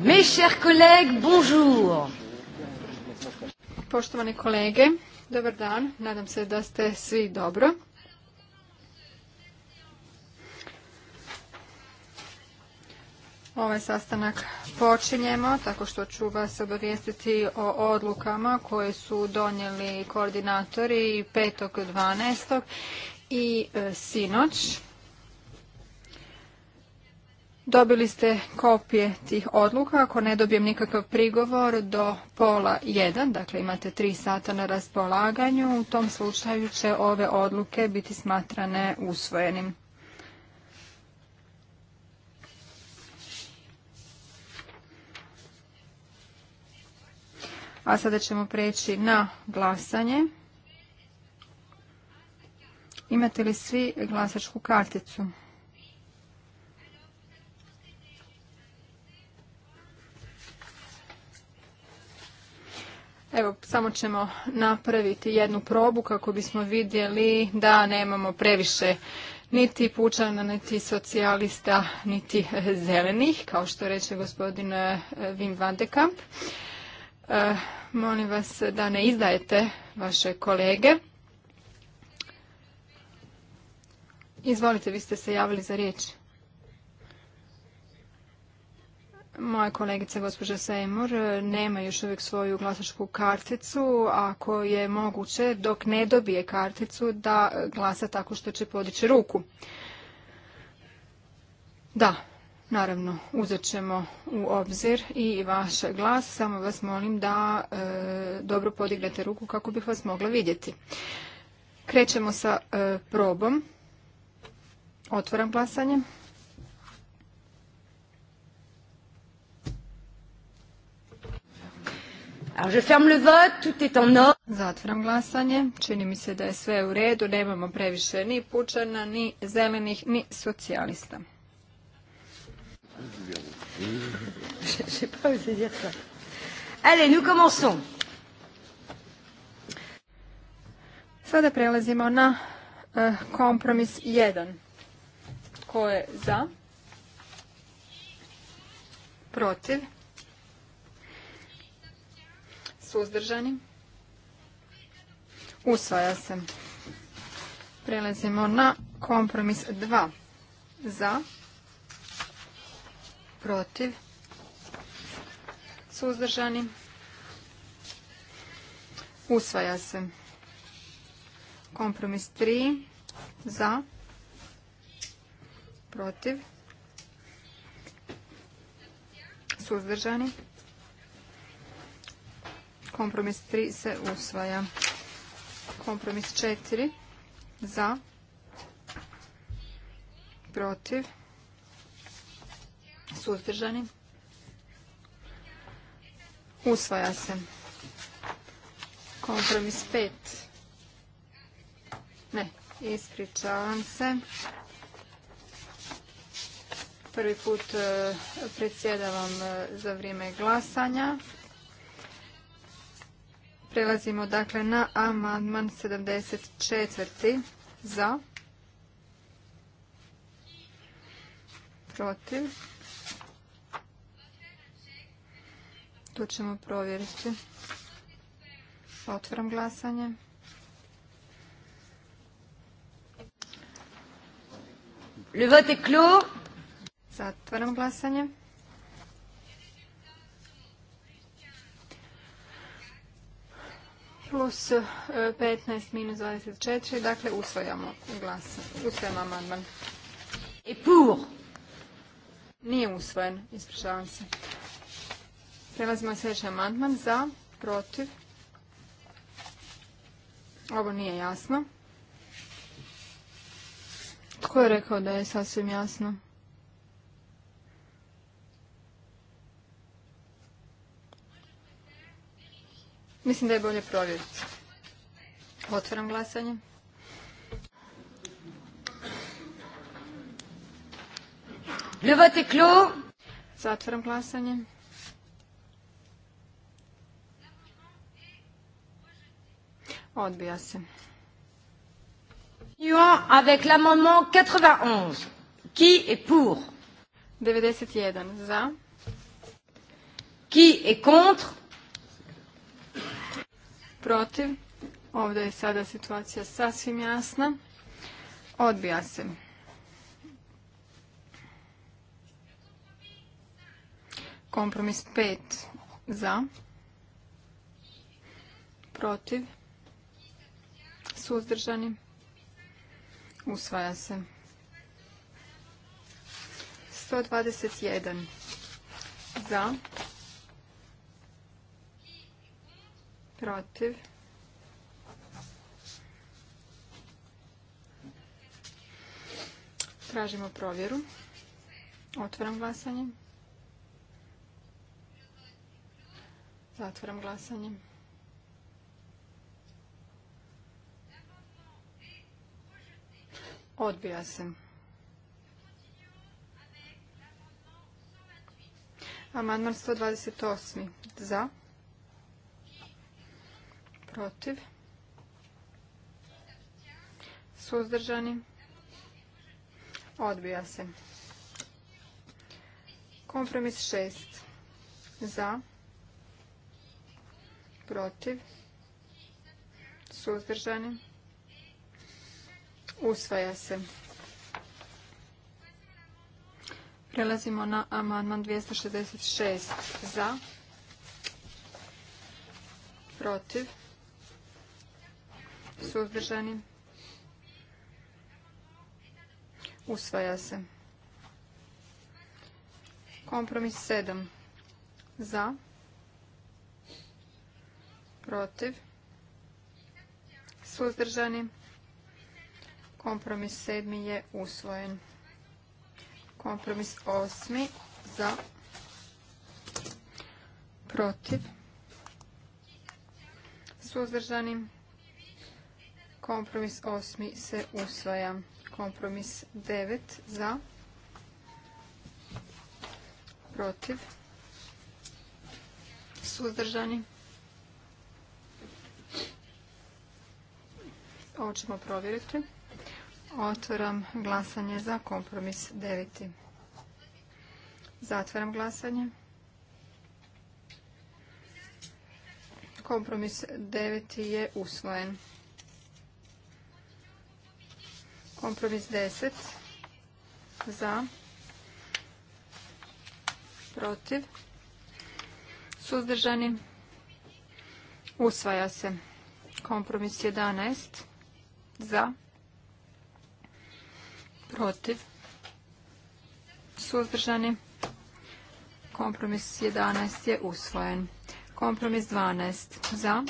Mes chers collègues, Poštovani kolege, dobar dan. Nadam se da ste svi dobro. Ovaj sastanak počinjemo tako što ću vas obavijestiti o odlukama koje su donijeli koordinatori 5.12. i e, sinoć. Dobili ste kopije tih odluka. Ako ne dobijem nikakav prigovor do pola jedan, dakle imate tri sata na raspolaganju, u tom slučaju će ove odluke biti smatrane usvojenim. A sada ćemo preći na glasanje. Imate li svi glasačku karticu? Evo, samo ćemo napraviti jednu probu kako bismo vidjeli da nemamo previše niti pučana, niti socijalista, niti zelenih, kao što reče gospodin eh, Wim van de Kamp. Eh, molim vas da ne izdajete vaše kolege. Izvolite, vi ste se javili za riječ. Moja kolegica gospođa Sejmur nema još uvijek svoju glasačku karticu. Ako je moguće, dok ne dobije karticu, da glasa tako što će podići ruku. Da, naravno, uzet ćemo u obzir i vaš glas. Samo vas molim da e, dobro podignete ruku kako bih vas mogla vidjeti. Krećemo sa e, probom. Otvaram glasanje. Alors glasanje. Čini mi se da je sve u redu, nemamo previše ni pučana, ni zelenih, ni socijalista. Sada prelazimo na eh, kompromis 1. Ko je za? Protiv? Suzdržani? Usvaja se. Prelazimo na kompromis 2. Za? Protiv? Suzdržani? Usvaja se. Kompromis 3. Za? Protiv? Suzdržani? Kompromis 3 se usvaja. Kompromis 4 za, protiv, suzdržani. Usvaja se. Kompromis 5. Ne, ispričavam se. Prvi put eh, predsjedavam eh, za vrijeme glasanja. Prelazimo dakle na amandman 74. Za. Protiv. Tu ćemo provjeriti. Otvaram glasanje. Le vote est clos. Zatvaram glasanje. plus 15 e, minus 24, dakle usvojamo glas, usvojamo amandman. I pur. Nije usvojen, ispričavam se. Prelazimo sljedeći amandman za, protiv. Ovo nije jasno. Tko je rekao da je sasvim jasno? Mislim da je bolje provjeriti. Otvaram glasanje. Le vote clos. Zatvaram glasanje. Odbija se. Avec l'amendement 91. Qui est pour? 91 za. Qui est contre? protiv. Ovdje je sada situacija sasvim jasna. Odbija se. Kompromis 5 za, protiv, suzdržani, usvaja se. 121 za, protiv, tražimo provjeru, otvaram glasanje, zatvaram glasanje. Odbija se. Amandman 128. Za protiv, suzdržani, odbija se. Kompromis 6 za, protiv, suzdržani, usvaja se. Prelazimo na amandman 266 za, protiv, suzdržani, usvaja se. Kompromis 7 za, protiv, suzdržani, kompromis 7 je usvojen. Kompromis 8 za, protiv, suzdržani, Kompromis osmi se usvaja. Kompromis devet za. Protiv. Suzdržani. Ovo ćemo provjeriti. Otvaram glasanje za kompromis deveti. Zatvaram glasanje. Kompromis deveti je usvojen. Kompromis 10 za, protiv, suzdržani, usvaja se. Kompromis 11 za, protiv, suzdržani, kompromis 11 je usvojen. Kompromis 12 za,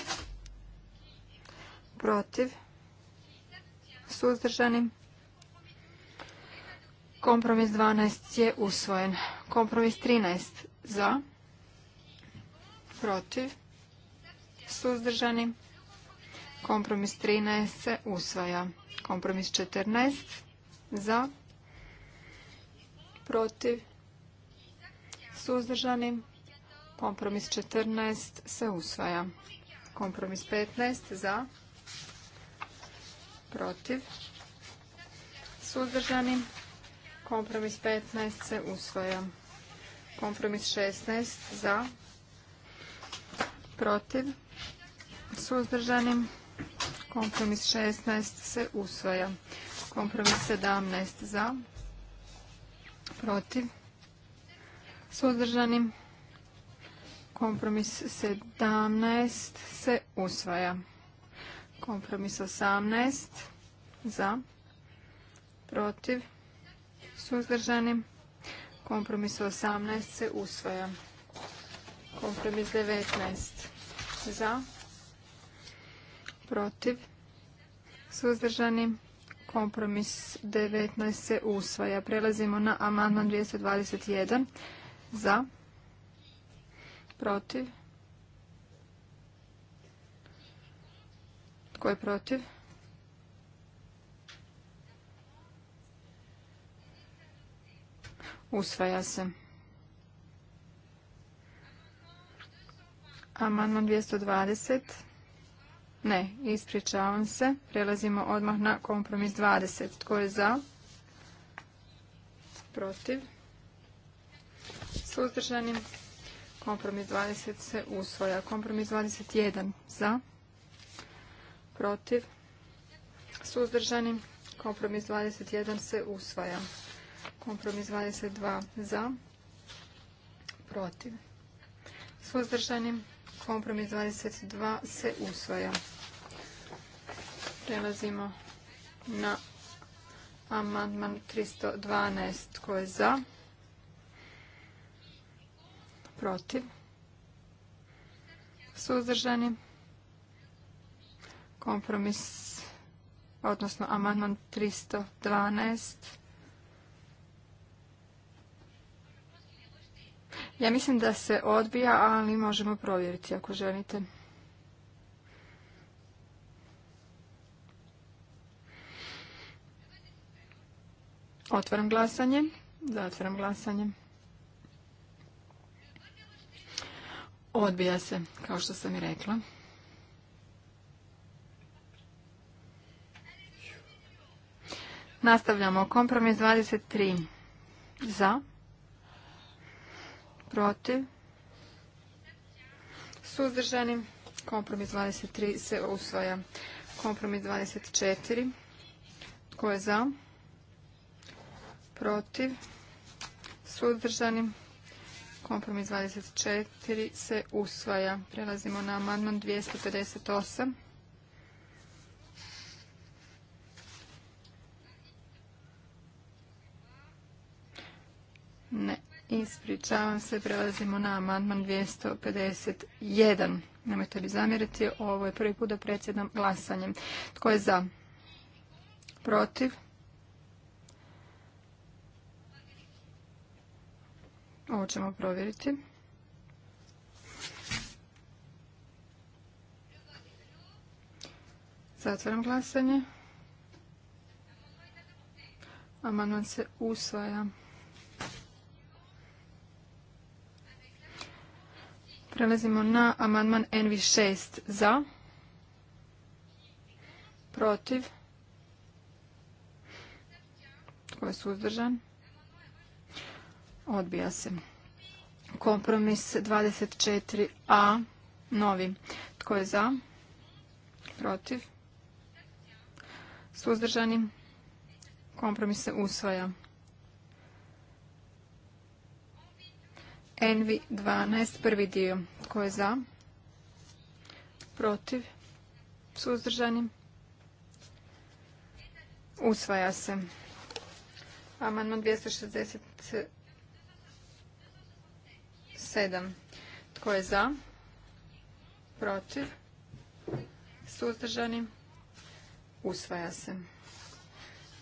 protiv, suzdržani, Kompromis 12 je usvojen. Kompromis 13 za, protiv, suzdržani. Kompromis 13 se usvaja. Kompromis 14 za, protiv, suzdržani. Kompromis 14 se usvaja. Kompromis 15 za, protiv, suzdržani. Kompromis 15 se usvaja. Kompromis 16 za, protiv, suzdržanim. Kompromis 16 se usvaja. Kompromis 17 za, protiv, suzdržanim. Kompromis 17 se usvaja. Kompromis 18 za, protiv, suzdržani. Kompromis 18 se usvaja. Kompromis 19 za, protiv, suzdržani. Kompromis 19 se usvaja. Prelazimo na amandman 221 za, protiv. Tko je protiv? Usvaja se. Amandman 220. Ne, ispričavam se. Prelazimo odmah na kompromis 20. Tko je za? Protiv? Suzdržanim? Kompromis 20 se usvaja. Kompromis 21 za? Protiv? Suzdržanim? Kompromis 21 se usvaja. Kompromis 22 za, protiv. Suzdržani. Kompromis 22 se usvaja. Prelazimo na amandman 312 koji je za, protiv. suzdržanim Kompromis odnosno amandman 312 Ja mislim da se odbija, ali možemo provjeriti ako želite. Otvaram glasanje. Zatvaram glasanje. Odbija se, kao što sam i rekla. Nastavljamo. Kompromis 23. Za protiv, suzdržani, kompromis 23 se usvaja. Kompromis 24, tko je za, protiv, suzdržani, kompromis 24 se usvaja. Prelazimo na amandman 258. Ne. Ispričavam se, prelazimo na amandman 251. Nemojte mi zamjeriti, ovo je prvi put da predsjedam glasanjem. Tko je za? Protiv? Ovo ćemo provjeriti. Zatvaram glasanje. Amandman se usvaja. Prelazimo na amandman NV6 za, protiv, tko je suzdržan, odbija se. Kompromis 24a, novi, tko je za, protiv, suzdržani, kompromis se usvaja. Envi 12, prvi dio. Tko je za? Protiv? Suzdržani? Usvaja se. Amandman 267. Tko je za? Protiv? Suzdržani? Usvaja se.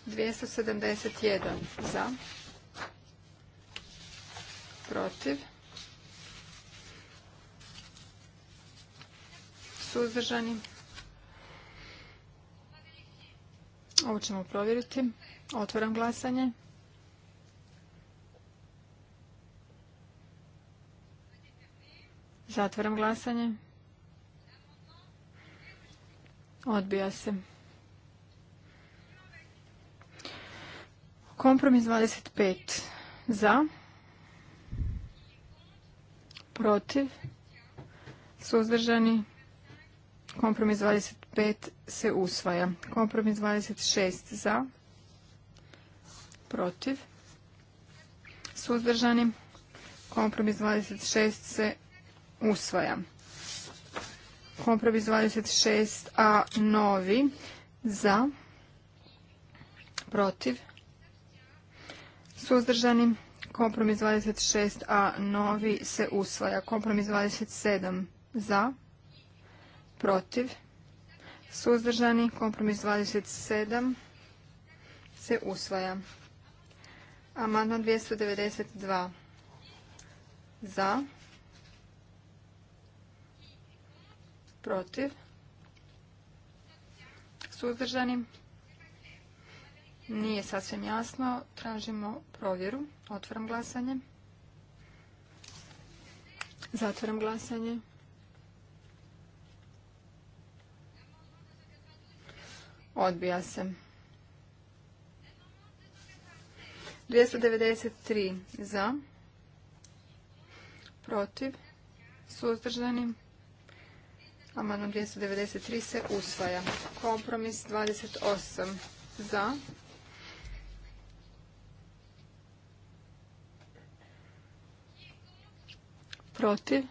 271 za protiv, suzdržani. Ovo ćemo provjeriti. Otvaram glasanje. Zatvaram glasanje. Odbija se. Kompromis 25 za, protiv, suzdržani, kompromis 25 se usvaja. Kompromis 26 za, protiv, suzdržani, kompromis 26 se usvaja. Kompromis 26a novi za, protiv, suzdržani, Kompromis 26a novi se usvaja. Kompromis 27 za, protiv, suzdržani. Kompromis 27 se usvaja. Amandman 292 za, protiv, suzdržani. Nije sasvim jasno. Tražimo provjeru. Otvaram glasanje. Zatvaram glasanje. Odbija se. 293 za, protiv, suzdržani. Amandman 293 se usvaja. Kompromis 28 za, protiv,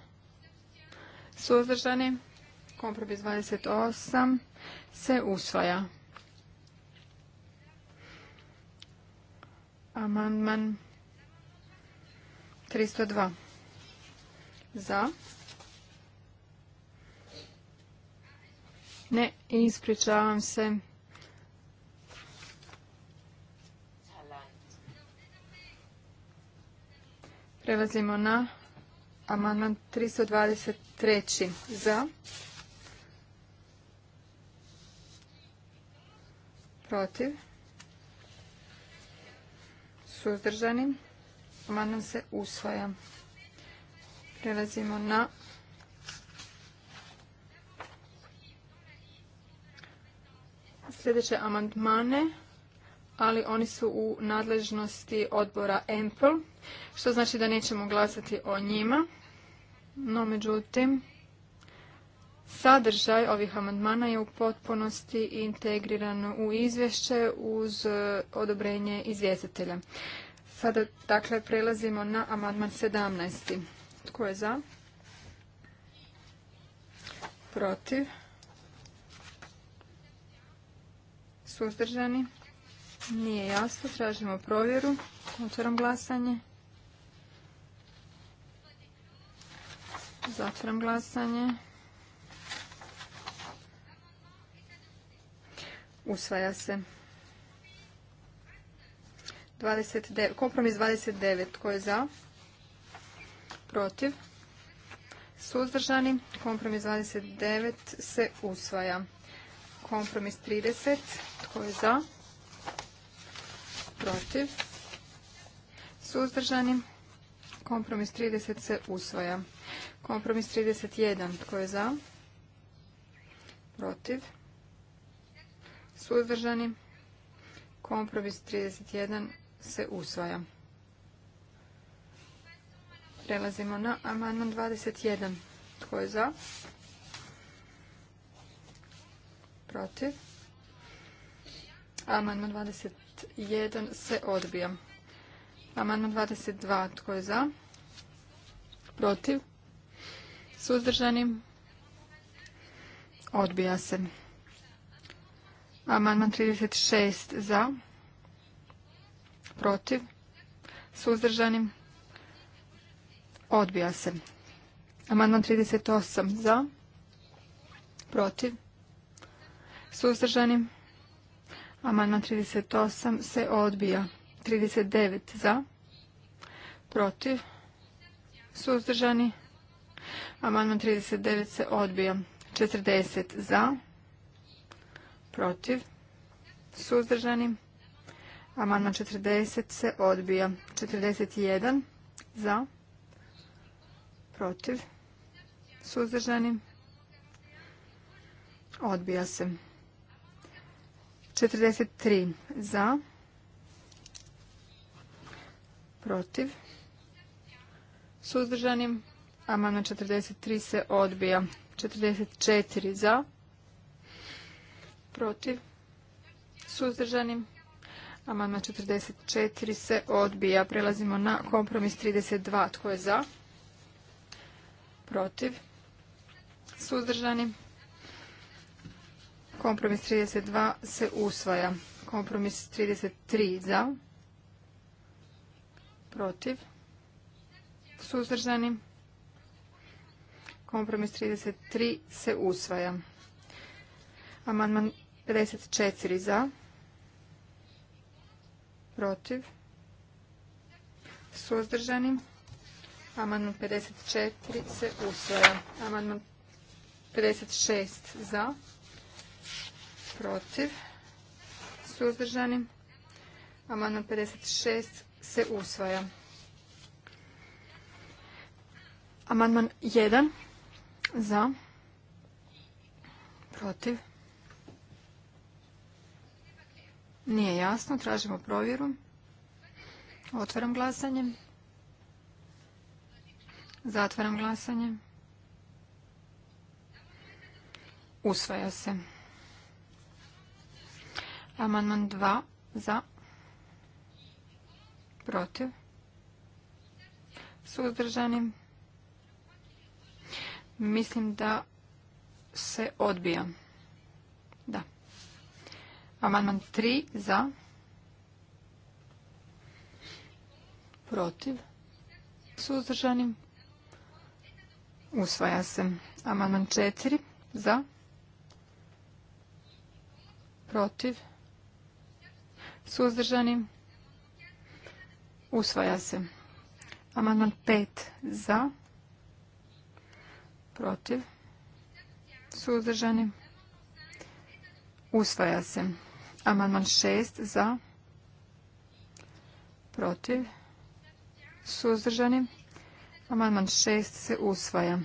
suzdržani, kompromis 28 se usvaja. Amandman 302 za. Ne, ispričavam se. Prelazimo na Amandman 323 za. Protiv. Suzdržani. Amandman se usvaja. Prelazimo na sljedeće amandmane, ali oni su u nadležnosti odbora EMPL, što znači da nećemo glasati o njima. No, međutim, sadržaj ovih amandmana je u potpunosti integriran u izvješće uz e, odobrenje izvjestitelja. Sada, dakle, prelazimo na amandman 17. Tko je za? Protiv? Suzdržani? Nije jasno. Tražimo provjeru. Otvaram glasanje. Zatvaram glasanje. Usvaja se. kompromis 29. Tko je za? Protiv? Suzdržani? Kompromis 29 se usvaja. Kompromis 30. Tko je za? Protiv? Suzdržani? Kompromis 30 se usvaja. Kompromis 31. Tko je za? Protiv. Suzdržani. Kompromis 31 se usvaja. Prelazimo na amandman 21. Tko je za? Protiv. Amandman 21 se odbija. Amandman 22. Tko je za? Protiv? Suzdržani? Odbija se. Amandman 36. Za? Protiv? Suzdržani? Odbija se. Amandman 38. Za? Protiv? Suzdržani? Amandman 38 se odbija. 39 za, protiv, suzdržani. Amandman 39 se odbija. 40 za, protiv, suzdržani. Amandman 40 se odbija. 41 za, protiv, suzdržani. Odbija se. 43 za, protiv, suzdržanim. Amandman 43 se odbija. 44 za, protiv, suzdržanim. Amandman 44 se odbija. Prelazimo na kompromis 32. Tko je za? Protiv. suzdržanim, Kompromis 32 se usvaja. Kompromis 33 za protiv, suzdržani. Kompromis 33 se usvaja. Amandman 54 za, protiv, suzdržani. Amandman 54 se usvaja. Amandman 56 za, protiv, suzdržani. Amandman 56 se usvaja. Amandman 1 za protiv nije jasno, tražimo provjeru. Otvaram glasanje. Zatvaram glasanje. Usvaja se. Amandman 2 za protiv, suzdržanim. Mislim da se odbija. Da. Amandman 3 za, protiv, suzdržanim. Usvaja se. Amandman 4 za, protiv, suzdržanim. Usvaja se. Amandman 5 za. Protiv. Suzdržani. Usvaja se. Amandman 6 za. Protiv. Suzdržani. Amandman 6 se usvaja.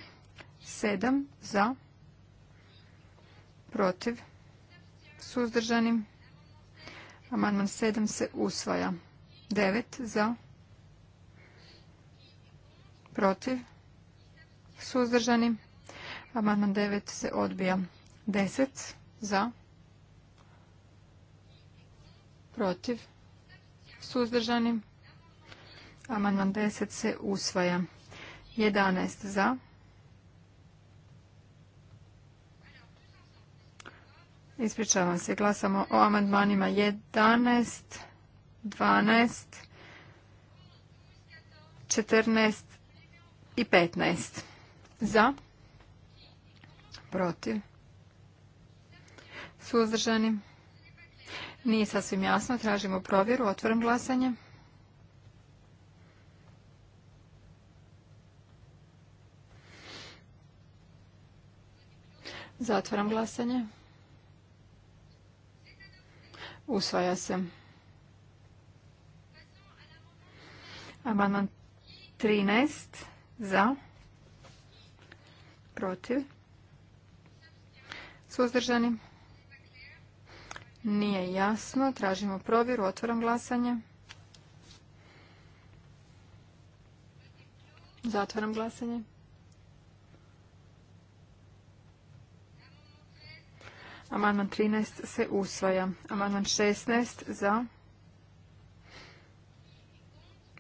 7 za. Protiv. Suzdržani. Amandman 7 se usvaja. 9 za, protiv, suzdržani. Amandman 9 se odbija. 10 za, protiv, suzdržani. Amandman 10 se usvaja. 11 za. Ispričavam se, glasamo o amandmanima 11 za Dvanaest, četrnaest i petnaest Za, protiv, suzdržani. Nije sasvim jasno, tražimo provjeru, otvorim glasanje. Zatvaram glasanje. Usvaja se. Amandman 13 za, protiv, suzdržani. Nije jasno. Tražimo provjeru. Otvaram glasanje. zatvoram glasanje. Amandman 13 se usvaja. Amandman 16 za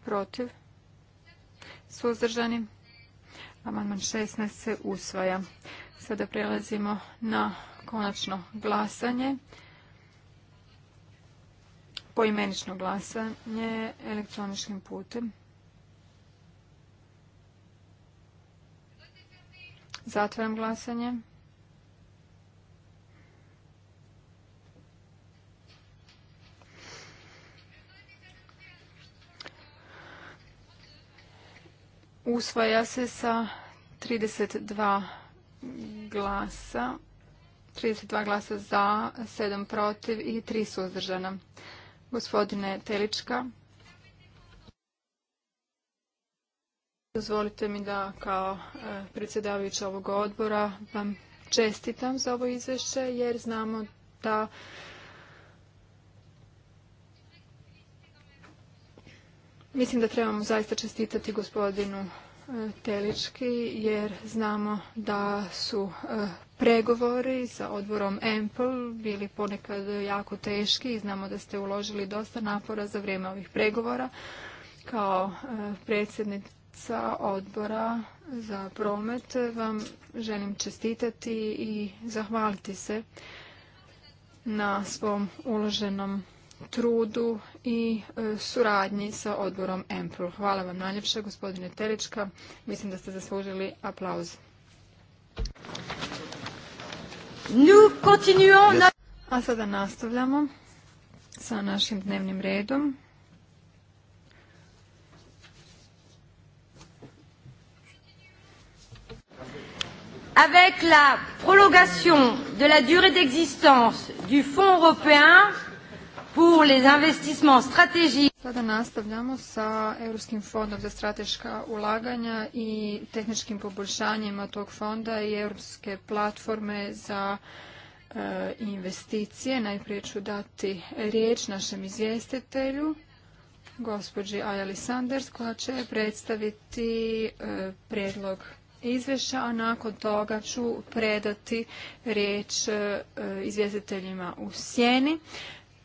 protiv, suzdržani. Amandman 16 se usvaja. Sada prelazimo na konačno glasanje. Poimenično glasanje elektroničkim putem. Zatvaram glasanje. Usvaja se sa 32 glasa, 32 glasa za, 7 protiv i 3 suzdržana. Gospodine Telička, dozvolite mi da kao e, predsjedavajuća ovog odbora vam čestitam za ovo izvješće jer znamo da Mislim da trebamo zaista čestitati gospodinu e, Telički jer znamo da su e, pregovori sa odborom EMPL bili ponekad jako teški i znamo da ste uložili dosta napora za vrijeme ovih pregovora kao e, predsjednica odbora za promet vam želim čestitati i zahvaliti se na svom uloženom trudu i e, suradnji sa odborom EMPL. Hvala vam najljepše, gospodine Telička. Mislim da ste zaslužili aplauz. A sada nastavljamo sa našim dnevnim redom. Avec la prolongation de la durée d'existence du Fonds européen pour les investissements stratégiques. Sada nastavljamo sa Europskim fondom za strateška ulaganja i tehničkim poboljšanjima tog fonda i Europske platforme za e, investicije. Najprije ću dati riječ našem izvjestitelju, gospođi Ajali Sanders, koja će predstaviti predlog prijedlog izvješća, a nakon toga ću predati riječ e, izvjestiteljima u sjeni.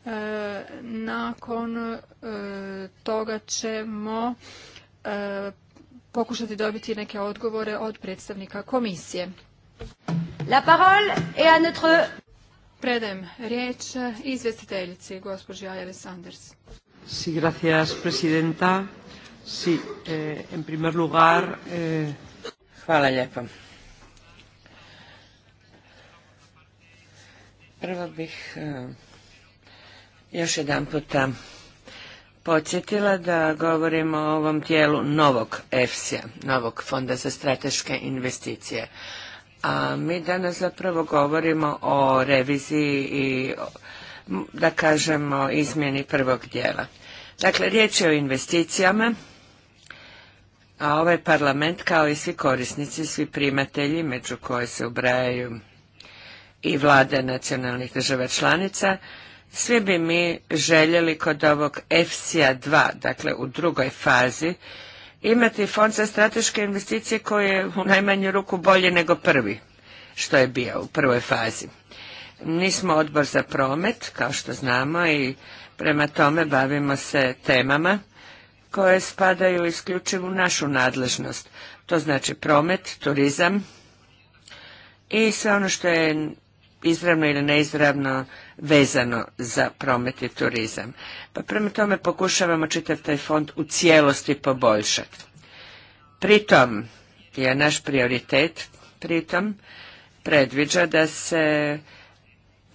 E, nakon e, toga ćemo e, pokušati dobiti neke odgovore od predstavnika komisije. La parole est à notre... Predajem riječ izvestiteljici, gospođi Ajale Sanders. Sí, gracias, presidenta. Sí, eh, en primer lugar... Eh, Hvala lijepo. Prvo bih eh, još jedan puta podsjetila da govorimo o ovom tijelu novog EFSI-a, novog Fonda za strateške investicije. A mi danas zapravo govorimo o reviziji i da kažemo izmjeni prvog dijela. Dakle, riječ je o investicijama, a ovaj parlament kao i svi korisnici, svi primatelji, među koje se ubrajaju i vlade nacionalnih država članica, svi bi mi željeli kod ovog efsi 2, dakle u drugoj fazi, imati fond za strateške investicije koji je u najmanju ruku bolji nego prvi, što je bio u prvoj fazi. Nismo odbor za promet, kao što znamo, i prema tome bavimo se temama koje spadaju isključivo u našu nadležnost. To znači promet, turizam i sve ono što je izravno ili neizravno vezano za promet i turizam. Pa prema tome pokušavamo čitav taj fond u cijelosti poboljšati. Pritom je naš prioritet, pritom predviđa da se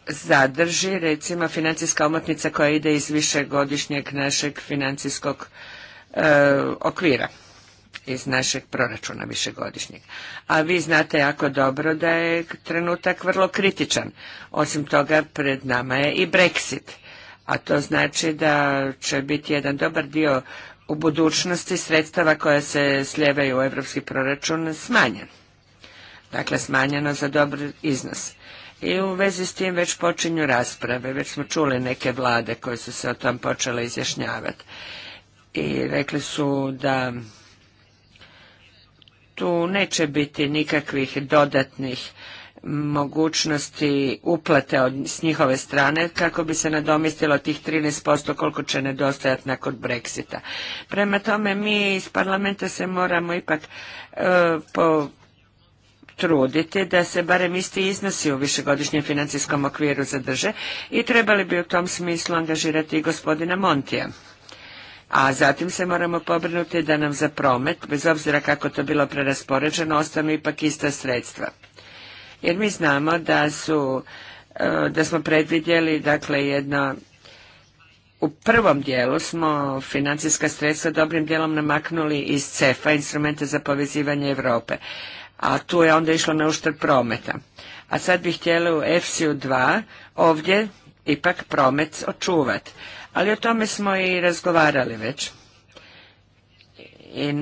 zadrži recimo financijska omotnica koja ide iz višegodišnjeg našeg financijskog e, okvira iz našeg proračuna višegodišnjeg. A vi znate jako dobro da je trenutak vrlo kritičan. Osim toga, pred nama je i Brexit. A to znači da će biti jedan dobar dio u budućnosti sredstava koja se sljevaju u evropski proračun smanjen. Dakle, smanjeno za dobar iznos. I u vezi s tim već počinju rasprave, već smo čuli neke vlade koje su se o tom počele izjašnjavati. I rekli su da tu neće biti nikakvih dodatnih mogućnosti uplate od, s njihove strane kako bi se nadomjestilo tih 13% koliko će nedostajati nakon Brexita. Prema tome mi iz parlamenta se moramo ipak e, potruditi truditi da se barem isti iznosi u višegodišnjem financijskom okviru zadrže i trebali bi u tom smislu angažirati i gospodina Montija a zatim se moramo pobrinuti da nam za promet, bez obzira kako to bilo preraspoređeno, ostanu ipak ista sredstva. Jer mi znamo da su, e, da smo predvidjeli, dakle, jedna u prvom dijelu smo financijska sredstva dobrim dijelom namaknuli iz CEFA, instrumente za povezivanje Europe, a tu je onda išlo na uštrb prometa. A sad bih htjela u FCU 2 ovdje ipak promet očuvati. Ali o tome smo i razgovarali već. I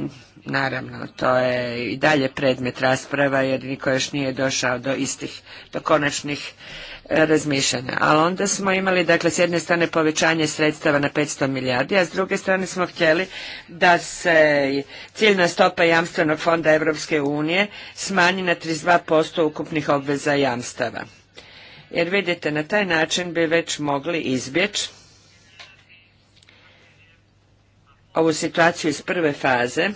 naravno, to je i dalje predmet rasprava jer niko još nije došao do istih, do konačnih e, razmišljanja. Ali onda smo imali, dakle, s jedne strane povećanje sredstava na 500 milijardi, a s druge strane smo htjeli da se ciljna stopa jamstvenog fonda EU unije smanji na 32% ukupnih obveza jamstava. Jer vidite, na taj način bi već mogli izbjeći ovu situaciju iz prve faze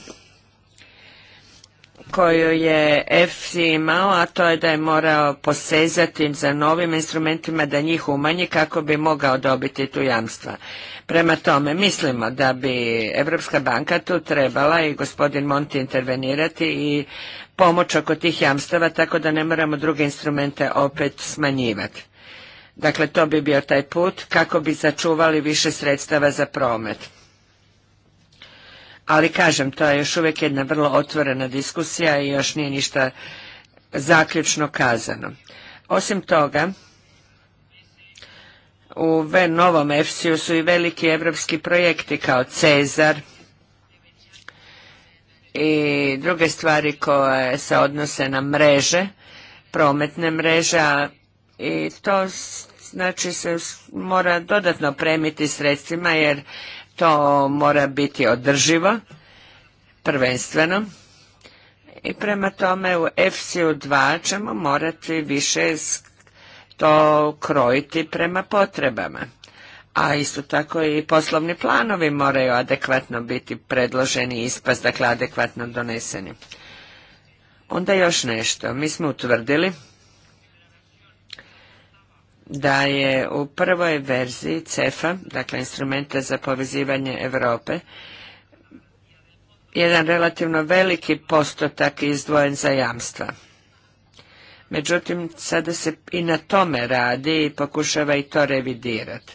koju je FC imao, a to je da je morao posezati za novim instrumentima da njih umanji kako bi mogao dobiti tu jamstva. Prema tome, mislimo da bi Evropska banka tu trebala i gospodin Monti intervenirati i pomoć oko tih jamstava tako da ne moramo druge instrumente opet smanjivati. Dakle, to bi bio taj put kako bi začuvali više sredstava za promet. Ali kažem, to je još uvijek jedna vrlo otvorena diskusija i još nije ništa zaključno kazano. Osim toga, u novom EFSI-u su i veliki evropski projekti kao Cezar i druge stvari koje se odnose na mreže, prometne mreže i to znači se mora dodatno premiti sredstvima jer to mora biti održivo, prvenstveno. I prema tome u FCU2 ćemo morati više to krojiti prema potrebama. A isto tako i poslovni planovi moraju adekvatno biti predloženi i ispast, dakle adekvatno doneseni. Onda još nešto. Mi smo utvrdili da je u prvoj verziji CEFA, dakle instrumenta za povezivanje Europe, jedan relativno veliki postotak izdvojen za jamstva. Međutim, sada se i na tome radi i pokušava i to revidirati.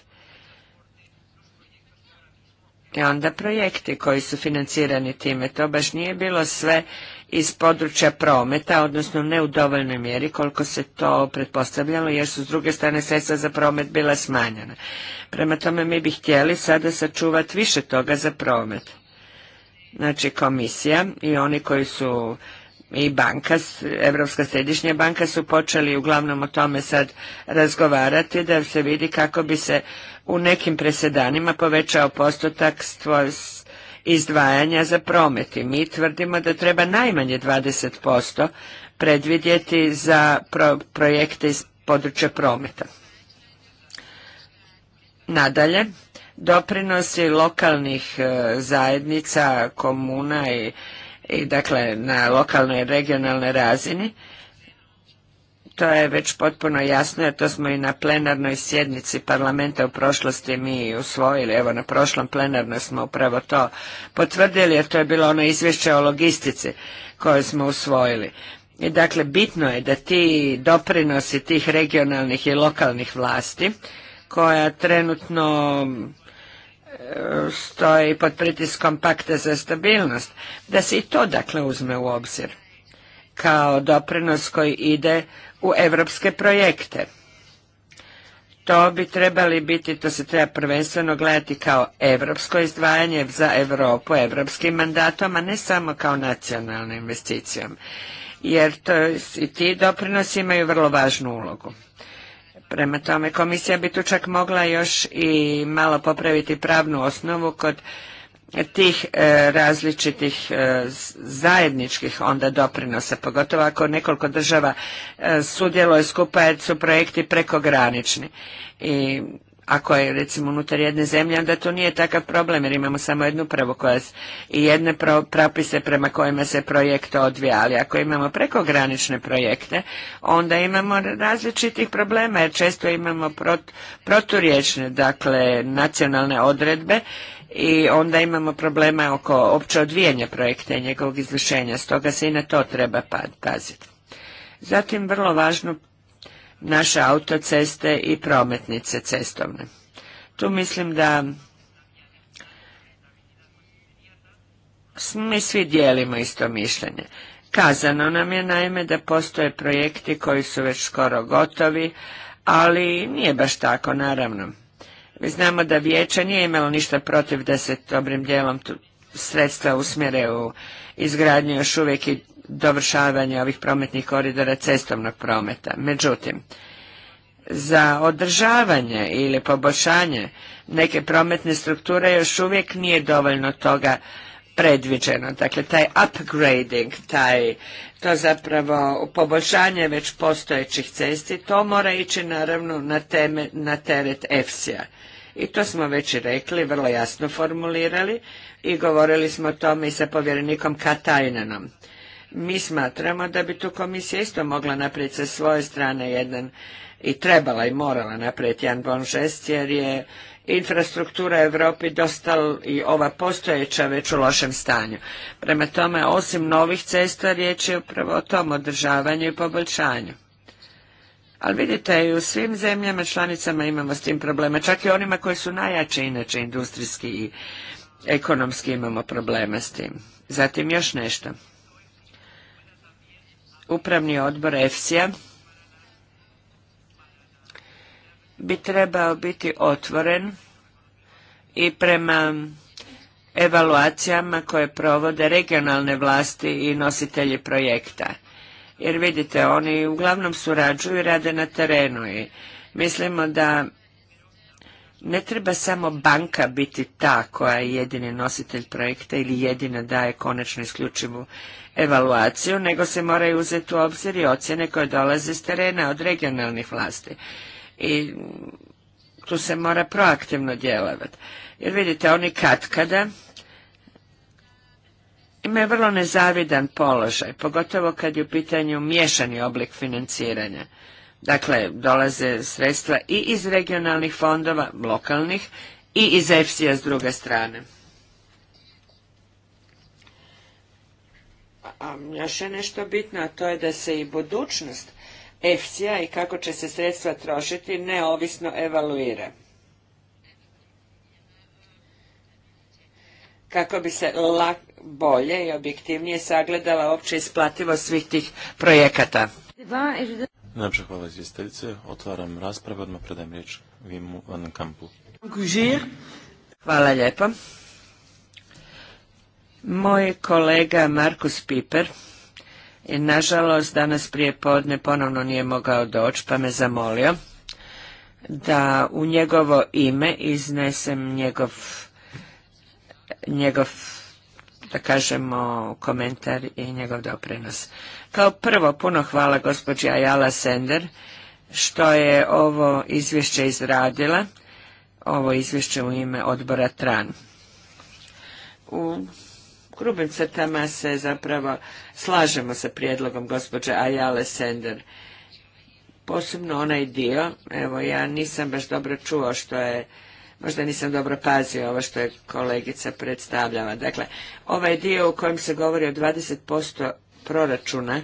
I onda projekti koji su financirani time, to baš nije bilo sve iz područja prometa, odnosno ne u dovoljnoj mjeri koliko se to pretpostavljalo, jer su s druge strane sredstva za promet bila smanjena. Prema tome mi bi htjeli sada sačuvati više toga za promet. Znači komisija i oni koji su i banka, Evropska središnja banka su počeli uglavnom o tome sad razgovarati da se vidi kako bi se u nekim presedanima povećao postotak stvoj, izdvajanja za promet i mi tvrdimo da treba najmanje 20% predvidjeti za projekte iz područja prometa. Nadalje, doprinosi lokalnih e, zajednica, komuna i, dakle na lokalnoj i regionalnoj razini to je već potpuno jasno, jer to smo i na plenarnoj sjednici parlamenta u prošlosti mi usvojili. Evo, na prošlom plenarnoj smo upravo to potvrdili, jer to je bilo ono izvješće o logistici koje smo usvojili. I dakle, bitno je da ti doprinosi tih regionalnih i lokalnih vlasti, koja trenutno e, stoji pod pritiskom pakta za stabilnost, da se i to dakle uzme u obzir kao doprinos koji ide u europske projekte. To bi trebali biti, to se treba prvenstveno gledati kao europsko izdvajanje za Europu, europskim mandatom, a ne samo kao nacionalnim investicijom. Jer to, i ti doprinosi imaju vrlo važnu ulogu. Prema tome, komisija bi tu čak mogla još i malo popraviti pravnu osnovu kod tih e, različitih e, zajedničkih onda doprinosa, pogotovo ako nekoliko država e, sudjeluje skupa jer su projekti prekogranični. I ako je recimo unutar jedne zemlje, onda to nije takav problem jer imamo samo jednu pravu koja i jedne propise prema kojima se projekt odvija, ali ako imamo prekogranične projekte, onda imamo različitih problema jer često imamo proturječne, dakle, nacionalne odredbe i onda imamo problema oko opće odvijanja projekta i njegovog izvršenja, stoga se i na to treba pa-, paziti. Zatim vrlo važno naše autoceste i prometnice cestovne. Tu mislim da mi svi dijelimo isto mišljenje. Kazano nam je naime da postoje projekti koji su već skoro gotovi, ali nije baš tako naravno. Mi znamo da vijeće nije imalo ništa protiv da se dobrim dijelom sredstva usmjere u izgradnju još uvijek i dovršavanje ovih prometnih koridora cestovnog prometa. Međutim, za održavanje ili poboljšanje neke prometne strukture još uvijek nije dovoljno toga predviđeno. Dakle, taj upgrading, taj, to zapravo poboljšanje već postojećih cesti, to mora ići naravno na, teme, na teret EFSI-a i to smo već rekli, vrlo jasno formulirali i govorili smo o tome i sa povjerenikom Katajnenom. Mi smatramo da bi tu komisija isto mogla naprijed sa svoje strane jedan i trebala i morala napraviti jedan bon žest jer je infrastruktura Europi dosta i ova postojeća već u lošem stanju. Prema tome, osim novih cesta, riječ je upravo o tom održavanju i poboljšanju. Ali vidite, i u svim zemljama članicama imamo s tim problema. Čak i onima koji su najjače, inače industrijski i ekonomski imamo problema s tim. Zatim još nešto. Upravni odbor EFSI-a bi trebao biti otvoren i prema evaluacijama koje provode regionalne vlasti i nositelji projekta jer vidite, oni uglavnom surađuju i rade na terenu i mislimo da ne treba samo banka biti ta koja je jedini nositelj projekta ili jedina daje konačno isključivu evaluaciju, nego se moraju uzeti u obzir i ocjene koje dolaze s terena od regionalnih vlasti. I tu se mora proaktivno djelovati. Jer vidite, oni katkada imaju vrlo nezavidan položaj, pogotovo kad je u pitanju miješani oblik financiranja. Dakle, dolaze sredstva i iz regionalnih fondova, lokalnih, i iz EFSI-a s druge strane. A još je nešto bitno, a to je da se i budućnost EFSI-a i kako će se sredstva trošiti neovisno evaluira. kako bi se lako bolje i objektivnije sagledala opće isplativo svih tih projekata. Najprej hvala Otvaram raspravu, odmah predajem Kampu. Hvala lijepo. Moj kolega Markus Piper je nažalost danas prije podne ponovno nije mogao doći pa me zamolio da u njegovo ime iznesem njegov njegov da kažemo komentar i njegov doprinos. Kao prvo, puno hvala gospođi Ajala Sender što je ovo izvješće izradila, ovo izvješće u ime odbora TRAN. U grubim crtama se zapravo slažemo sa prijedlogom gospođe Ajale Sender. Posebno onaj dio, evo ja nisam baš dobro čuo što je Možda nisam dobro pazio ovo što je kolegica predstavljala. Dakle, ovaj dio u kojem se govori o 20% proračuna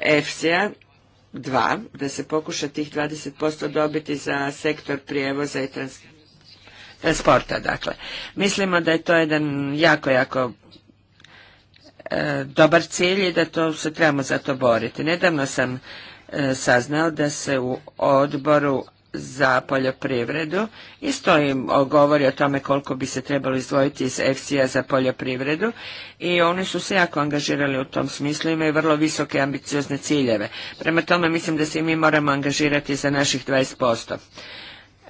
EFSI-a, dva, da se pokuša tih 20% dobiti za sektor prijevoza i transporta. Dakle, mislimo da je to jedan jako, jako e, dobar cilj i da to se trebamo za to boriti. Nedavno sam e, saznao da se u odboru za poljoprivredu i im govori o tome koliko bi se trebalo izdvojiti iz FCA za poljoprivredu i oni su se jako angažirali u tom smislu, imaju vrlo visoke ambiciozne ciljeve. Prema tome mislim da se i mi moramo angažirati za naših 20%.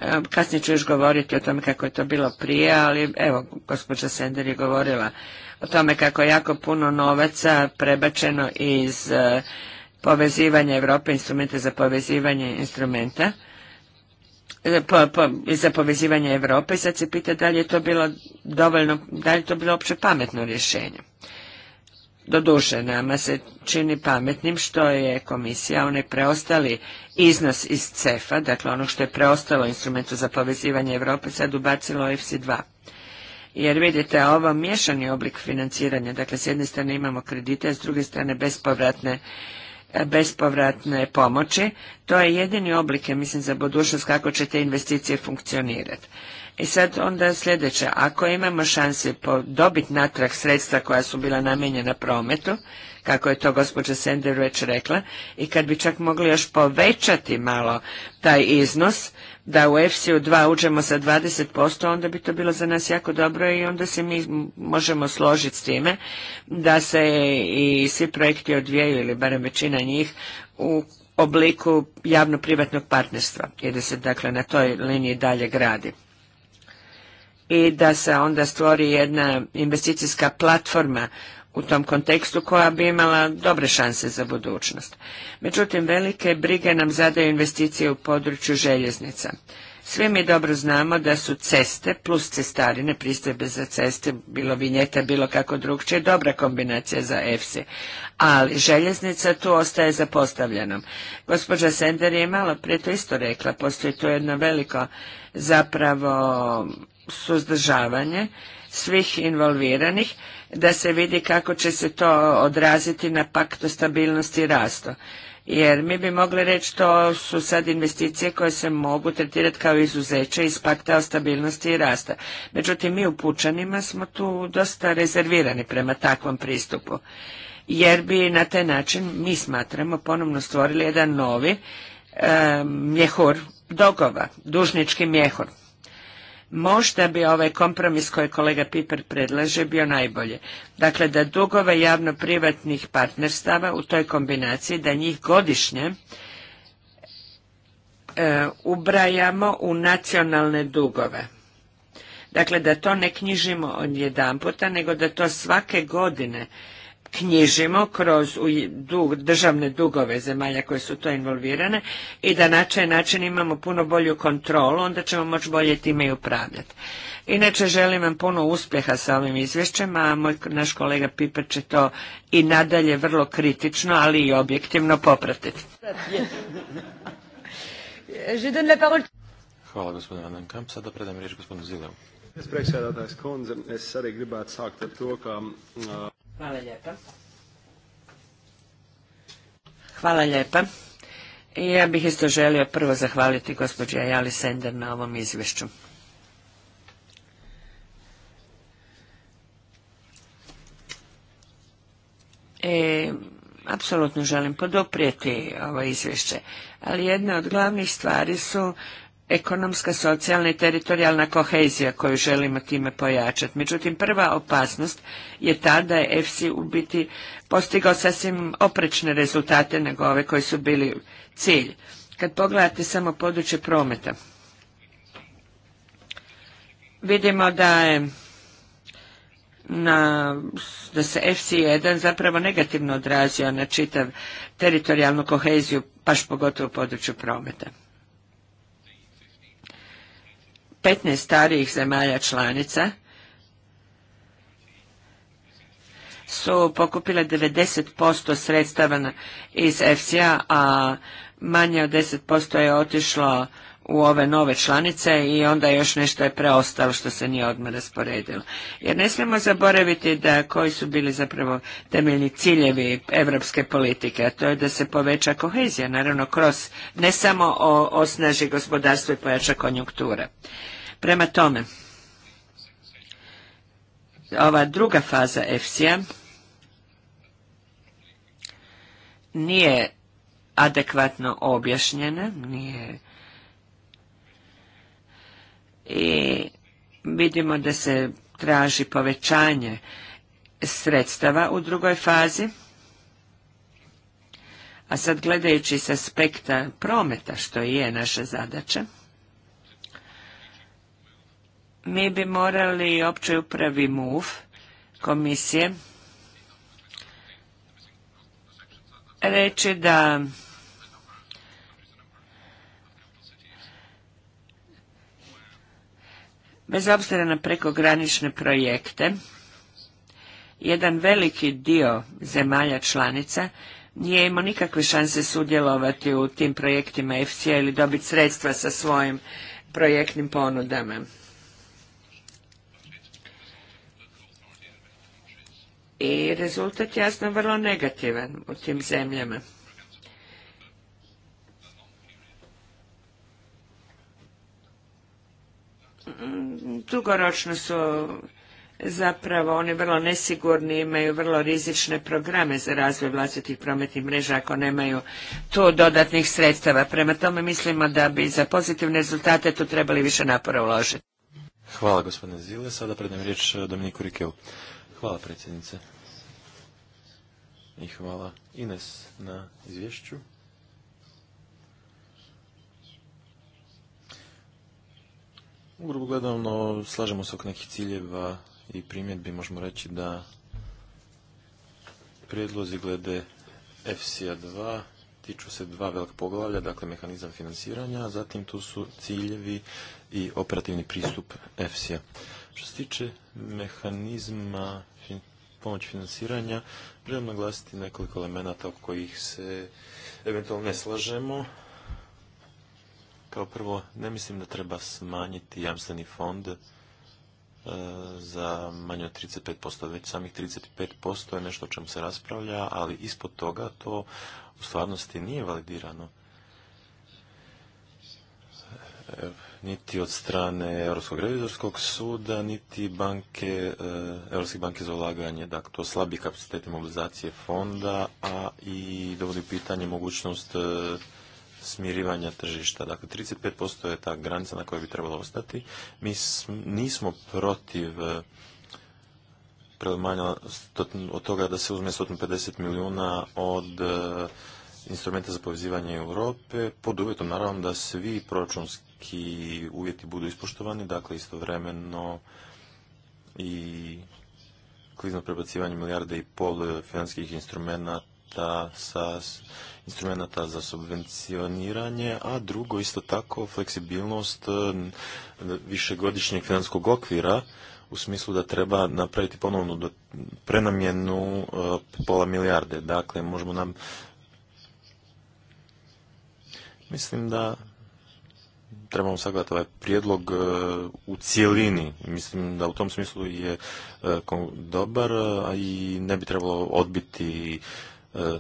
Ehm, kasnije ću još govoriti o tome kako je to bilo prije, ali evo, gospođa Sender je govorila o tome kako je jako puno novaca prebačeno iz eh, povezivanja Europe, instrumente za povezivanje instrumenta E, za povezivanje Europe i sad se pita da li je to bilo dovoljno, da li je to bilo opće pametno rješenje. Doduše, nama se čini pametnim što je komisija onaj preostali iznos iz CEFA, dakle ono što je preostalo instrumentu za povezivanje Europe, sad ubacilo FC2. Jer vidite, ovo miješani oblik financiranja, dakle s jedne strane imamo kredite, a s druge strane bespovratne bespovratne pomoći. To je jedini oblik, ja mislim, za budućnost kako će te investicije funkcionirati. I sad onda sljedeće, ako imamo šanse dobiti natrag sredstva koja su bila namijenjena prometu, kako je to gospođa Sender već rekla, i kad bi čak mogli još povećati malo taj iznos, da u EFSI-u 2 uđemo sa 20%, onda bi to bilo za nas jako dobro i onda se mi možemo složiti s time da se i svi projekti odvijaju ili barem većina njih u obliku javno-privatnog partnerstva i da se dakle na toj liniji dalje gradi i da se onda stvori jedna investicijska platforma u tom kontekstu koja bi imala dobre šanse za budućnost. Međutim, velike brige nam zadaju investicije u području željeznica. Svi mi dobro znamo da su ceste plus cestarine, pristojbe za ceste, bilo vinjeta, bilo kako drugčije, dobra kombinacija za EFSI. Ali željeznica tu ostaje zapostavljenom. Gospođa Sender je malo prije to isto rekla, postoji tu jedno veliko zapravo suzdržavanje svih involviranih da se vidi kako će se to odraziti na paktu stabilnosti i rasto. Jer mi bi mogli reći to su sad investicije koje se mogu tretirati kao izuzeće iz pakta o stabilnosti i rasta. Međutim, mi u Pučanima smo tu dosta rezervirani prema takvom pristupu. Jer bi na taj način, mi smatramo, ponovno stvorili jedan novi mjehur dogova, dužnički mjehur možda bi ovaj kompromis koji kolega Piper predlaže bio najbolje. Dakle, da dugove javno-privatnih partnerstava u toj kombinaciji, da njih godišnje e, ubrajamo u nacionalne dugove. Dakle, da to ne knjižimo od jedan puta, nego da to svake godine knjižimo kroz državne dugove zemalja koje su to involvirane i da na taj način imamo puno bolju kontrolu, onda ćemo moći bolje time i upravljati. Inače želim vam puno uspjeha sa ovim izvješćem, a moj naš kolega Piper će to i nadalje vrlo kritično, ali i objektivno popratiti. Hvala gospodine Van Sada predam riječ gospodinu Zileu. Hvala priekšsēdētājs e, to, Hvala lijepa. Hvala lijepa. ja bih isto želio prvo zahvaliti gospođe Jali Sender na ovom izvješću. E, apsolutno želim podoprijeti ovo izvješće, ali jedna od glavnih stvari su ekonomska, socijalna i teritorijalna kohezija koju želimo time pojačati. Međutim, prva opasnost je ta da je FC u biti postigao sasvim oprečne rezultate nego ove koji su bili cilj. Kad pogledate samo područje prometa, vidimo da je na, da se FC1 zapravo negativno odrazio na čitav teritorijalnu koheziju, baš pogotovo u području prometa. 15 starijih zemalja članica su pokupile 90% sredstava iz FCA, a manje od 10% je otišlo u ove nove članice i onda još nešto je preostalo što se nije odmah rasporedilo. Jer ne smijemo zaboraviti da koji su bili zapravo temeljni ciljevi evropske politike, a to je da se poveća kohezija, naravno kroz ne samo osnaži gospodarstvo i pojača konjunktura. Prema tome, ova druga faza EFSI-a nije adekvatno objašnjena, nije i vidimo da se traži povećanje sredstava u drugoj fazi. A sad gledajući s aspekta prometa, što i je naša zadaća, mi bi morali općoj upravi MUV komisije reći da Bez obzira na prekogranične projekte, jedan veliki dio zemalja članica nije imao nikakve šanse sudjelovati u tim projektima fc ili dobiti sredstva sa svojim projektnim ponudama. I rezultat jasno vrlo negativan u tim zemljama. dugoročno su zapravo oni vrlo nesigurni, imaju vrlo rizične programe za razvoj vlastitih prometnih mreža ako nemaju tu dodatnih sredstava. Prema tome mislimo da bi za pozitivne rezultate tu trebali više napora uložiti. Hvala gospodine Zile. Sada predam riječ Dominiku Hvala predsjednice. I hvala Ines na izvješću. Ugrubo gledano, slažemo se oko nekih ciljeva i primjedbi, možemo reći da prijedlozi glede FCA 2 tiču se dva velika poglavlja, dakle mehanizam financiranja, a zatim tu su ciljevi i operativni pristup FCA. Što se tiče mehanizma pomoći financiranja, želim naglasiti nekoliko elemenata oko kojih se eventualno ne slažemo, kao prvo, ne mislim da treba smanjiti jamstveni fond e, za manje od 35%, već samih 35% je nešto o čemu se raspravlja, ali ispod toga to u stvarnosti nije validirano. E, niti od strane Europskog revizorskog suda, niti banke, e, Europske banke za ulaganje. Dakle, to slabi kapacitet mobilizacije fonda, a i dovodi pitanje mogućnost smirivanja tržišta. Dakle, 35% je ta granica na kojoj bi trebalo ostati. Mi nismo protiv eh, prelemanja od toga da se uzme 150 milijuna od eh, instrumenta za povezivanje Europe, pod uvjetom naravno da svi proračunski uvjeti budu ispoštovani, dakle istovremeno i klizno prebacivanje milijarde i pol eh, financijskih instrumenta instrumenta sa instrumenta za subvencioniranje, a drugo isto tako fleksibilnost e, višegodišnjeg finanskog okvira u smislu da treba napraviti ponovnu prenamjenu e, pola milijarde. Dakle, možemo nam mislim da trebamo sagledati ovaj prijedlog e, u cjelini. Mislim da u tom smislu je dobar, i ne bi trebalo odbiti E,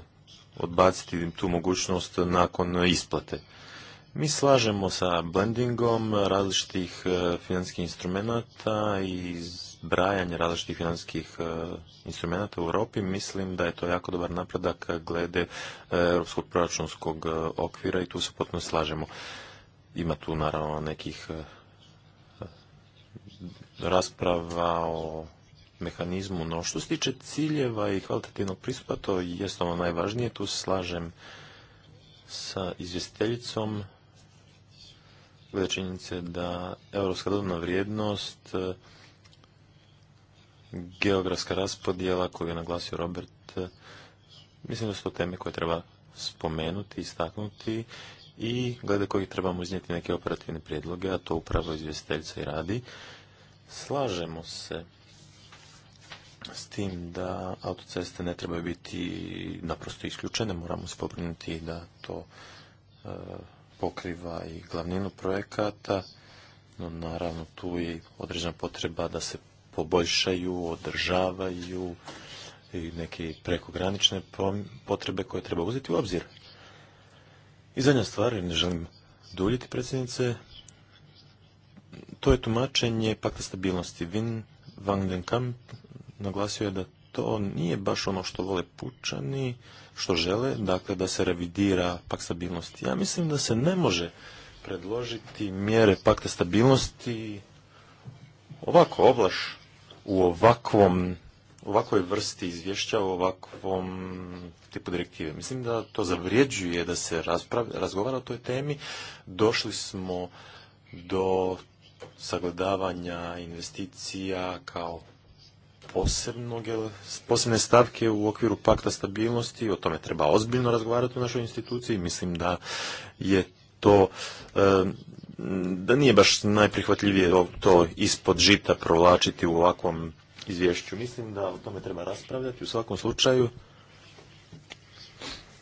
odbaciti tu mogućnost nakon isplate. Mi slažemo sa blendingom različitih e, financijskih instrumenta i zbrajanje različitih financijskih e, instrumenta u Europi. Mislim da je to jako dobar napredak glede europskog proračunskog okvira i tu se potpuno slažemo. Ima tu naravno nekih rasprava o mehanizmu. No što se tiče ciljeva i kvalitativnog pristupa, to je ono najvažnije. Tu se slažem sa izvjestiteljicom glede činjenice da europska dodana vrijednost, geografska raspodjela koju je naglasio Robert, mislim da su to teme koje treba spomenuti, istaknuti i glede kojih trebamo iznijeti neke operativne prijedloge, a to upravo izvjestiteljica i radi. Slažemo se s tim da autoceste ne trebaju biti naprosto isključene, moramo se pobrinuti da to e, pokriva i glavninu projekata, no naravno tu je određena potreba da se poboljšaju, održavaju i neke prekogranične potrebe koje treba uzeti u obzir. I zadnja stvar, ne želim duljiti predsjednice, to je tumačenje pakta stabilnosti. Vin van naglasio je da to nije baš ono što vole pučani, što žele, dakle da se revidira pak stabilnosti. Ja mislim da se ne može predložiti mjere pakta stabilnosti ovako oblaš u ovakvom ovakvoj vrsti izvješća u ovakvom tipu direktive. Mislim da to zavrijeđuje da se razgovara o toj temi. Došli smo do sagledavanja investicija kao posebnog, posebne stavke u okviru pakta stabilnosti, o tome treba ozbiljno razgovarati u našoj instituciji, mislim da je to da nije baš najprihvatljivije to ispod žita provlačiti u ovakvom izvješću. Mislim da o tome treba raspravljati u svakom slučaju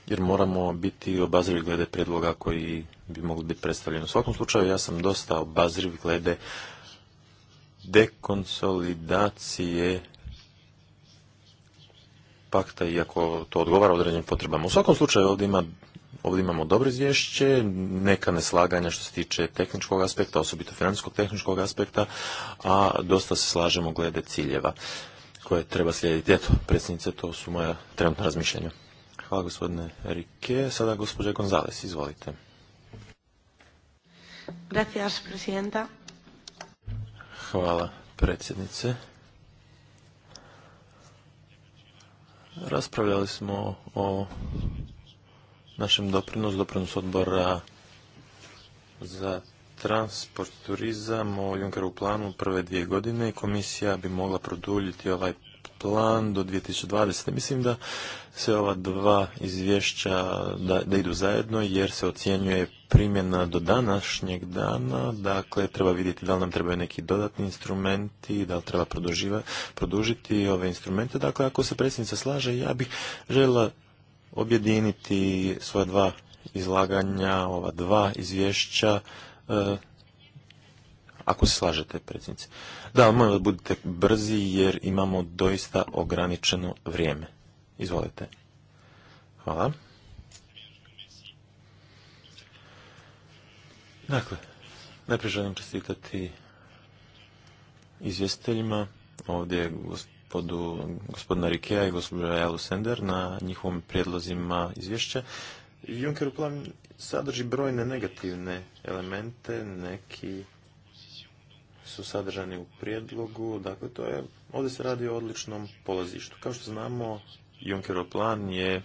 jer moramo biti obazrivi glede predloga koji bi mogli biti predstavljeni. U svakom slučaju ja sam dosta obazriv glede dekonsolidacije pakta, iako to odgovara određenim potrebama. U svakom slučaju ovdje, ima, ovdje imamo dobro izvješće, neka neslaganja što se tiče tehničkog aspekta, osobito financijskog tehničkog aspekta, a dosta se slažemo glede ciljeva koje treba slijediti. Eto, predsjednice, to su moja trenutna razmišljanja. Hvala gospodine Rike. Sada gospođa Gonzales, izvolite. Gracias, Hvala predsjednice. Raspravljali smo o našem doprinosu, doprinosu odbora za transport, turizam, o Junkeru planu prve dvije godine i komisija bi mogla produljiti ovaj plan do 2020. Mislim da se ova dva izvješća da, idu zajedno jer se ocjenjuje primjena do današnjeg dana. Dakle, treba vidjeti da li nam trebaju neki dodatni instrumenti, da li treba produžiti ove instrumente. Dakle, ako se predsjednica slaže, ja bih žela objediniti svoja dva izlaganja, ova dva izvješća e, ako se slažete, predsjednice. Da, molim da budite brzi jer imamo doista ograničeno vrijeme. Izvolite. Hvala. Dakle, najprije želim čestitati izvjestiteljima. Ovdje je gospodina Rikea i gospođa Jalu Sender na njihovim prijedlozima izvješća. Juncker plan sadrži brojne negativne elemente, neki su sadržani u prijedlogu. Dakle, to je, ovdje se radi o odličnom polazištu. Kao što znamo, Junckerov plan je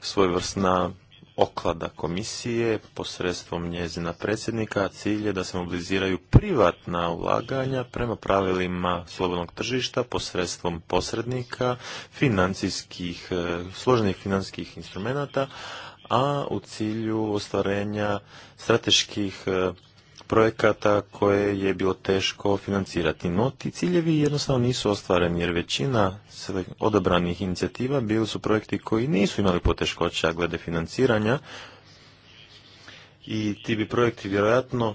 svojevrsna oklada komisije posredstvom njezina predsjednika, a cilj je da se mobiliziraju privatna ulaganja prema pravilima slobodnog tržišta posredstvom posrednika, financijskih, e, složenih financijskih instrumenata, a u cilju ostvarenja strateških e, projekata koje je bilo teško financirati. No, ti ciljevi jednostavno nisu ostvareni jer većina odabranih inicijativa bili su projekti koji nisu imali poteškoća glede financiranja i ti bi projekti vjerojatno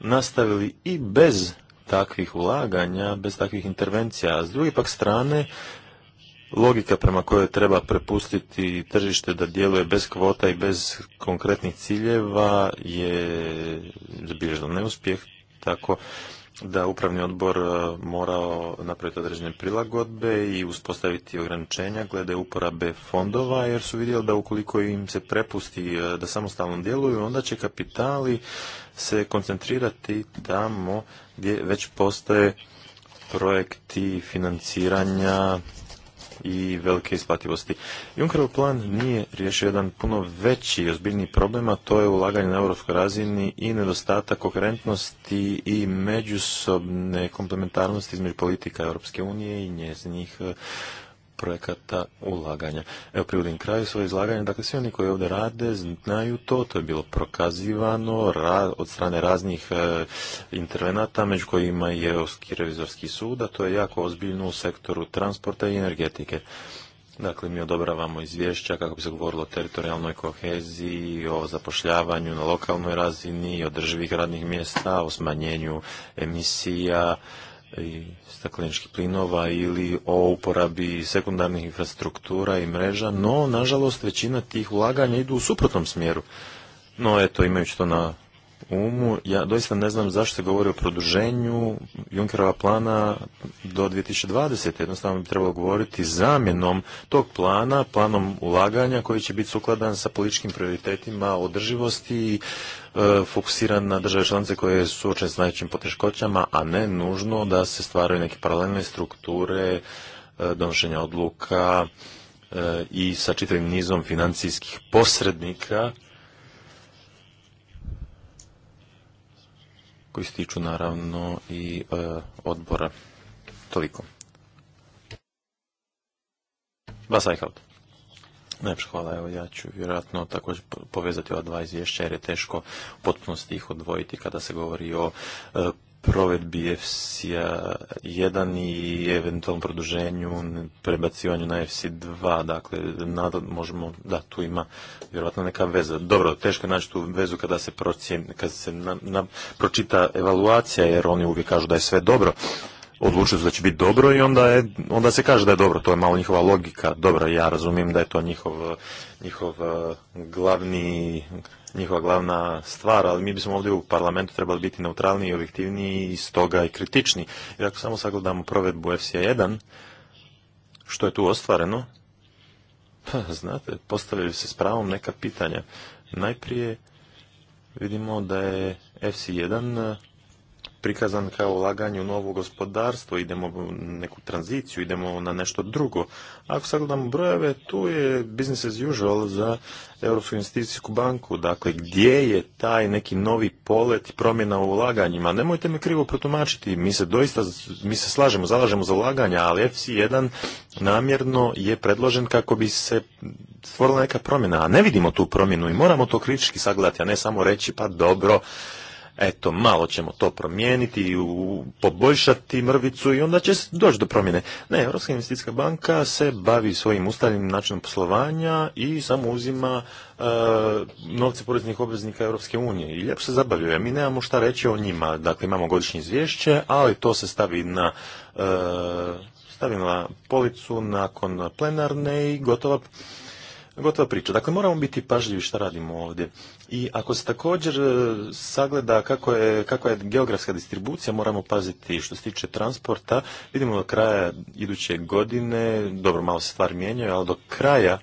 nastavili i bez takvih ulaganja, bez takvih intervencija. A s druge pak strane, logika prema kojoj treba prepustiti tržište da djeluje bez kvota i bez konkretnih ciljeva je zabilježno neuspjeh, tako da upravni odbor e, morao napraviti određene prilagodbe i uspostaviti ograničenja glede uporabe fondova jer su vidjeli da ukoliko im se prepusti e, da samostalno djeluju onda će kapitali se koncentrirati tamo gdje već postoje projekti financiranja i velike isplativosti. Junckerov plan nije riješio jedan puno veći i ozbiljniji problem, a to je ulaganje na europskoj razini i nedostatak koherentnosti i međusobne komplementarnosti između politika Europske unije i njezinih projekata ulaganja. Evo, privodim kraju svoje izlaganje. Dakle, svi oni koji ovdje rade znaju to. To je bilo prokazivano od strane raznih e, intervenata, među kojima je Europski revizorski sud, a to je jako ozbiljno u sektoru transporta i energetike. Dakle, mi odobravamo izvješća kako bi se govorilo o teritorijalnoj koheziji, o zapošljavanju na lokalnoj razini, o drživih radnih mjesta, o smanjenju emisija, i stakleničkih plinova ili o uporabi sekundarnih infrastruktura i mreža, no nažalost većina tih ulaganja idu u suprotnom smjeru. No eto, imajući to na umu. Ja doista ne znam zašto se govori o produženju Junkerova plana do 2020. Jednostavno bi trebalo govoriti zamjenom tog plana, planom ulaganja koji će biti sukladan sa političkim prioritetima održivosti i e, fokusiran na države članice koje su suočene s najvećim poteškoćama, a ne nužno da se stvaraju neke paralelne strukture e, donošenja odluka e, i sa čitavim nizom financijskih posrednika koji se naravno i e, odbora. Toliko. vas hvala, evo ja ću vjerojatno također povezati ova dva izvješća jer je teško potpunosti ih odvojiti kada se govori o e, provedbi FC a 1 i eventualnom produženju, prebacivanju na fc 2, dakle, možemo, da, tu ima vjerojatno neka veza. Dobro, teško je naći tu vezu kada se, procijen, kada se pročita evaluacija, jer oni uvijek kažu da je sve dobro, odlučuju se da će biti dobro i onda, onda se kaže da je dobro, to je malo njihova logika. Dobro, ja razumijem da je to njihov, njihov glavni njihova glavna stvar, ali mi bismo ovdje u parlamentu trebali biti neutralniji i objektivniji i stoga i kritični. Jer ako samo sagledamo provedbu FCA1, što je tu ostvareno, pa, znate, postavljaju se s pravom neka pitanja. Najprije vidimo da je FC1 prikazan kao ulaganje u novo gospodarstvo, idemo u neku tranziciju, idemo na nešto drugo. Ako sagledamo brojeve, tu je business as usual za Europsku investicijsku banku. Dakle, gdje je taj neki novi polet promjena u ulaganjima? Nemojte me krivo protumačiti, mi se doista, mi se slažemo, zalažemo za ulaganja, ali FC1 namjerno je predložen kako bi se stvorila neka promjena, a ne vidimo tu promjenu i moramo to kritički sagledati, a ne samo reći pa dobro, eto, malo ćemo to promijeniti i poboljšati mrvicu i onda će doći do promjene. Ne, Europska investicijska banka se bavi svojim ustavljenim načinom poslovanja i samo uzima e, novce poreznih obveznika Europske unije. I lijepo se zabavljuje. Mi nemamo šta reći o njima. Dakle, imamo godišnje izvješće, ali to se stavi na... E, stavi na policu nakon plenarne i gotova, gotova priča. Dakle, moramo biti pažljivi šta radimo ovdje. I ako se također e, sagleda kako je, kakva je geografska distribucija, moramo paziti što se tiče transporta. Vidimo do kraja iduće godine, dobro malo se stvari mijenjaju, ali do kraja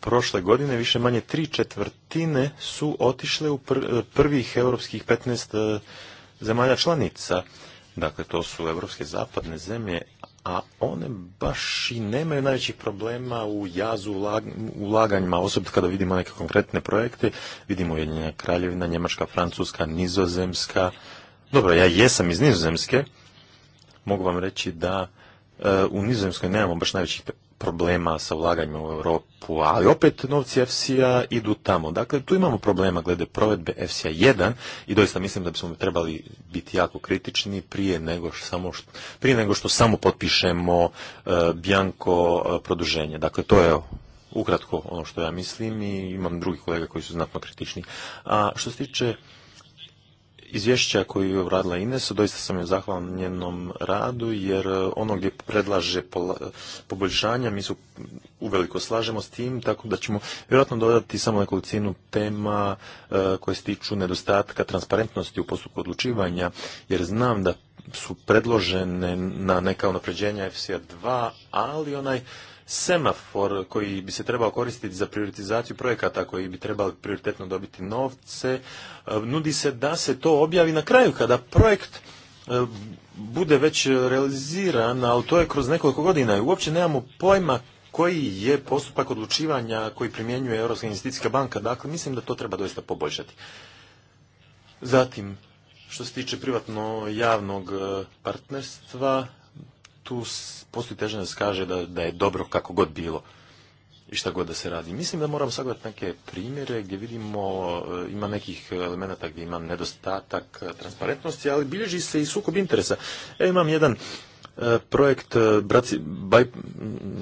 prošle godine više manje tri četvrtine su otišle u e, prvih europskih 15 e, zemalja članica. Dakle, to su europske zapadne zemlje a one baš i nemaju najvećih problema u jazu ulaganjima, osobito kada vidimo neke konkretne projekte, vidimo Ujedinjena Kraljevina, Njemačka, Francuska, Nizozemska. Dobro, ja jesam iz Nizozemske, mogu vam reći da e, u Nizozemskoj nemamo baš najvećih problema sa ulaganjem u Europu, ali opet novci FCA a idu tamo. Dakle, tu imamo problema glede provedbe FCA a 1 i doista mislim da bismo trebali biti jako kritični prije nego što samo, nego što samo potpišemo uh, e, bjanko e, produženje. Dakle, to je ukratko ono što ja mislim i imam drugih kolega koji su znatno kritični. A što se tiče izvješća koju je obradila Ines, doista sam joj zahvalan njenom radu, jer ono gdje predlaže poboljšanja, mi su uveliko slažemo s tim, tako da ćemo vjerojatno dodati samo nekolicinu tema e, koje se tiču nedostatka transparentnosti u postupku odlučivanja, jer znam da su predložene na neka unapređenja FCA 2, ali onaj semafor koji bi se trebao koristiti za prioritizaciju projekata koji bi trebali prioritetno dobiti novce, e, nudi se da se to objavi na kraju kada projekt e, bude već realiziran, ali to je kroz nekoliko godina i uopće nemamo pojma koji je postupak odlučivanja koji primjenjuje Europska investicijska banka. Dakle, mislim da to treba doista poboljšati. Zatim, što se tiče privatno-javnog e, partnerstva, tu postoji težina da se kaže da, da je dobro kako god bilo i šta god da se radi. Mislim da moram sagledati neke primjere gdje vidimo, e, ima nekih elemenata gdje ima nedostatak e, transparentnosti, ali bilježi se i sukob interesa. Evo imam jedan projekt e,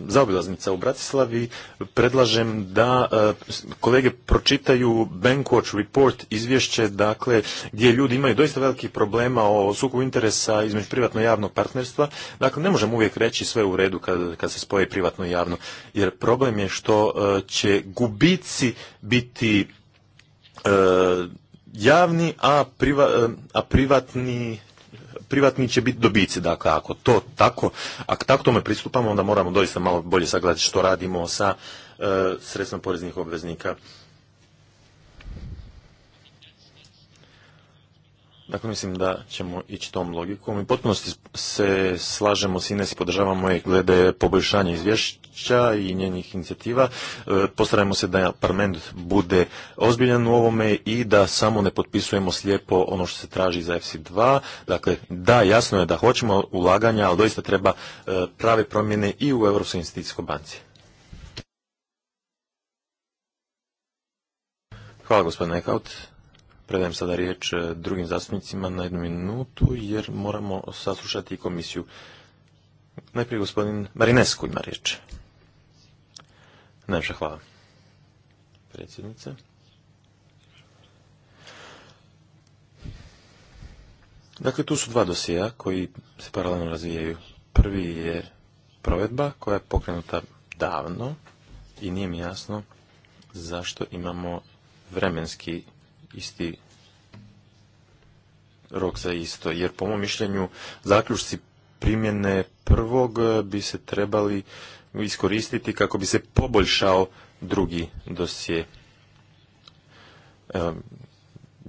zaobilaznica u Bratislavi predlažem da e, kolege pročitaju Bankwatch report izvješće, dakle, gdje ljudi imaju doista velikih problema o suku interesa između privatno javnog partnerstva. Dakle, ne možemo uvijek reći sve u redu kad, se spoje privatno i javno, jer problem je što e, će gubici biti javni, a privatni privatni će biti dobici. Dakle, ako to tako, ako tako tome pristupamo, onda moramo doista malo bolje sagledati što radimo sa e, sredstvom poreznih obveznika. Dakle, mislim da ćemo ići tom logikom i potpuno se slažemo s Ines i podržavamo je glede poboljšanja izvješća i njenih inicijativa. E, postarajmo se da parlament bude ozbiljan u ovome i da samo ne potpisujemo slijepo ono što se traži za FC2. Dakle, da, jasno je da hoćemo ulaganja, ali doista treba e, prave promjene i u Europskoj investicijskoj banci. Hvala gospodine Predajem sada riječ e, drugim zastupnicima na jednu minutu, jer moramo saslušati komisiju. Najprije gospodin Marinesku ima riječ. Najviše hvala. Predsjednice. Dakle, tu su dva dosija koji se paralelno razvijaju. Prvi je provedba koja je pokrenuta davno i nije mi jasno zašto imamo vremenski isti rok za isto, jer po mom mišljenju zaključci primjene prvog bi se trebali iskoristiti kako bi se poboljšao drugi dosje. Ehm,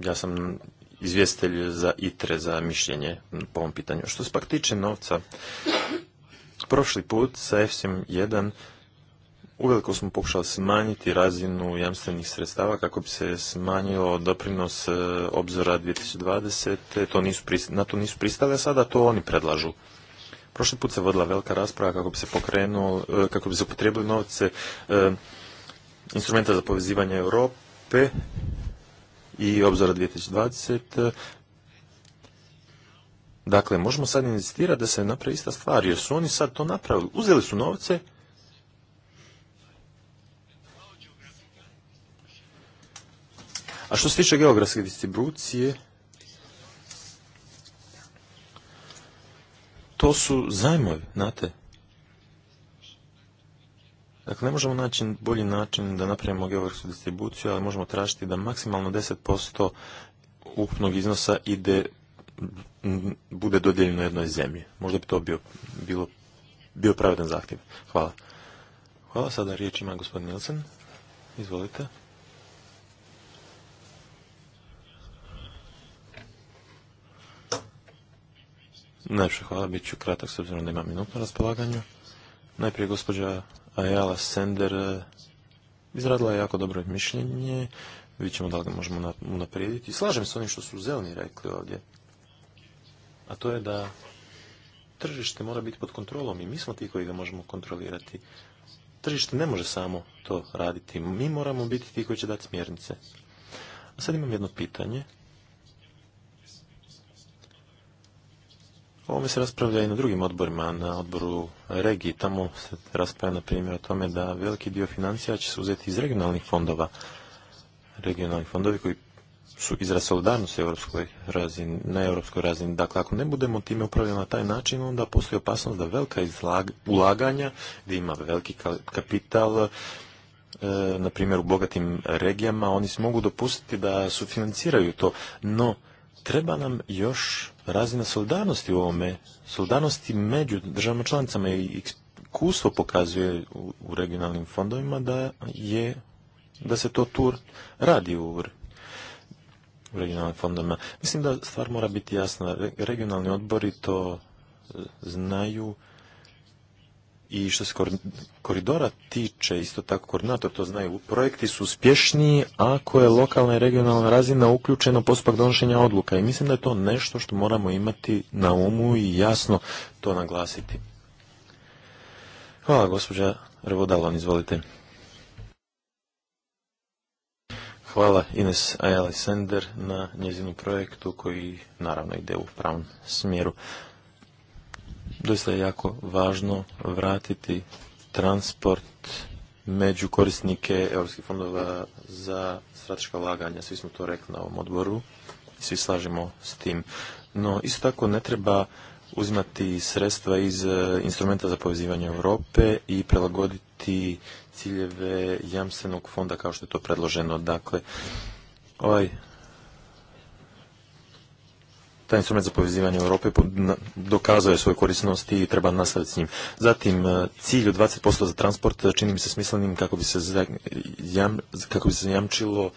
ja sam izvjestelj za ITRE za mišljenje po ovom pitanju. Što se pak tiče novca, prošli put sa FSM 1 Uveliko smo pokušali smanjiti razinu jamstvenih sredstava kako bi se smanjio doprinos e, obzora 2020. To nisu, na to nisu pristale, a sada to oni predlažu. Prošli put se vodila velika rasprava kako bi se pokrenuo, e, kako bi se upotrijebili novce e, instrumenta za povezivanje Europe i obzora 2020. Dakle, možemo sad inzistirati da se napravi ista stvar, jer su oni sad to napravili. Uzeli su novce A što se tiče geografske distribucije, to su zajmovi, znate. Dakle, ne možemo naći bolji način da napravimo geografsku distribuciju, ali možemo tražiti da maksimalno 10% ukupnog iznosa ide, bude dodijeljeno jednoj zemlji. Možda bi to bio, bilo, bio pravedan zahtjev. Hvala. Hvala, sada riječ ima gospodin Nilsen. Izvolite. Najprej hvala, bit ću kratak s obzirom da imam minutno na raspolaganju. Najprije gospođa Ajala Sender eh, izradila je jako dobro mišljenje. Vidjet ćemo da li ga možemo unaprijediti. Slažem se onim što su zelni rekli ovdje. A to je da tržište mora biti pod kontrolom i mi smo ti koji ga možemo kontrolirati. Tržište ne može samo to raditi. Mi moramo biti ti koji će dati smjernice. A sad imam jedno pitanje ovome se raspravlja i na drugim odborima, na odboru regiji. Tamo se raspravlja, na primjer, o tome da veliki dio financija će se uzeti iz regionalnih fondova. Regionalni fondovi koji su izraz solidarnosti razini, na europskoj razini. Dakle, ako ne budemo time upravljali na taj način, onda postoji opasnost da velika ulaganja, gdje ima veliki kapital, e, na primjer u bogatim regijama, oni se mogu dopustiti da sufinanciraju to. No, treba nam još razina solidarnosti u ovome, solidarnosti među državama članicama i iskustvo pokazuje u, regionalnim fondovima da je da se to tur radi u regionalnim fondovima. Mislim da stvar mora biti jasna. Regionalni odbori to e, znaju i što se koridora tiče, isto tako koordinator to znaju, projekti su uspješniji ako je lokalna i regionalna razina uključena postupak donošenja odluka. I mislim da je to nešto što moramo imati na umu i jasno to naglasiti. Hvala, gospođa Revodalon, izvolite. Hvala Ines Ajali na njezinu projektu koji naravno ide u pravom smjeru doista je jako važno vratiti transport među korisnike europskih fondova za strateška ulaganja. Svi smo to rekli na ovom odboru i svi slažemo s tim. No, isto tako ne treba uzimati sredstva iz e, instrumenta za povezivanje Europe i prelagoditi ciljeve jamstvenog fonda kao što je to predloženo. Dakle, ovaj taj instrument za povezivanje Europe dokazao je svoju korisnost i treba nastaviti s njim. Zatim, e, cilj od 20% za transport e, čini mi se smislenim kako bi se, jam, kako bi se jamčilo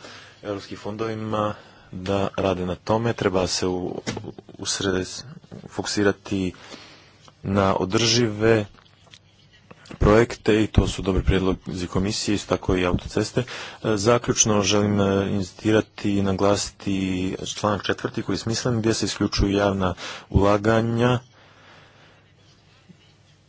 europskim fondovima da rade na tome. Treba se u, srede u fokusirati na održive projekte i to su dobri prijedlozi komisije, isto tako i autoceste. E, zaključno želim e, inzitirati i naglasiti članak četvrti koji je smislen gdje se isključuju javna ulaganja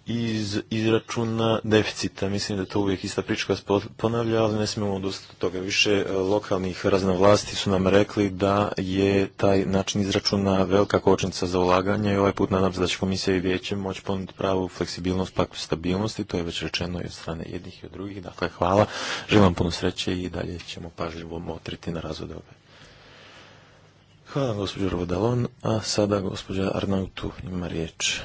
iz izračuna deficita. Mislim da to uvijek ista prička se ponavlja, ali ne smijemo odustati toga. Više e, lokalnih razna su nam rekli da je taj način izračuna velika kočnica za ulaganje i ovaj put nadam se da će komisija i vijeće moći ponuditi pravu fleksibilnost, paktu stabilnosti. To je već rečeno i od strane jednih i od drugih. Dakle, hvala. Želim vam puno sreće i dalje ćemo pažljivo motriti na razvoj ove. Hvala gospođo Rovodalon, a sada gospođa Arnautu ima riječ.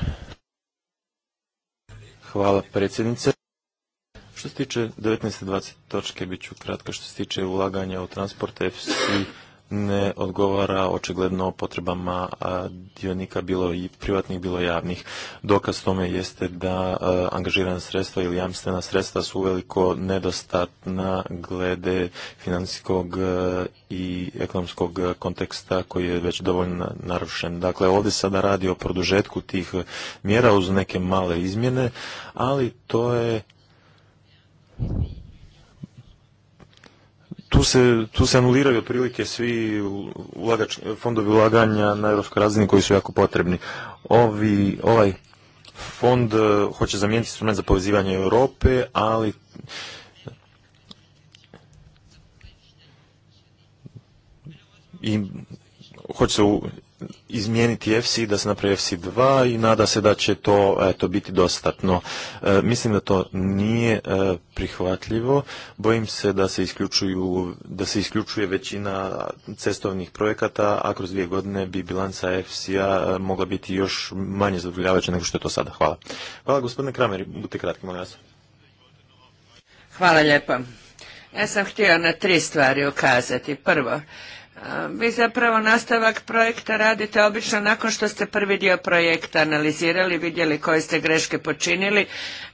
Hvala predsjednice. Što se tiče 19.20 točke, bit ću kratka. Što se tiče ulaganja u transport, FC ne odgovara očigledno potrebama dionika bilo i privatnih bilo javnih. Dokaz tome jeste da angažirana sredstva ili jamstvena sredstva su veliko nedostatna glede financijskog i ekonomskog konteksta koji je već dovoljno narušen. Dakle, ovdje sada radi o produžetku tih mjera uz neke male izmjene, ali to je tu se, se anuliraju otprilike svi fondovi ulaganja na europskoj razini koji su jako potrebni. Ovi, ovaj fond eh, hoće zamijeniti instrument za povezivanje Europe, ali i hoće se izmijeniti FC, da se napravi FC2 i nada se da će to eto, biti dostatno. E, mislim da to nije e, prihvatljivo. Bojim se da se, isključuju, da se isključuje većina cestovnih projekata, a kroz dvije godine bi bilanca FC-a e, mogla biti još manje zadovoljavajuća nego što je to sada. Hvala. Hvala gospodine Krameri. budite kratki, molim vas. Hvala lijepo. Ja sam htio na tri stvari ukazati. Prvo, Eh, vi zapravo nastavak projekta radite obično nakon što ste prvi dio projekta analizirali, vidjeli koje ste greške počinili,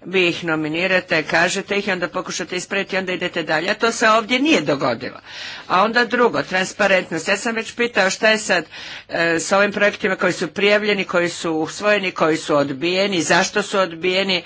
vi ih nominirate, kažete ih i onda pokušate ispraviti i onda idete dalje. A to se ovdje nije dogodilo. A onda drugo, transparentnost. Ja sam već pitao šta je sad eh, s ovim projektima koji su prijavljeni, koji su usvojeni, koji su odbijeni, zašto su odbijeni,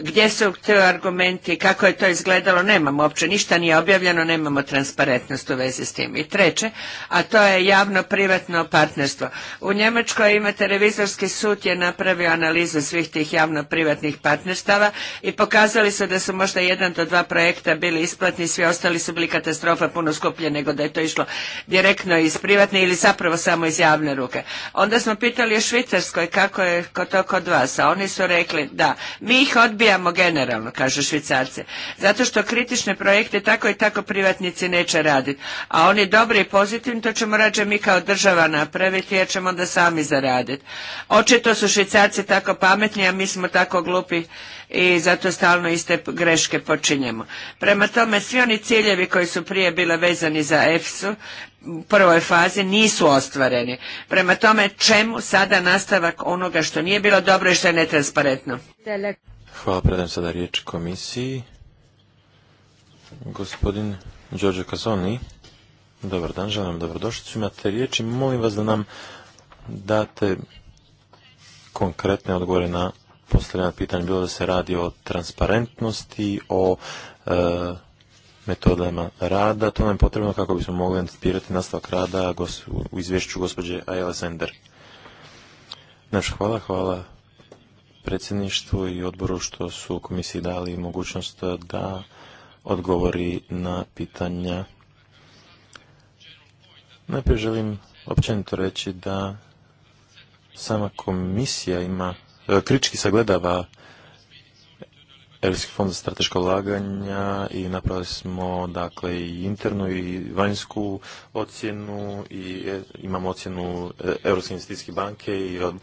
gdje su te argumenti, kako je to izgledalo, nemamo uopće, ništa nije objavljeno, nemamo transparentnost u vezi s tim. I treće, a to je javno-privatno partnerstvo. U Njemačkoj imate revizorski sud je napravio analizu svih tih javno-privatnih partnerstava i pokazali su da su možda jedan do dva projekta bili isplatni, svi ostali su bili katastrofa puno skuplje nego da je to išlo direktno iz privatne ili zapravo samo iz javne ruke. Onda smo pitali o Švicarskoj kako je to kod vas, a oni su rekli da mi ih ubijamo generalno, kaže švicarci. Zato što kritične projekte tako i tako privatnici neće raditi. A oni dobri i pozitivni, to ćemo rađe mi kao država napraviti, jer ćemo onda sami zaraditi. Očito su švicarci tako pametni, a mi smo tako glupi i zato stalno iste greške počinjemo. Prema tome, svi oni ciljevi koji su prije bile vezani za EFSU, u prvoj fazi nisu ostvareni. Prema tome, čemu sada nastavak onoga što nije bilo dobro i što je netransparentno? Hvala, predajem sada riječ komisiji. Gospodin Đorđe Kazoni, dobar dan, želim dobrodošlicu. Imate riječ i molim vas da nam date konkretne odgovore na postavljena pitanja, bilo da se radi o transparentnosti, o e, metodama rada. To nam je potrebno kako bismo mogli anticipirati nastavak rada u izvješću gospođe Ayala Sender. hvala, hvala predsjedništvu i odboru što su komisiji dali mogućnost da odgovori na pitanja. Najprije želim općenito reći da sama komisija ima, e, kritički sagledava Evropski fond za strateško ulaganja i napravili smo dakle i internu i vanjsku ocjenu i e, imamo ocjenu e, Europske investicijske banke i od,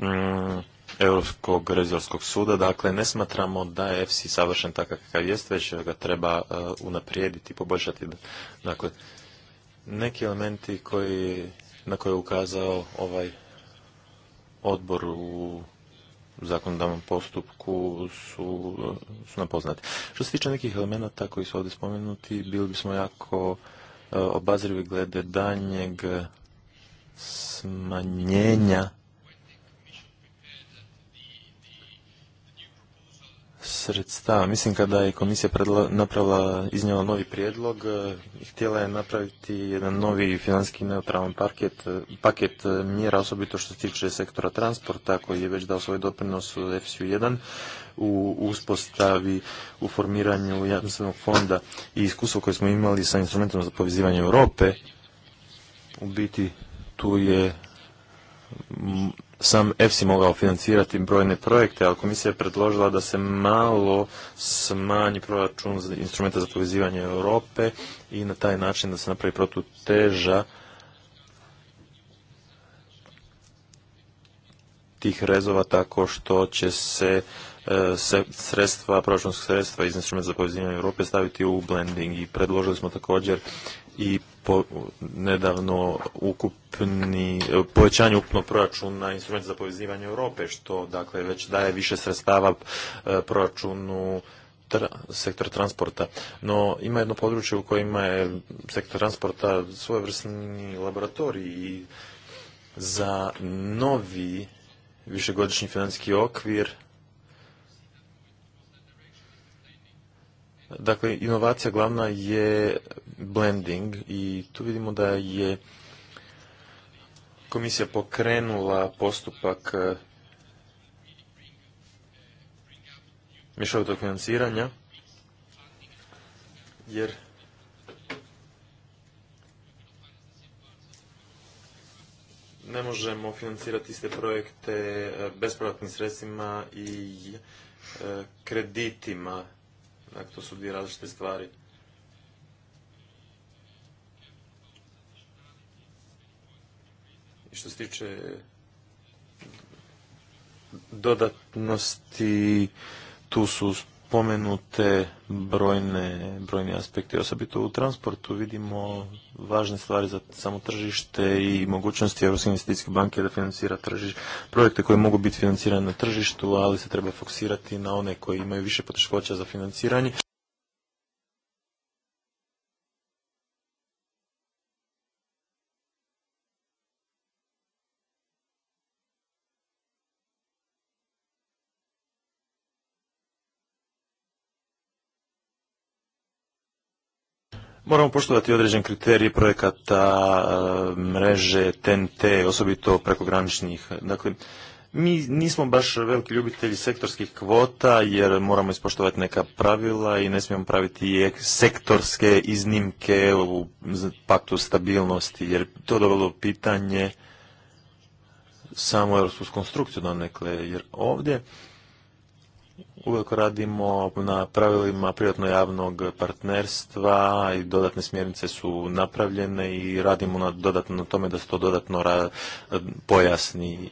mm, Europskog revizorskog suda. Dakle, ne smatramo da je EFSI savršen takav kakav jest, već ga treba e, unaprijediti, poboljšati. Dakle, neki elementi koji, na koje je ukazao ovaj odbor u zakonodavnom postupku su, su nam poznati. Što se tiče nekih elemenata koji su ovdje spomenuti, bili bismo jako e, obazrivi glede danjeg smanjenja sredstava. Mislim kada je komisija predla, napravila, iznijela novi prijedlog, e, htjela je napraviti jedan novi finanski neutralan paket, e, paket e, mjera, osobito što se tiče sektora transporta, koji je već dao svoj doprinos u FSU1 u uspostavi, u formiranju jamstvenog fonda i iskustva koje smo imali sa instrumentom za povezivanje Europe. U biti tu je sam EFSI mogao financirati brojne projekte, ali komisija je predložila da se malo smanji proračun za instrumenta za povezivanje Europe i na taj način da se napravi protuteža tih rezova tako što će se e, sredstva, proračunska sredstva iz instrumenta za povezivanje Europe staviti u blending i predložili smo također i nedavno ukupni, povećanje ukupnog proračuna instrument za povezivanje Europe, što dakle već daje više sredstava e, proračunu sektora sektor transporta. No ima jedno područje u kojima je sektor transporta svojevrsni laboratorij i za novi višegodišnji financijski okvir Dakle, inovacija glavna je blending i tu vidimo da je komisija pokrenula postupak e, mješovitog financiranja, jer ne možemo financirati iste projekte e, bespovratnim sredstvima i e, kreditima. Dakle, to su dvije različite stvari. što se tiče dodatnosti, tu su spomenute brojne, aspekte, osobito u transportu vidimo važne stvari za samo tržište i mogućnosti Europske investicijske banke da financira projekte koji mogu biti financirani na tržištu, ali se treba fokusirati na one koji imaju više poteškoća za financiranje. Moramo poštovati određen kriterij projekata, eh, mreže, TNT, osobito prekograničnih. Dakle, mi nismo baš veliki ljubitelji sektorskih kvota jer moramo ispoštovati neka pravila i ne smijemo praviti sektorske iznimke u paktu stabilnosti jer to dovelo pitanje samo europsku konstrukciju donekle jer ovdje Uvijek radimo na pravilima privatno-javnog partnerstva i dodatne smjernice su napravljene i radimo na dodatno na tome da se to dodatno pojasni.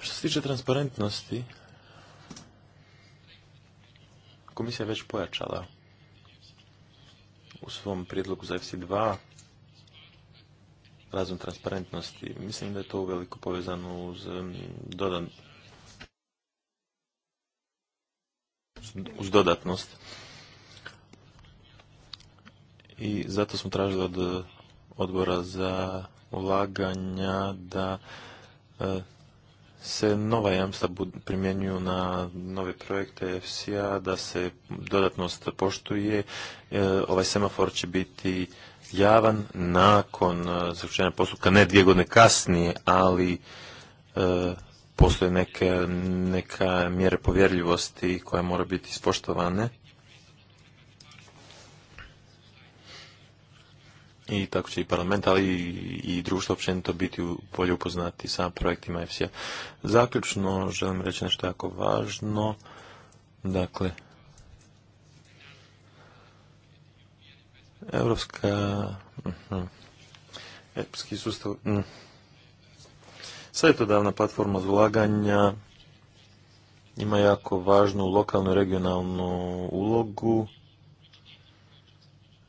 Što se tiče transparentnosti, komisija je već pojačala u svom prijedlogu za FC2 razum transparentnosti. Mislim da je to uveliko povezano uz dodan uz dodatnost. I zato smo tražili od odbora za ulaganja da e, se nova jamstva primjenjuju na nove projekte FCA, da se dodatnost poštuje. E, ovaj semafor će biti javan nakon e, zaključenja postupka, ne dvije godine kasnije, ali e, postoje neke, neka mjere povjerljivosti koje mora biti ispoštovane. I tako će i parlament, ali i, i društvo općenito biti bolje upoznati sa projektima FCA. Zaključno želim reći nešto jako važno. Dakle, Evropska, mhm, evropski sustav... Mhm. Savjetodavna platforma za ima jako važnu lokalnu i regionalnu ulogu,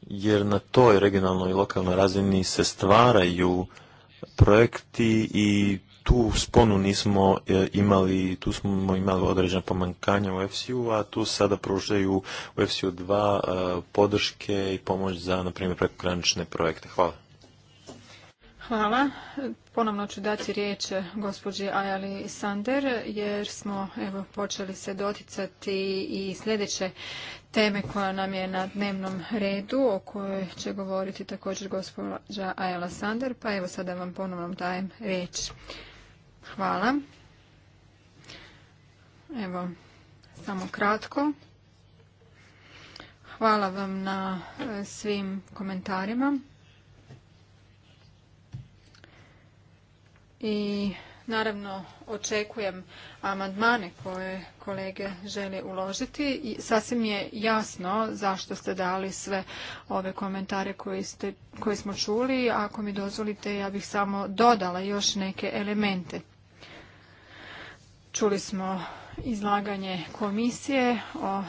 jer na toj regionalnoj i lokalnoj razini se stvaraju projekti i tu sponu nismo e, imali, tu smo imali određena pomankanja u FCU, a tu sada pružaju u FCU 2 e, podrške i pomoć za, na primjer, prekogranične projekte. Hvala. Hvala. Ponovno ću dati riječ gospođi Ajali Sander, jer smo evo, počeli se doticati i sljedeće teme koja nam je na dnevnom redu, o kojoj će govoriti također gospođa Ajala Sander, pa evo sada vam ponovno dajem riječ. Hvala. Evo, samo kratko. Hvala vam na e, svim komentarima. I naravno očekujem amandmane koje kolege žele uložiti i sasvim je jasno zašto ste dali sve ove komentare koje, koje smo čuli. Ako mi dozvolite ja bih samo dodala još neke elemente. Čuli smo izlaganje komisije o e,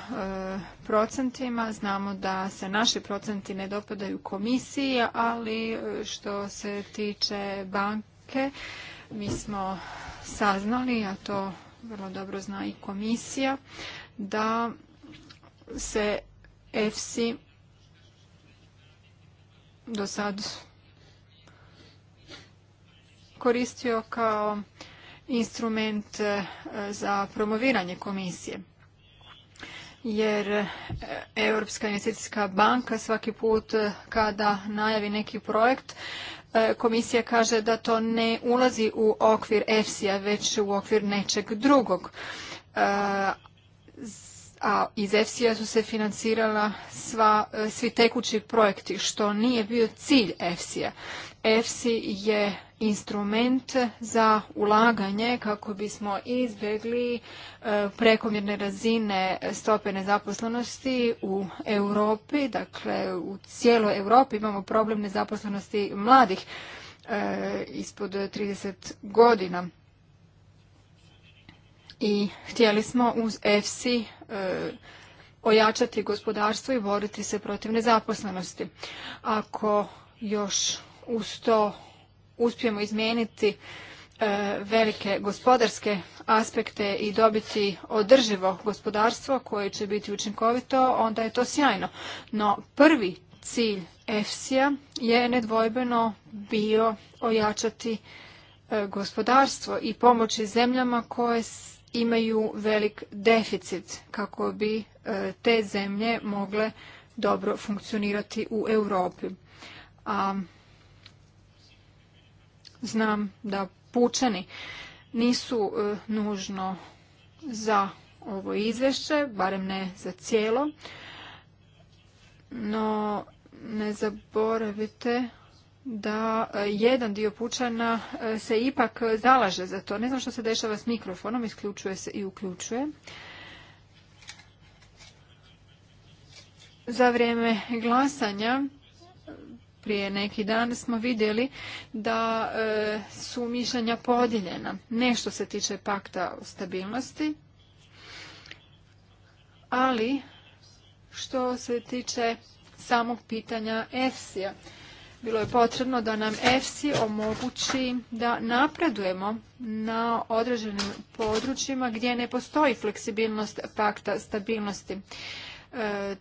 procentima. Znamo da se naši procenti ne dopadaju komisiji, ali e, što se tiče banke, mi smo saznali, a to vrlo dobro zna i komisija, da se EFSI do sad koristio kao instrument e, za promoviranje komisije jer e, Europska investicijska banka svaki put e, kada najavi neki projekt komisija kaže da to ne ulazi u okvir EFSI-a već u okvir nečeg drugog a iz EFSI-a su se financirala sva, e, svi tekući projekti, što nije bio cilj EFSI-a. EFSI je instrument za ulaganje kako bismo izbjegli e, prekomjerne razine stope nezaposlenosti u Europi, dakle u cijeloj Europi imamo problem nezaposlenosti mladih e, ispod 30 godina. I htjeli smo uz EFSI E, ojačati gospodarstvo i boriti se protiv nezaposlenosti. Ako još uz to uspijemo izmijeniti e, velike gospodarske aspekte i dobiti održivo gospodarstvo koje će biti učinkovito, onda je to sjajno. No prvi cilj EFSI-a je nedvojbeno bio ojačati e, gospodarstvo i pomoći zemljama koje imaju velik deficit kako bi e, te zemlje mogle dobro funkcionirati u Europi. A znam da pučani nisu e, nužno za ovo izvješće, barem ne za cijelo, no ne zaboravite da e, jedan dio pučana e, se ipak zalaže za to. Ne znam što se dešava s mikrofonom, isključuje se i uključuje. Za vrijeme glasanja prije neki dan smo vidjeli da e, su mišljenja podijeljena. Ne što se tiče pakta o stabilnosti, ali što se tiče samog pitanja EFSI-a bilo je potrebno da nam EFSI omogući da napredujemo na određenim područjima gdje ne postoji fleksibilnost pakta stabilnosti. E,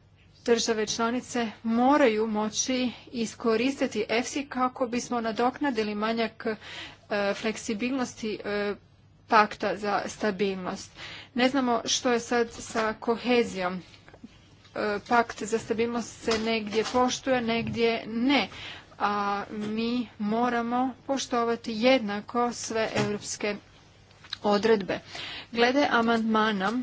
države članice moraju moći iskoristiti EFSI kako bismo nadoknadili manjak e, fleksibilnosti e, pakta za stabilnost. Ne znamo što je sad sa kohezijom. Pakt za stabilnost se negdje poštuje, negdje ne a mi moramo poštovati jednako sve europske odredbe. Glede amandmana,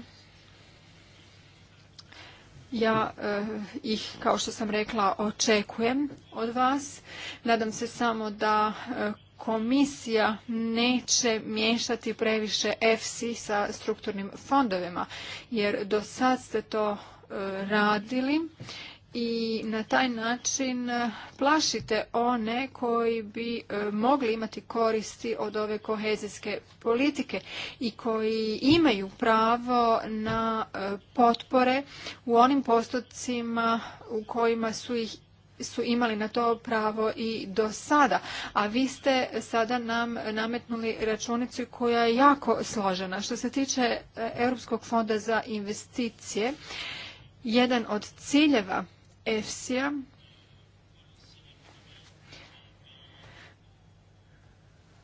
ja eh, ih, kao što sam rekla, očekujem od vas. Nadam se samo da eh, komisija neće miješati previše EFSI sa strukturnim fondovima, jer do sad ste to eh, radili i na taj način e, plašite one koji bi e, mogli imati koristi od ove kohezijske politike i koji imaju pravo na e, potpore u onim postocima u kojima su ih su imali na to pravo i do sada. A vi ste sada nam nametnuli računicu koja je jako složena. Što se tiče Europskog fonda za investicije, jedan od ciljeva efsi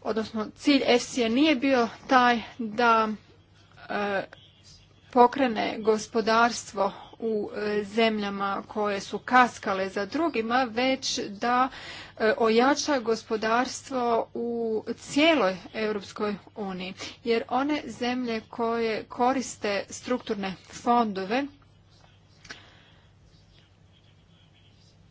Odnosno, cilj EFSI-a nije bio taj da e, pokrene gospodarstvo u e, zemljama koje su kaskale za drugima, već da e, ojača gospodarstvo u cijeloj Europskoj uniji. Jer one zemlje koje koriste strukturne fondove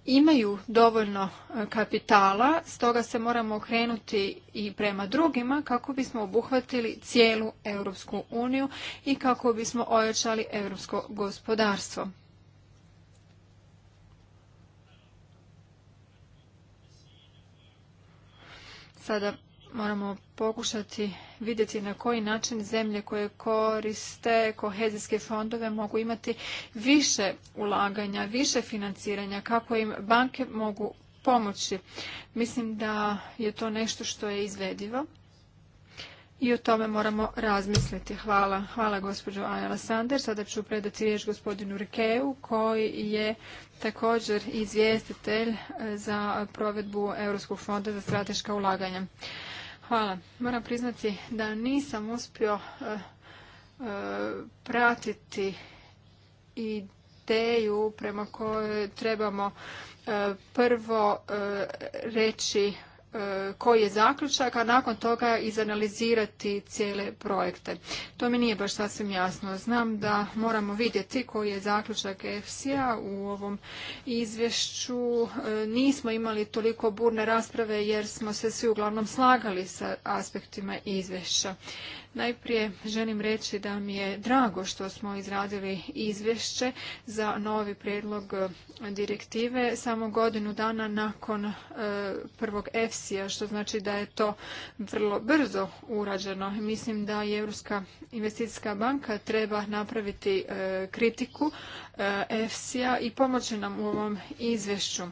imaju dovoljno e, kapitala, stoga se moramo okrenuti i prema drugima kako bismo obuhvatili cijelu Europsku uniju i kako bismo ojačali europsko gospodarstvo. Sada moramo pokušati vidjeti na koji način zemlje koje koriste kohezijske fondove mogu imati više ulaganja, više financiranja, kako im banke mogu pomoći. Mislim da je to nešto što je izvedivo i o tome moramo razmisliti. Hvala. Hvala gospođo Ajala Sander. Sada ću predati riječ gospodinu Rikeu koji je također izvjestitelj e, za provedbu Europskog fonda za strateška ulaganja. Hvala. Moram priznati da nisam uspio e, e, pratiti ideju prema kojoj trebamo prvo reći E, koji je zaključak, a nakon toga izanalizirati cijele projekte. To mi nije baš sasvim jasno. Znam da moramo vidjeti koji je zaključak EFSI-a u ovom izvješću. E, nismo imali toliko burne rasprave jer smo se svi uglavnom slagali sa aspektima izvješća. Najprije želim reći da mi je drago što smo izradili izvješće za novi prijedlog e, direktive samo godinu dana nakon e, prvog EFSI-a, što znači da je to vrlo brzo urađeno. Mislim da i Europska investicijska banka treba napraviti e, kritiku EFSI-a i pomoći nam u ovom izvješću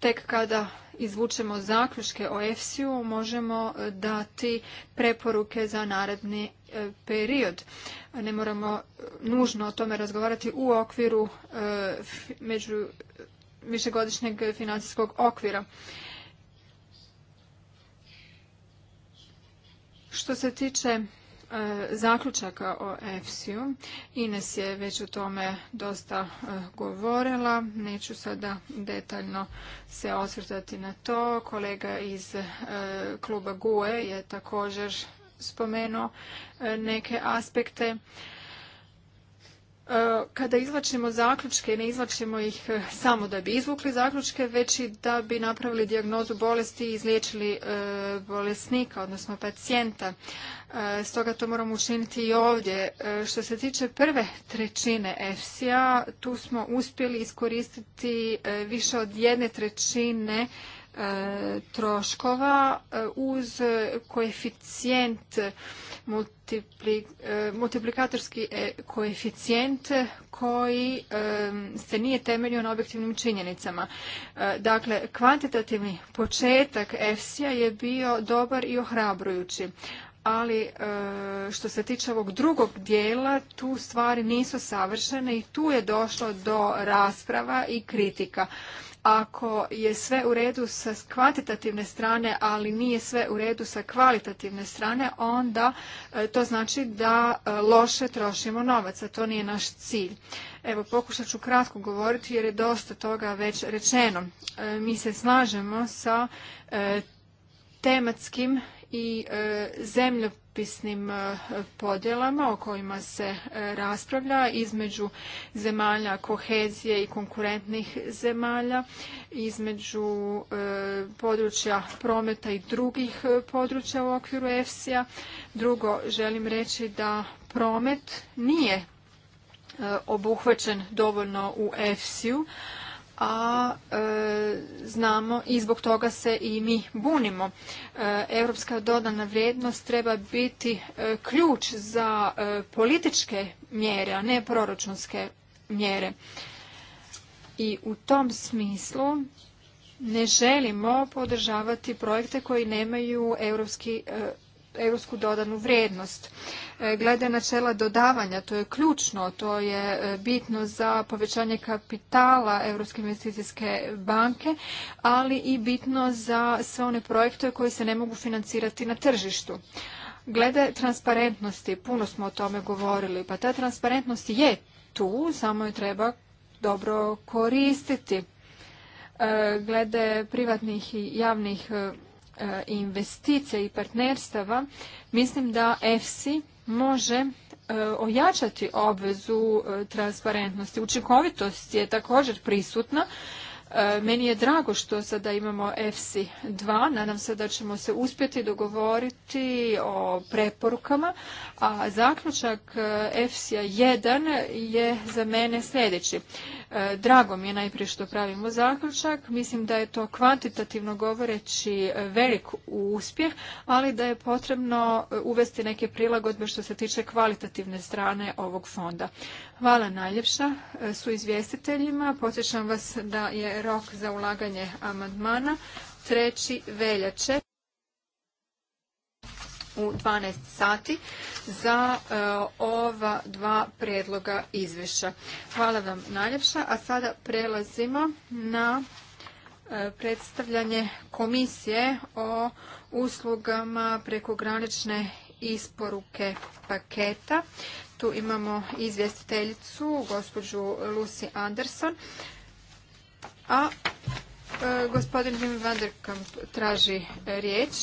tek kada izvučemo zaključke o EFSI-u, možemo e, dati preporuke za naredni e, period. Ne moramo e, nužno o tome razgovarati u okviru među višegodišnjeg financijskog okvira. Što se tiče E, zaključaka o EFSI-u. Ines je već o tome dosta e, govorila. Neću sada detaljno se osvrtati na to. Kolega iz e, kluba GUE je također spomenuo neke aspekte kada izvlačimo zaključke, ne izvlačimo ih eh, samo da bi izvukli zaključke, već i da bi napravili dijagnozu bolesti i izliječili eh, bolesnika, odnosno pacijenta. Eh, stoga to moramo učiniti i ovdje. Što se tiče prve trećine efsi tu smo uspjeli iskoristiti više od jedne trećine troškova e, uz koeficijent e, multiplikatorski e, koeficijent koji se nije temeljio na objektivnim činjenicama. Dakle, kvantitativni početak EFSI-a je bio dobar i ohrabrujući. Ali što se tiče ovog drugog dijela, tu stvari nisu savršene i tu je došlo do rasprava i kritika ako je sve u redu sa kvantitativne strane, ali nije sve u redu sa kvalitativne strane, onda e, to znači da e, loše trošimo novac, a to nije naš cilj. Evo, pokušat ću kratko govoriti jer je dosta toga već rečeno. E, mi se slažemo sa tematskim i zemljopisnim zemljopisnim e, podjelama o kojima se e, raspravlja između zemalja kohezije i konkurentnih zemalja, između e, područja prometa i drugih područja u okviru EFSI-a. Drugo, želim reći da promet nije obuhvaćen dovoljno u EFSI-u, a e, znamo i zbog toga se i mi bunimo. E, europska dodana vrijednost treba biti e, ključ za političke mjere, a ne proračunske mjere. I u tom smislu ne želimo podržavati projekte koji nemaju europski europsku dodanu vrijednost. E, glede načela dodavanja, to je ključno, to je e, bitno za povećanje kapitala Europske investicijske banke, ali i bitno za sve one projekte koji se ne mogu financirati na tržištu. Glede transparentnosti, puno smo o tome govorili, pa ta transparentnost je tu, samo je treba dobro koristiti. E, glede privatnih i javnih E, investicija i partnerstava, mislim da EFSI može e, ojačati obvezu e, transparentnosti. Učinkovitost je također prisutna. Meni je drago što sada imamo EFSI 2. Nadam se da ćemo se uspjeti dogovoriti o preporukama. A zaključak EFSI 1 je za mene sljedeći. E, drago mi je najprije što pravimo zaključak. Mislim da je to kvantitativno govoreći e, velik uspjeh, ali da je potrebno e, uvesti neke prilagodbe što se tiče kvalitativne strane ovog fonda. Hvala najljepša su izvjestiteljima. Podsjećam vas da je rok za ulaganje amandmana treći veljače u 12 sati za e, ova dva predloga izvješća. Hvala vam najljepša, a sada prelazimo na e, predstavljanje komisije o uslugama prekogranične isporuke paketa. Tu imamo izvjestiteljicu, gospođu Lucy Anderson, a e, gospodin Wim van der Kamp traži riječ.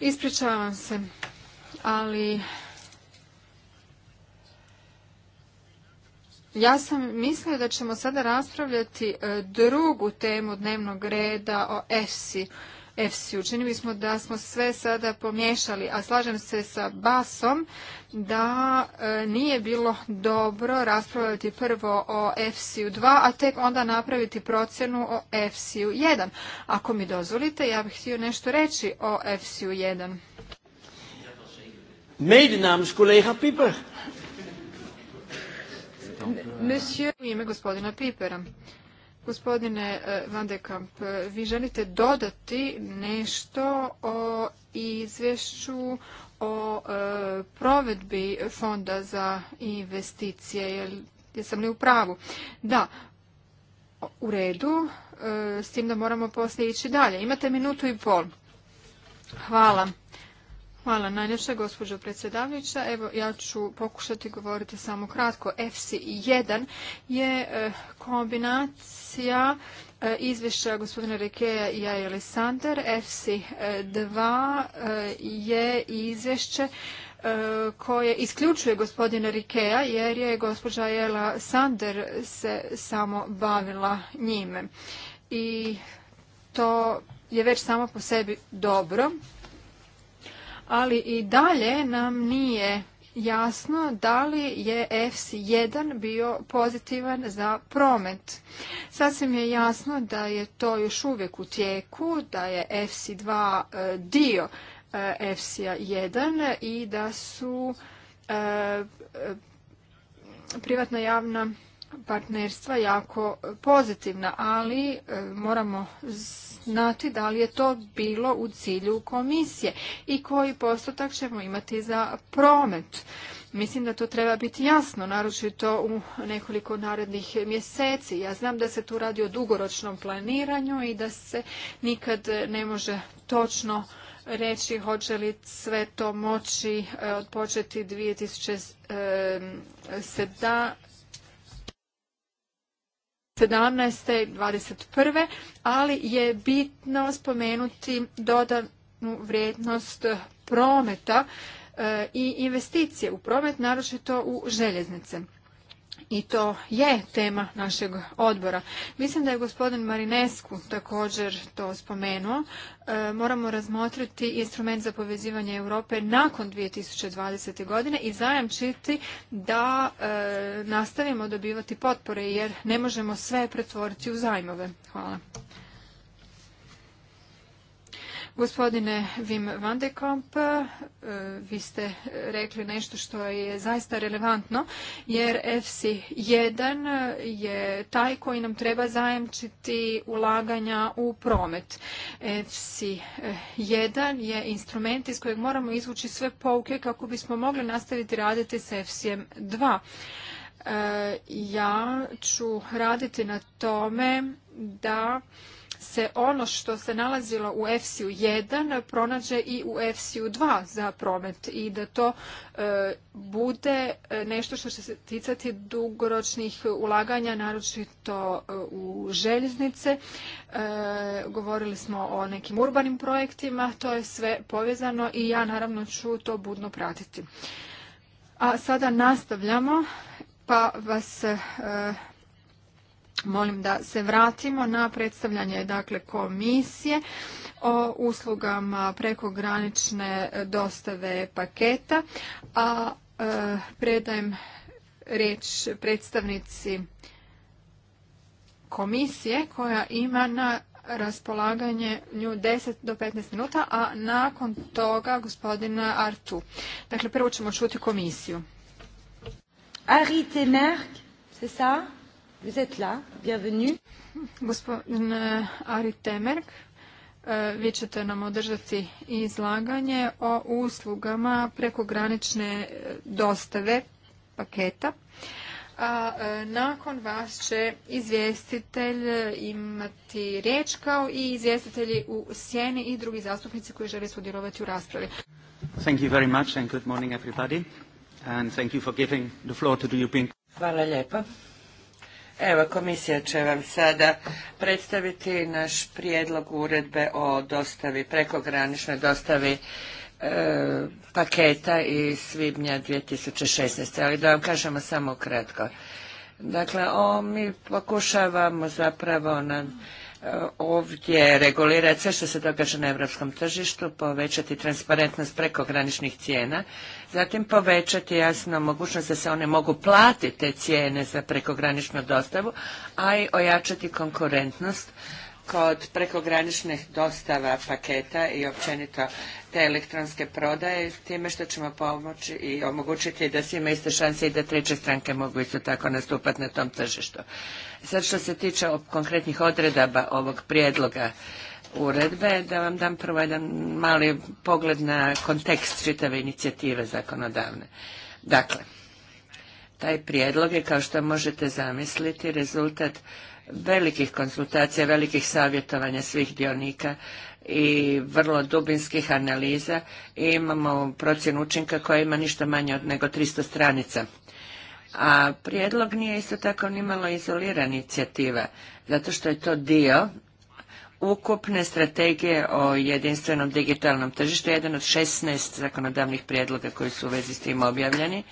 Ispričavam se, ali ja sam mislila da ćemo sada raspravljati e, drugu temu dnevnog reda o ESI. EFSI. Učinili smo da smo sve sada pomješali, a slažem se sa Basom da e, nije bilo dobro raspravljati prvo o EFSI-u 2, a tek onda napraviti procjenu o EFSI-u 1. Ako mi dozvolite, ja bih htio nešto reći o EFSI-u 1. Mede namens collega Pieper. Monsieur, u ime gospodina Pipera. Gospodine eh, Van de Kamp, eh, vi želite dodati nešto o izvješću o eh, provedbi fonda za investicije, jesam li u pravu? Da, u redu, s tim da moramo poslije ići dalje. Imate minutu i pol. Hvala. Hvala najljepša, gospođo predsjedavajuća. Evo, ja ću pokušati govoriti samo kratko. FC1 je e, kombinacija e, izvješća gospodina Rikeja i i Sander. FC2 e, je izvješće koje isključuje gospodina Rikeja jer je gospođa Jela Sander se samo bavila njime. I to je već samo po sebi dobro ali i dalje nam nije jasno da li je fc 1 bio pozitivan za promet. Sasvim je jasno da je to još uvijek u tijeku, da je FC2 e, dio e, FC1 i da su e, privatna javna partnerstva jako pozitivna, ali moramo znati da li je to bilo u cilju komisije i koji postotak ćemo imati za promet. Mislim da to treba biti jasno, naročito u nekoliko narednih mjeseci. Ja znam da se tu radi o dugoročnom planiranju i da se nikad ne može točno reći hoće li sve to moći e, odpočeti 2017. 17. i 21. ali je bitno spomenuti dodanu vrijednost prometa e, i investicije u promet, naročito u željeznice i to je tema našeg odbora. Mislim da je gospodin Marinescu također to spomenuo. E, moramo razmotriti instrument za povezivanje Europe nakon 2020. godine i zajamčiti da e, nastavimo dobivati potpore jer ne možemo sve pretvoriti u zajmove. Hvala. Gospodine Wim van de Kamp, e, vi ste rekli nešto što je zaista relevantno, jer FC1 je taj koji nam treba zajamčiti ulaganja u promet. FC1 je instrument iz kojeg moramo izvući sve pouke kako bismo mogli nastaviti raditi s FC2. E, ja ću raditi na tome da se ono što se nalazilo u EFSI-u 1 pronađe i u EFSI-u 2 za promet i da to e, bude e, nešto što će se ticati dugoročnih ulaganja, naročito e, u željeznice. Govorili smo o nekim urbanim projektima, to je sve povezano i ja naravno ću to budno pratiti. A sada nastavljamo, pa vas Molim da se vratimo na predstavljanje dakle, komisije o uslugama prekogranične dostave paketa, a e, predajem riječ predstavnici komisije koja ima na raspolaganje nju 10 do 15 minuta, a nakon toga gospodina Artu. Dakle, prvo ćemo čuti komisiju. Ari Temerk, c'est ça Vous Gospodin e, Ari Temerk, e, vi ćete nam održati izlaganje o uslugama prekogranične e, dostave paketa. A nakon vas će izvjestitelj imati riječ kao i izvjestitelji u sjeni i drugi zastupnici koji žele sudjelovati u raspravi. Hvala lijepa. Evo, komisija će vam sada predstaviti naš prijedlog uredbe o dostavi, prekograničnoj dostavi e, paketa iz svibnja 2016. Ali da vam kažemo samo kratko. Dakle, mi pokušavamo zapravo e, ovdje regulirati sve što se događa na europskom tržištu, povećati transparentnost prekograničnih cijena Zatim povećati jasno mogućnost da se one mogu platiti te cijene za prekograničnu dostavu, a i ojačati konkurentnost kod prekograničnih dostava paketa i općenito te elektronske prodaje, time što ćemo pomoći i omogućiti da svi imaju iste šanse i da treće stranke mogu isto tako nastupati na tom tržištu. Sad što se tiče konkretnih odredaba ovog prijedloga uredbe, da vam dam prvo jedan mali pogled na kontekst čitave inicijative zakonodavne. Dakle, taj prijedlog je, kao što možete zamisliti, rezultat velikih konsultacija, velikih savjetovanja svih dionika i vrlo dubinskih analiza i imamo procjenu učinka koja ima ništa manje od nego 300 stranica. A prijedlog nije isto tako nimalo izolirana inicijativa, zato što je to dio ukupne strategije o jedinstvenom digitalnom tržištu, jedan od 16 zakonodavnih prijedloga koji su u vezi s tim objavljeni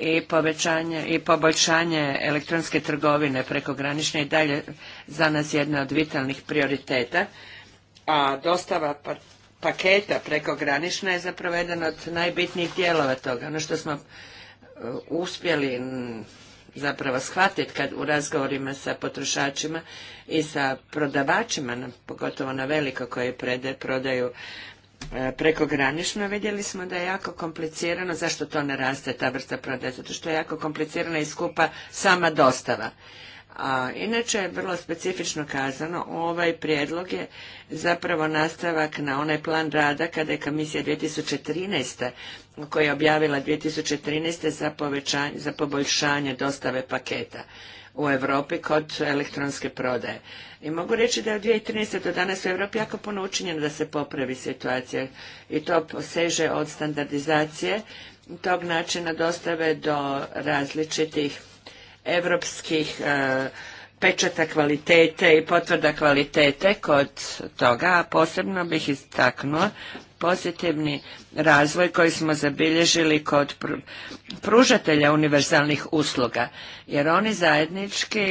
i, povećanje, i poboljšanje elektronske trgovine prekogranične i dalje za nas jedna od vitalnih prioriteta, a dostava paketa paketa prekogranična je zapravo jedan od najbitnijih dijelova toga. Ono što smo uh, uspjeli zapravo shvatiti kad u razgovorima sa potrošačima i sa prodavačima, pogotovo na veliko koje prodaju e, prekogranično vidjeli smo da je jako komplicirano, zašto to ne raste ta vrsta prodaja zato što je jako komplicirana i skupa sama dostava. inače je vrlo specifično kazano, ovaj prijedlog je zapravo nastavak na onaj plan rada kada je komisija 2013. koja je objavila 2013. za, za poboljšanje dostave paketa u Europi kod elektronske prodaje. I mogu reći da je od 2013. do danas u Europi jako puno učinjeno da se popravi situacija i to poseže od standardizacije tog načina dostave do različitih europskih e, pečata kvalitete i potvrda kvalitete kod toga, a posebno bih istaknuo pozitivni razvoj koji smo zabilježili kod pružatelja univerzalnih usluga, jer oni zajednički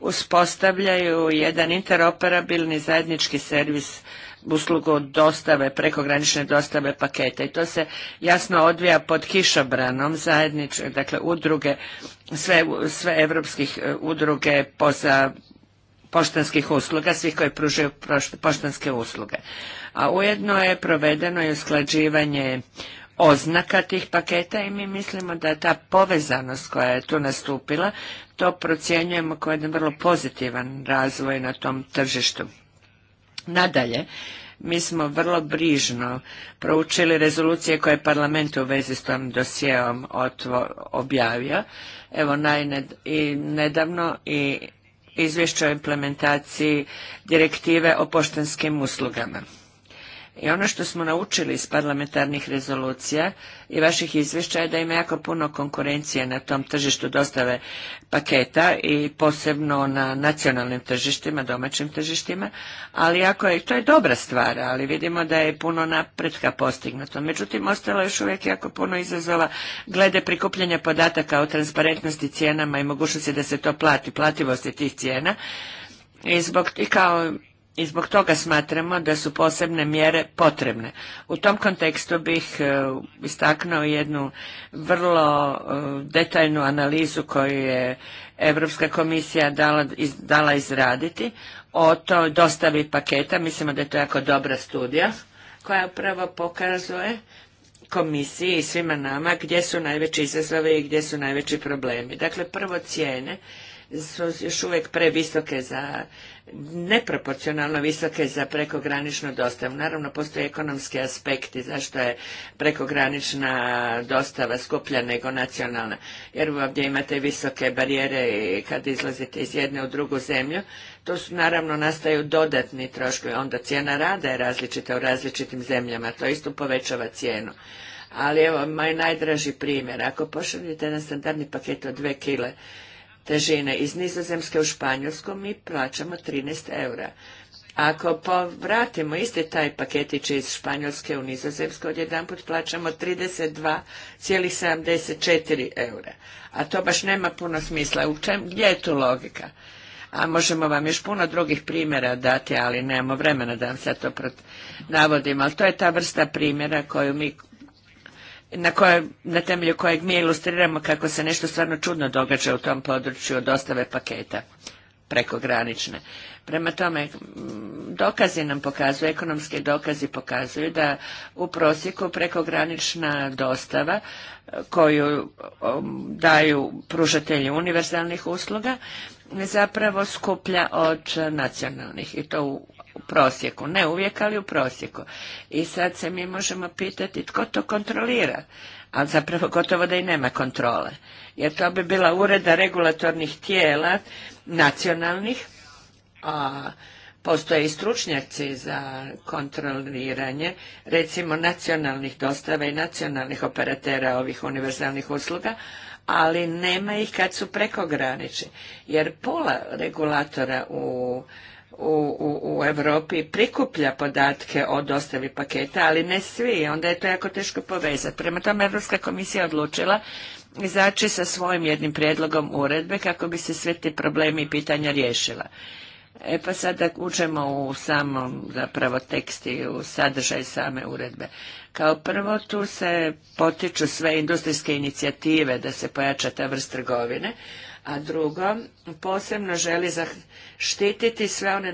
uspostavljaju jedan interoperabilni zajednički servis uslugu dostave, prekogranične dostave paketa i to se jasno odvija pod kišobranom zajedničke, dakle udruge, sve, sve evropskih e, udruge poza poštanskih usluga, svih koji pružaju poštanske usluge. A ujedno je provedeno i usklađivanje oznaka tih paketa i mi mislimo da je ta povezanost koja je tu nastupila, to procjenjujemo kao jedan vrlo pozitivan razvoj na tom tržištu. Nadalje, mi smo vrlo brižno proučili rezolucije koje je parlament u vezi s tom dosijeom objavio. Evo, najned, i nedavno i izvješće o implementaciji direktive o poštanskim uslugama. I ono što smo naučili iz parlamentarnih rezolucija i vaših izvješća je da ima jako puno konkurencije na tom tržištu dostave paketa i posebno na nacionalnim tržištima, domaćim tržištima, ali jako je, to je dobra stvar, ali vidimo da je puno napretka postignuto. Međutim, ostalo je još uvijek jako puno izazova glede prikupljanja podataka o transparentnosti cijenama i mogućnosti da se to plati, plativosti tih cijena. I zbog i kao i zbog toga smatramo da su posebne mjere potrebne. U tom kontekstu bih e, istaknuo jednu vrlo e, detaljnu analizu koju je Europska komisija dala, izraditi o toj dostavi paketa. Mislimo da je to jako dobra studija koja upravo pokazuje komisiji i svima nama gdje su najveći izazovi i gdje su najveći problemi. Dakle, prvo cijene su još uvijek previsoke za neproporcionalno visoke za prekograničnu dostavu. Naravno, postoje ekonomski aspekti zašto je prekogranična dostava skuplja nego nacionalna. Jer ovdje imate visoke barijere kad izlazite iz jedne u drugu zemlju, to su naravno nastaju dodatni troškovi. Onda cijena rada je različita u različitim zemljama, to isto povećava cijenu. Ali evo, moj najdraži primjer, ako pošaljete jedan standardni paket od dve kile žene iz Nizozemske u Španjolsku mi plaćamo 13 eura. Ako povratimo isti taj paketić iz Španjolske u Nizozemsku, odjedan put plaćamo 32,74 eura. A to baš nema puno smisla. U čem, gdje je tu logika? A možemo vam još puno drugih primjera dati, ali nemamo vremena da vam sad to navodim. Ali to je ta vrsta primjera koju mi na, koje, na temelju kojeg mi ilustriramo kako se nešto stvarno čudno događa u tom području od dostave paketa prekogranične. Prema tome, dokazi nam pokazuju, ekonomski dokazi pokazuju da u prosjeku prekogranična dostava e, koju daju pružatelji univerzalnih usluga zapravo skuplja od nacionalnih i to u u prosjeku. Ne uvijek, ali u prosjeku. I sad se mi možemo pitati tko to kontrolira, ali zapravo gotovo da i nema kontrole. Jer to bi bila ureda regulatornih tijela nacionalnih, a postoje i stručnjaci za kontroliranje, recimo nacionalnih dostava i nacionalnih operatera ovih univerzalnih usluga, ali nema ih kad su prekogranični. Jer pola regulatora u u, Europi prikuplja podatke o dostavi paketa, ali ne svi, onda je to jako teško povezati. Prema tome, Europska komisija odlučila izaći sa svojim jednim prijedlogom uredbe kako bi se sve ti problemi i pitanja riješila. E pa sada uđemo u samom zapravo tekst i u sadržaj same uredbe. Kao prvo tu se potiču sve industrijske inicijative da se pojača ta vrst trgovine, a drugo, posebno želi štititi sve one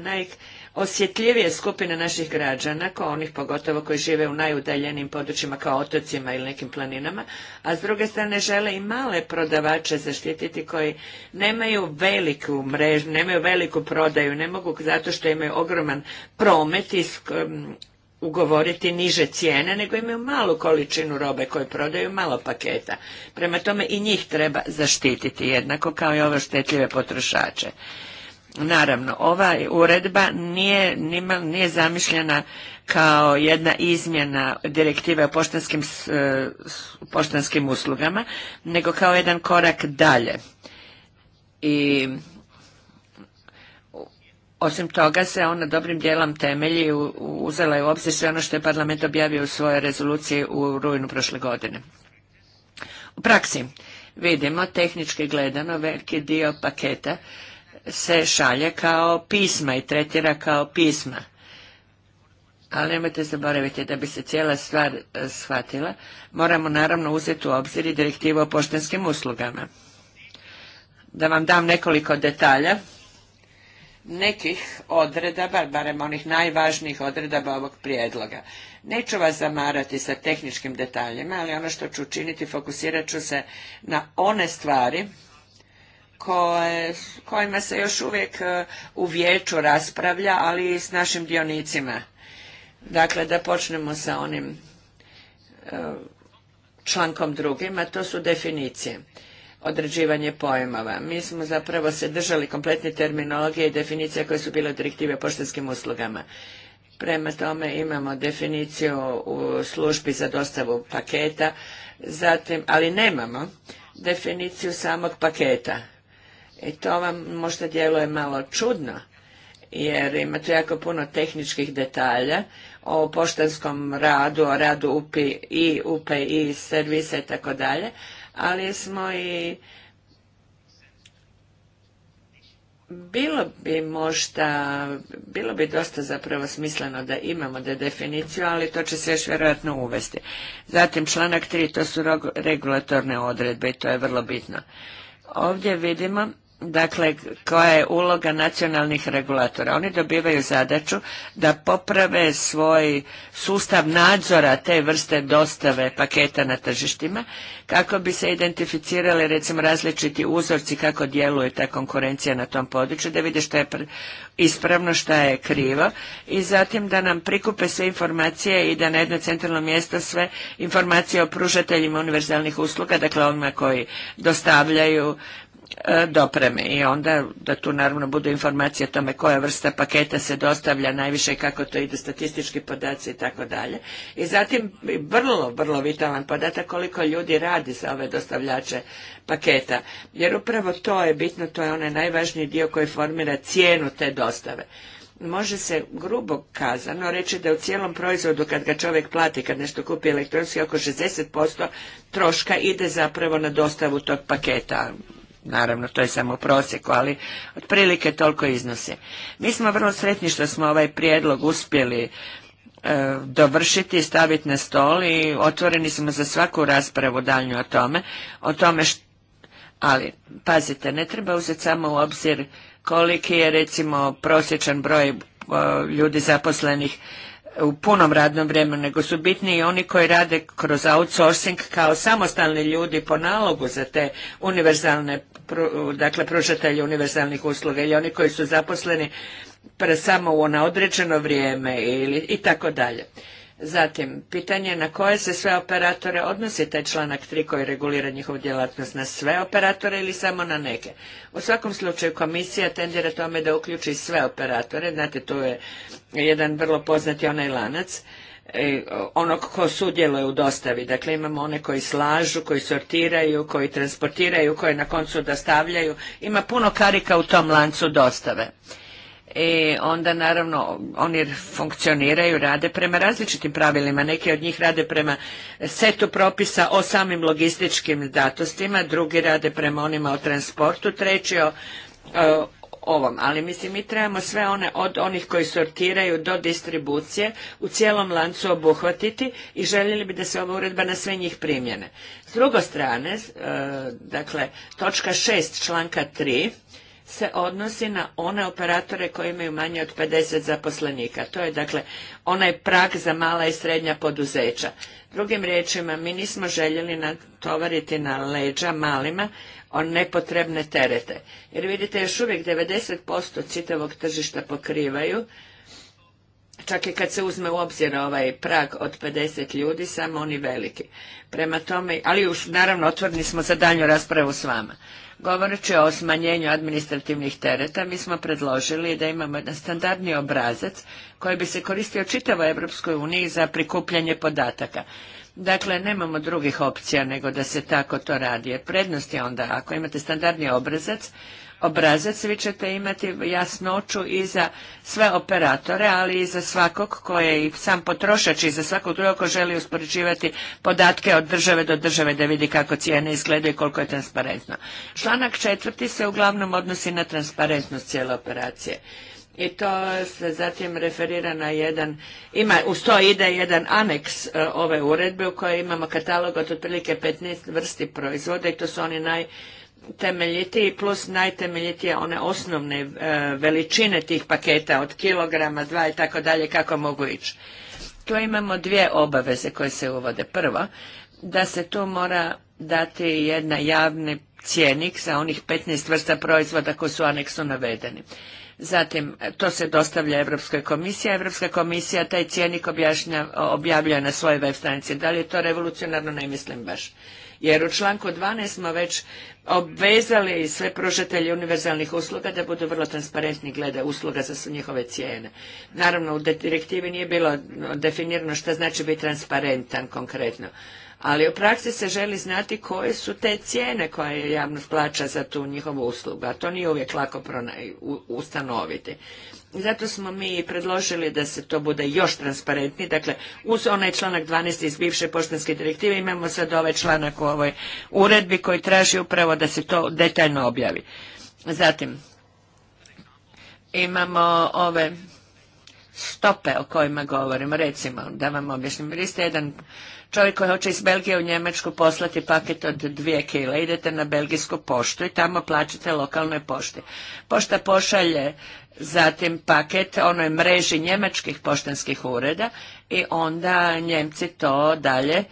najosjetljivije skupine naših građana, kao onih pogotovo koji žive u najudaljenim područjima kao otocima ili nekim planinama, a s druge strane žele i male prodavače zaštititi koji nemaju veliku mrežu, nemaju veliku prodaju, ne mogu zato što imaju ogroman promet i ugovoriti niže cijene, nego imaju malu količinu robe koje prodaju, malo paketa. Prema tome i njih treba zaštititi jednako kao i ove štetljive potrošače. Naravno, ova uredba nije, nije zamišljena kao jedna izmjena direktive o poštanskim, e, poštanskim uslugama, nego kao jedan korak dalje. I osim toga se ona dobrim dijelom temelji uzela je u obzir sve ono što je parlament objavio u svojoj rezoluciji u rujnu prošle godine. U praksi vidimo tehnički gledano veliki dio paketa se šalje kao pisma i tretira kao pisma. Ali nemojte zaboraviti da bi se cijela stvar e, shvatila, moramo naravno uzeti u obzir i direktivu o poštanskim uslugama. Da vam dam nekoliko detalja nekih odredaba, barem onih najvažnijih odredaba ovog prijedloga. Neću vas zamarati sa tehničkim detaljima, ali ono što ću učiniti, fokusirat ću se na one stvari kojima se još uvijek e, u vijeću raspravlja, ali i s našim dionicima. Dakle, da počnemo sa onim e, člankom drugim, a to su definicije određivanje pojmova. Mi smo zapravo se držali kompletne terminologije i definicije koje su bile direktive o poštanskim uslugama. Prema tome imamo definiciju u službi za dostavu paketa, zatim, ali nemamo definiciju samog paketa. I e, to vam možda djeluje malo čudno, jer ima tu jako puno tehničkih detalja o poštanskom radu, o radu UPI, UPI servisa i tako dalje, ali smo i bilo bi možda, bilo bi dosta zapravo smisleno da imamo da definiciju, ali to će se još vjerojatno uvesti. Zatim članak 3, to su regulatorne odredbe i to je vrlo bitno. Ovdje vidimo dakle koja je uloga nacionalnih regulatora. Oni dobivaju zadaću da poprave svoj sustav nadzora te vrste dostave paketa na tržištima kako bi se identificirali recimo različiti uzorci kako djeluje ta konkurencija na tom području, da vide šta je ispravno, šta je krivo i zatim da nam prikupe sve informacije i da na jedno centralno mjesto sve informacije o pružateljima univerzalnih usluga, dakle onima koji dostavljaju E, dopreme i onda da tu naravno budu informacije o tome koja vrsta paketa se dostavlja najviše kako to ide statistički podaci i tako dalje. I zatim vrlo, vrlo vitalan podatak koliko ljudi radi za ove dostavljače paketa. Jer upravo to je bitno, to je onaj najvažniji dio koji formira cijenu te dostave. Može se grubo kazano reći da u cijelom proizvodu kad ga čovjek plati, kad nešto kupi elektronski, oko 60% troška ide zapravo na dostavu tog paketa naravno to je samo prosjeku, ali otprilike toliko iznosi. Mi smo vrlo sretni što smo ovaj prijedlog uspjeli e, dovršiti i staviti na stol i otvoreni smo za svaku raspravu daljnju o tome, o tome ali pazite, ne treba uzeti samo u obzir koliki je recimo prosječan broj e, ljudi zaposlenih u punom radnom vremenu, nego su bitni i oni koji rade kroz outsourcing kao samostalni ljudi po nalogu za te univerzalne dakle pružatelji univerzalnih usluga ili oni koji su zaposleni pre samo na ono određeno vrijeme ili i tako dalje. Zatim, pitanje na koje se sve operatore odnosi taj članak 3 koji regulira njihovu djelatnost na sve operatore ili samo na neke. U svakom slučaju komisija tendira tome da uključi sve operatore, znate tu je jedan vrlo poznati onaj lanac, E, onog ko sudjeluje u dostavi. Dakle, imamo one koji slažu, koji sortiraju, koji transportiraju, koji na koncu dostavljaju. Ima puno karika u tom lancu dostave. I e, onda naravno oni funkcioniraju, rade prema različitim pravilima. Neki od njih rade prema setu propisa o samim logističkim datostima, drugi rade prema onima o transportu, treći o ovom, ali mislim mi trebamo sve one od onih koji sortiraju do distribucije u cijelom lancu obuhvatiti i željeli bi da se ova uredba na sve njih primjene. S druge strane, e, dakle, točka 6 članka 3 se odnosi na one operatore koji imaju manje od 50 zaposlenika. To je dakle onaj prag za mala i srednja poduzeća. Drugim riječima, mi nismo željeli natovariti na leđa malima o nepotrebne terete. Jer vidite, još uvijek 90% čitavog tržišta pokrivaju, čak i kad se uzme u obzir ovaj prag od 50 ljudi, samo oni veliki. Prema tome, ali už naravno otvorni smo za danju raspravu s vama. Govoreći o smanjenju administrativnih tereta, mi smo predložili da imamo jedan standardni obrazac koji bi se koristio čitavoj Europskoj uniji za prikupljanje podataka. Dakle, nemamo drugih opcija nego da se tako to radi. prednost je onda, ako imate standardni obrazac, obrazac, vi ćete imati jasnoću i za sve operatore, ali i za svakog koji je i sam potrošač i za svakog drugog ko želi uspoređivati podatke od države do države da vidi kako cijene izgledaju i koliko je transparentno. Članak četvrti se uglavnom odnosi na transparentnost cijele operacije i to se zatim referira na jedan, ima, uz to ide jedan aneks e, ove uredbe u kojoj imamo katalog od otprilike 15 vrsti proizvoda i to su oni najtemeljitiji plus najtemeljitije one osnovne e, veličine tih paketa od kilograma, dva i tako dalje kako mogu ići. Tu imamo dvije obaveze koje se uvode. Prvo, da se tu mora dati jedna javni cjenik za onih 15 vrsta proizvoda koji su u aneksu navedeni. Zatim, to se dostavlja Europskoj komisiji, Europska komisija taj cijenik objašnja, objavljuje na svojoj web stranici. Da li je to revolucionarno, ne mislim baš. Jer u članku 12 smo već obvezali sve pružatelje univerzalnih usluga da budu vrlo transparentni glede usluga za njihove cijene. Naravno, u direktivi nije bilo definirano što znači biti transparentan konkretno ali u praksi se želi znati koje su te cijene koje javnost plaća za tu njihovu uslugu, a to nije uvijek lako ustanoviti. Zato smo mi predložili da se to bude još transparentnije. Dakle, uz onaj članak 12 iz bivše poštanske direktive imamo sad ovaj članak u ovoj uredbi koji traži upravo da se to detaljno objavi. Zatim, imamo ove stope o kojima govorimo. Recimo, da vam objasnim, vi ste jedan čovjek koji hoće iz Belgije u Njemačku poslati paket od dvije kile, idete na belgijsku poštu i tamo plaćate lokalnoj pošti. Pošta pošalje zatim paket onoj mreži njemačkih poštanskih ureda i onda Njemci to dalje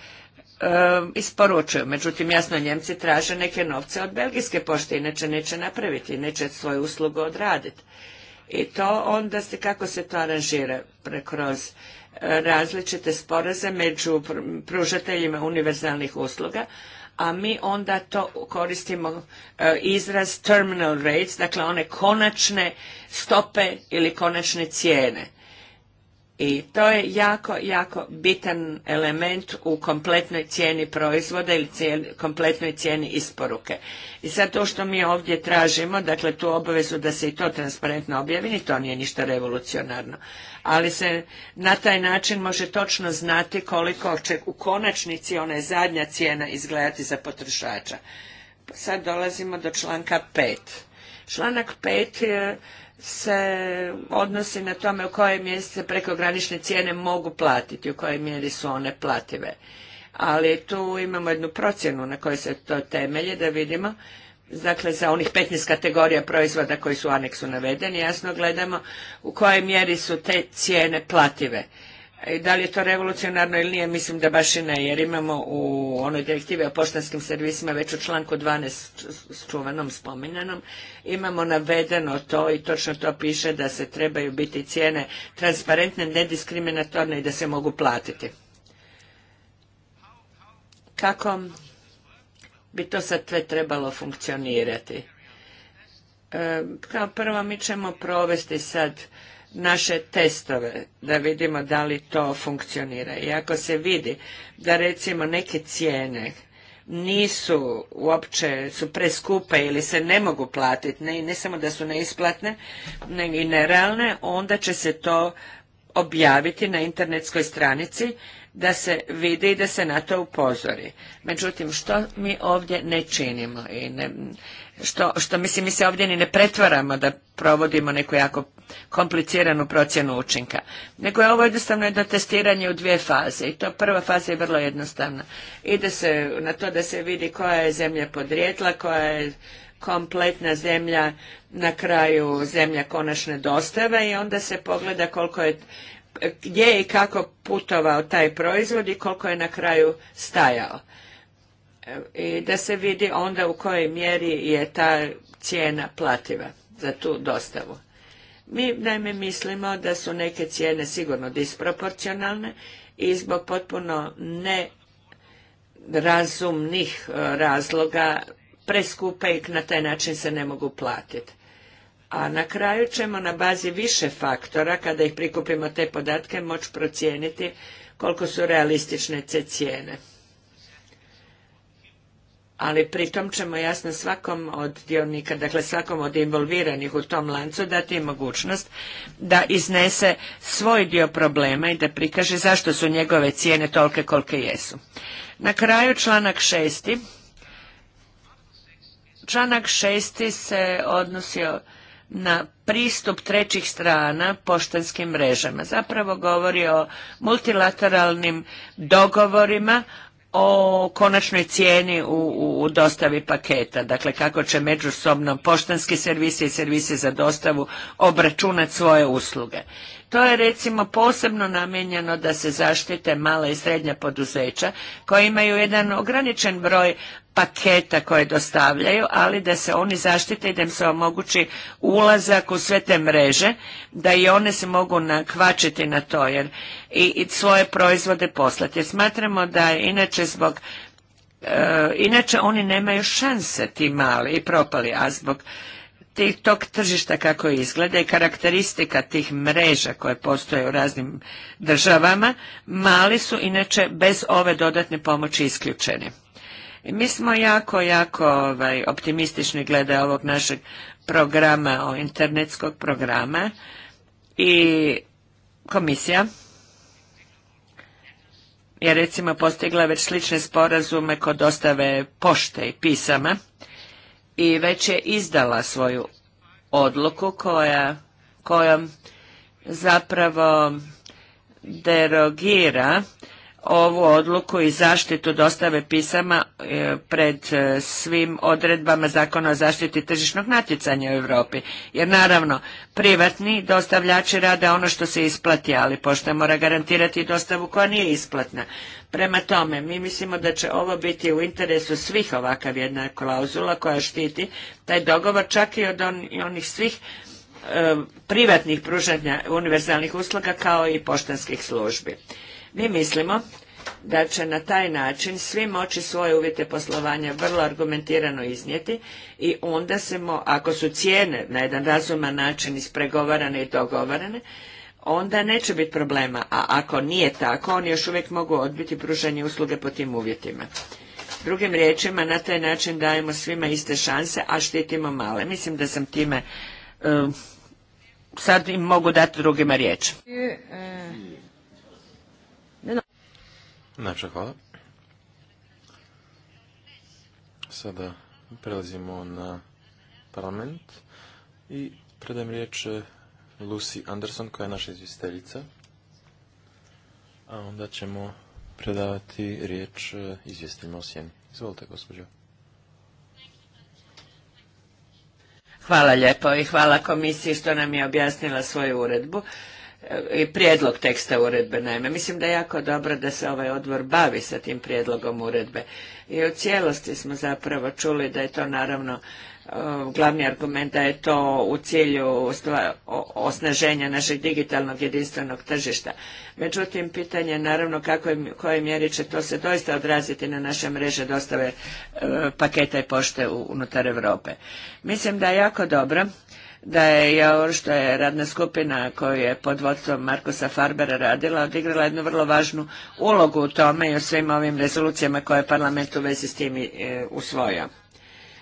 isporučuju. Međutim, jasno, Njemci traže neke novce od belgijske pošte, inače neće napraviti, neće svoju uslugu odraditi i to onda se kako se to aranžira Prekroz e, različite sporeze među pružateljima univerzalnih usluga, a mi onda to koristimo e, izraz terminal rates, dakle one konačne stope ili konačne cijene i to je jako, jako bitan element u kompletnoj cijeni proizvoda ili kompletnoj cijeni isporuke. I sad to što mi ovdje tražimo, dakle tu obavezu da se i to transparentno objavi, ni to nije ništa revolucionarno. Ali se na taj način može točno znati koliko će u konačnici ona zadnja cijena izgledati za potrošača. Sad dolazimo do članka 5. Članak 5 se odnosi na tome u kojoj mjeri se prekogranične cijene mogu platiti, u kojoj mjeri su one plative. Ali tu imamo jednu procjenu na kojoj se to temelje da vidimo dakle za onih 15 kategorija proizvoda koji su u aneksu navedeni, jasno gledamo u kojoj mjeri su te cijene plative da li je to revolucionarno ili nije, mislim da baš i ne, jer imamo u onoj direktivi o poštanskim servisima već u članku 12 čuvanom spominjanom, imamo navedeno to i točno to piše da se trebaju biti cijene transparentne, nediskriminatorne i da se mogu platiti. Kako bi to sad sve trebalo funkcionirati? E, kao prvo mi ćemo provesti sad naše testove da vidimo da li to funkcionira. I ako se vidi da recimo neke cijene nisu uopće, su preskupe ili se ne mogu platiti, ne, ne samo da su neisplatne, nego i nerealne, onda će se to objaviti na internetskoj stranici da se vidi i da se na to upozori. Međutim, što mi ovdje ne činimo i ne, što, što mislim mi se ovdje ni ne pretvaramo da provodimo neku jako kompliciranu procjenu učinka. Nego je ovo jednostavno jedno testiranje u dvije faze i to prva faza je vrlo jednostavna. Ide se na to da se vidi koja je zemlja podrijetla, koja je kompletna zemlja na kraju zemlja konačne dostave i onda se pogleda koliko je gdje i kako putovao taj proizvod i koliko je na kraju stajao i da se vidi onda u kojoj mjeri je ta cijena plativa za tu dostavu. Mi najme mislimo da su neke cijene sigurno disproporcionalne i zbog potpuno nerazumnih e, razloga preskupe i na taj način se ne mogu platiti. A na kraju ćemo na bazi više faktora, kada ih prikupimo te podatke, moći procijeniti koliko su realistične te cijene ali pri tom ćemo jasno svakom od dionika, dakle svakom od involviranih u tom lancu dati mogućnost da iznese svoj dio problema i da prikaže zašto su njegove cijene tolike kolike jesu. Na kraju članak šesti. Članak šesti se odnosio na pristup trećih strana poštanskim mrežama. Zapravo govori o multilateralnim dogovorima o konačnoj cijeni u, dostavi paketa, dakle kako će međusobno poštanski servisi i servisi za dostavu obračunati svoje usluge. To je recimo posebno namijenjeno da se zaštite mala i srednja poduzeća koji imaju jedan ograničen broj paketa koje dostavljaju, ali da se oni zaštite i da im se omogući ulazak u sve te mreže, da i one se mogu nakvačiti na to jer i, svoje proizvode poslati. Jer smatramo da inače zbog e, inače oni nemaju šanse ti mali i propali, a zbog tog tržišta kako izgleda i karakteristika tih mreža koje postoje u raznim državama, mali su inače bez ove dodatne pomoći isključeni. I mi smo jako, jako ovaj, optimistični glede ovog našeg programa, o internetskog programa i komisija je recimo postigla već slične sporazume kod dostave pošte i pisama i već je izdala svoju odluku koja, kojom zapravo derogira ovu odluku i zaštitu dostave pisama e, pred e, svim odredbama Zakona o zaštiti tržišnog natjecanja u Europi. Jer naravno, privatni dostavljači rade ono što se isplati, ali pošta mora garantirati dostavu koja nije isplatna. Prema tome, mi mislimo da će ovo biti u interesu svih ovakav jedna klauzula koja štiti taj dogovor čak i od onih svih e, privatnih pružanja univerzalnih usluga kao i poštanskih službi. Mi mislimo da će na taj način svi moći svoje uvjete poslovanja vrlo argumentirano iznijeti i onda se, ako su cijene na jedan razuman način ispregovarane i dogovarane, onda neće biti problema, a ako nije tako, oni još uvijek mogu odbiti pružanje usluge po tim uvjetima. Drugim riječima, na taj način dajemo svima iste šanse, a štitimo male. Mislim da sam time, eh, sad im mogu dati drugima riječ. Najpša hvala. Sada prelazimo na parlament i predajem riječ Lucy Anderson koja je naša izvjestiteljica. A onda ćemo predavati riječ izvjestiteljima o sjeni. Izvolite gospođo. Hvala lijepo i hvala komisiji što nam je objasnila svoju uredbu i prijedlog teksta uredbe. Naime, mislim da je jako dobro da se ovaj odbor bavi sa tim prijedlogom uredbe. I u cijelosti smo zapravo čuli da je to naravno um, glavni argument da je to u cilju osnaženja našeg digitalnog jedinstvenog tržišta. Međutim, pitanje je naravno kako u kojoj mjeri će to se doista odraziti na naše mreže dostave uh, paketa i pošte unutar Europe. Mislim da je jako dobro da je Jaor, što je radna skupina koju je pod vodstvom Markosa Farbera radila, odigrala jednu vrlo važnu ulogu u tome i u svim ovim rezolucijama koje je parlament u vezi s tim e, usvojao.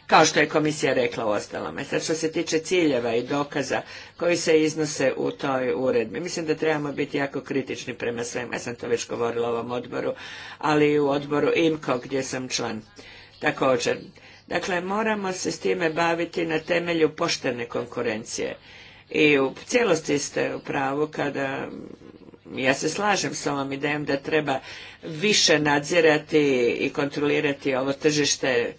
Kao što je komisija rekla u ostalome. Sad što se tiče ciljeva i dokaza koji se iznose u toj uredbi, mislim da trebamo biti jako kritični prema svema. Ja sam to već govorila u ovom odboru, ali i u odboru IMCO gdje sam član. Također, Dakle, moramo se s time baviti na temelju poštene konkurencije. I u cijelosti ste u pravu kada ja se slažem s ovom idejom da treba više nadzirati i kontrolirati ovo tržište e,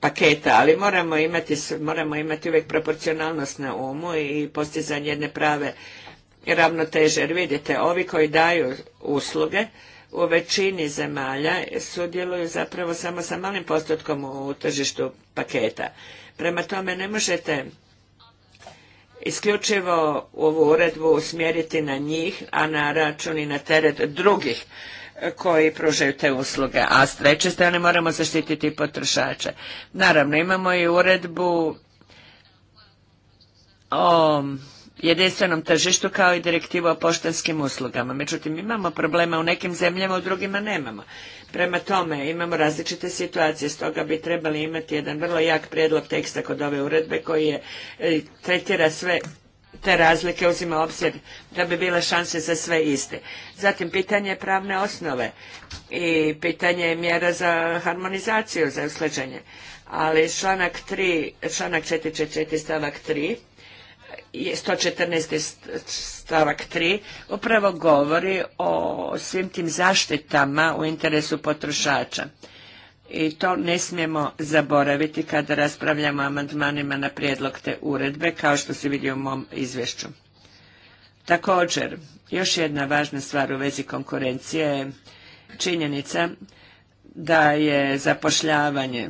paketa, ali moramo imati, moramo imati uvijek proporcionalnost na umu i postizanje jedne prave ravnoteže. Jer vidite, ovi koji daju usluge u većini zemalja sudjeluju zapravo samo sa malim postotkom u tržištu paketa. Prema tome ne možete isključivo ovu uredbu usmjeriti na njih, a na račun i na teret drugih koji pružaju te usluge. A s treće strane moramo zaštititi potrošače. Naravno, imamo i uredbu o jedinstvenom tržištu kao i direktivu o poštanskim uslugama. Međutim, imamo problema u nekim zemljama, u drugima nemamo. Prema tome, imamo različite situacije, stoga bi trebali imati jedan vrlo jak prijedlog teksta kod ove uredbe koji je, e, tretira sve te razlike uzima obzir da bi bile šanse za sve iste. Zatim pitanje pravne osnove i pitanje mjera za harmonizaciju, za usleđenje. Ali članak 3, članak stavak 3 114. stavak 3 upravo govori o svim tim zaštitama u interesu potrošača. I to ne smijemo zaboraviti kada raspravljamo o amandmanima na prijedlog te uredbe, kao što se vidi u mom izvješću. Također, još jedna važna stvar u vezi konkurencije je činjenica da je zapošljavanje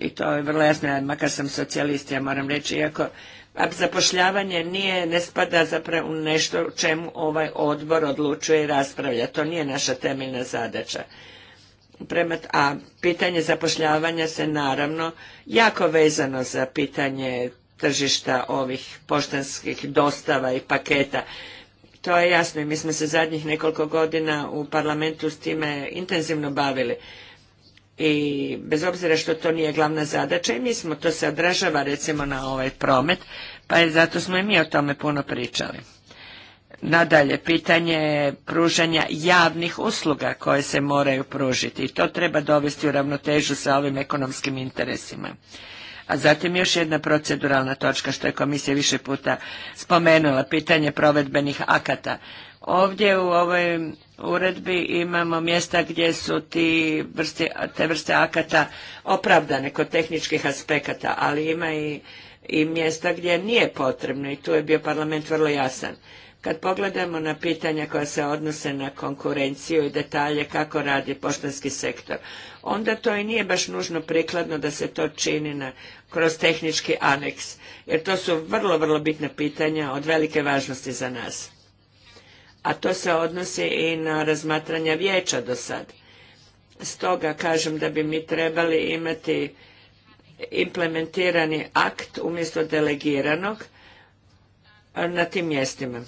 i to je vrlo jasno, makar sam socijalist, ja moram reći, iako zapošljavanje nije, ne spada zapravo u nešto čemu ovaj odbor odlučuje i raspravlja. To nije naša temeljna zadaća. a pitanje zapošljavanja se naravno jako vezano za pitanje tržišta ovih poštanskih dostava i paketa. To je jasno i mi smo se zadnjih nekoliko godina u parlamentu s time intenzivno bavili i bez obzira što to nije glavna zadaća i mi smo, to se odražava recimo na ovaj promet, pa je, zato smo i mi o tome puno pričali. Nadalje, pitanje pružanja javnih usluga koje se moraju pružiti i to treba dovesti u ravnotežu sa ovim ekonomskim interesima. A zatim još jedna proceduralna točka što je komisija više puta spomenula, pitanje provedbenih akata. Ovdje u ovoj uredbi imamo mjesta gdje su te vrste akata opravdane kod tehničkih aspekata, ali ima i, mjesta gdje nije potrebno i tu je bio parlament vrlo jasan. Kad pogledamo na pitanja koja se odnose na konkurenciju i detalje kako radi poštanski sektor, onda to i nije baš nužno prikladno da se to čini kroz tehnički aneks, jer to su vrlo, vrlo bitna pitanja od velike važnosti za nas a to se odnosi i na razmatranja vijeća do sad. Stoga kažem da bi mi trebali imati implementirani akt umjesto delegiranog na tim mjestima.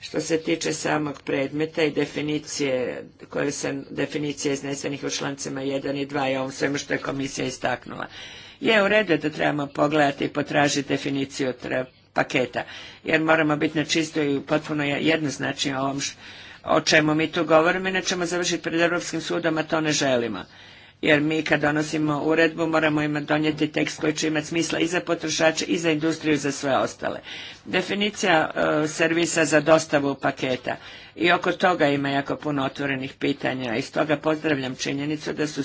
Što se tiče samog predmeta i definicije koje se definicije iznesenih u člancima 1 i 2 i ovom svemu što je komisija istaknula. Je u redu da trebamo pogledati i potražiti definiciju paketa. Jer moramo biti na čisto i potpuno jednoznačni o ovom o čemu mi tu govorimo, inače ćemo završiti pred Europskim sudom, a to ne želimo. Jer mi kad donosimo uredbu moramo ima donijeti tekst koji će imati smisla i za potrošače, i za industriju, i za sve ostale. Definicija e, servisa za dostavu paketa. I oko toga ima jako puno otvorenih pitanja. I stoga pozdravljam činjenicu da su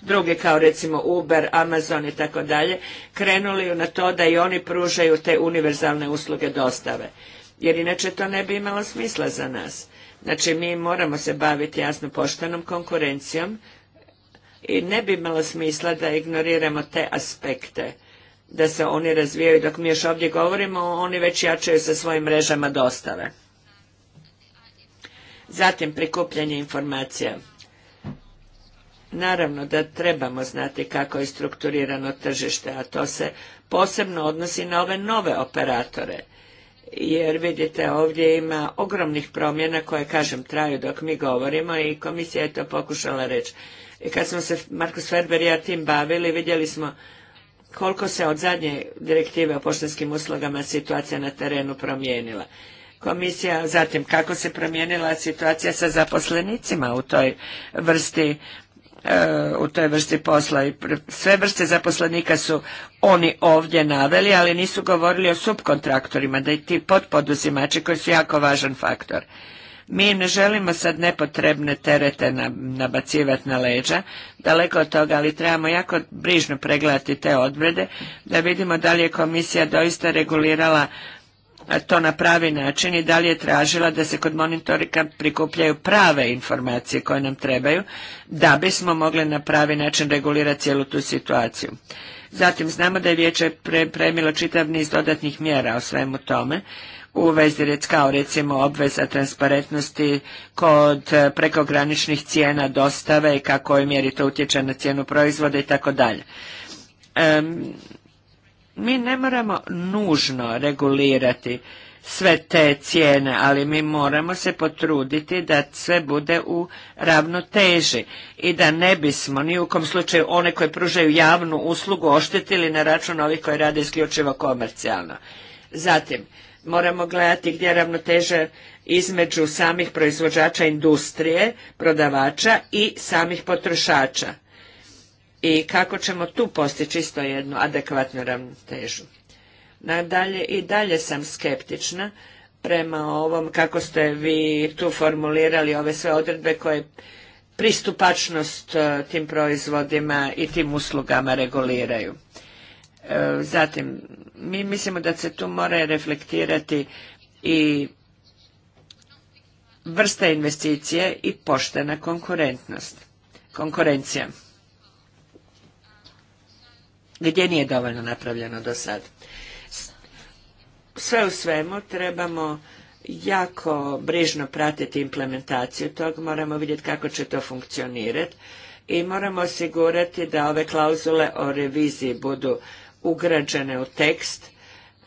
druge kao recimo Uber, Amazon i tako dalje, krenuli na to da i oni pružaju te univerzalne usluge dostave. Jer inače to ne bi imalo smisla za nas. Znači mi moramo se baviti jasno poštenom konkurencijom i ne bi imalo smisla da ignoriramo te aspekte da se oni razvijaju. Dok mi još ovdje govorimo, oni već jačaju sa svojim mrežama dostave. Zatim prikupljanje informacija. Naravno da trebamo znati kako je strukturirano tržište, a to se posebno odnosi na ove nove operatore. Jer vidite ovdje ima ogromnih promjena koje, kažem, traju dok mi govorimo i komisija je to pokušala reći. I kad smo se Markus Ferber i ja tim bavili, vidjeli smo koliko se od zadnje direktive o poštanskim uslugama situacija na terenu promijenila. Komisija, zatim kako se promijenila situacija sa zaposlenicima u toj vrsti E, u toj vrsti posla i sve vrste zaposlenika su oni ovdje naveli, ali nisu govorili o subkontraktorima, da i ti podpoduzimači koji su jako važan faktor. Mi ne želimo sad nepotrebne terete nabacivati na leđa, daleko od toga, ali trebamo jako brižno pregledati te odvrede da vidimo da li je komisija doista regulirala to na pravi način i da li je tražila da se kod monitorika prikupljaju prave informacije koje nam trebaju da bismo mogli na pravi način regulirati cijelu tu situaciju. Zatim znamo da je vijeće pripremilo čitav niz dodatnih mjera o svemu tome u vezi kao recimo obveza transparentnosti kod e, prekograničnih cijena dostave i kako je mjeri to utječe na cijenu proizvoda i tako dalje mi ne moramo nužno regulirati sve te cijene, ali mi moramo se potruditi da sve bude u ravnoteži i da ne bismo ni u kom slučaju one koje pružaju javnu uslugu oštetili na račun ovih koji rade isključivo komercijalno. Zatim, moramo gledati gdje je ravnoteža između samih proizvođača industrije, prodavača i samih potrošača i kako ćemo tu postići isto jednu adekvatnu ravnotežu. Nadalje i dalje sam skeptična prema ovom kako ste vi tu formulirali ove sve odredbe koje pristupačnost e, tim proizvodima i tim uslugama reguliraju. E, zatim, mi mislimo da se tu mora reflektirati i vrsta investicije i poštena konkurentnost, konkurencija gdje nije dovoljno napravljeno do sad. Sve u svemu trebamo jako brižno pratiti implementaciju tog, moramo vidjeti kako će to funkcionirati i moramo osigurati da ove klauzule o reviziji budu ugrađene u tekst,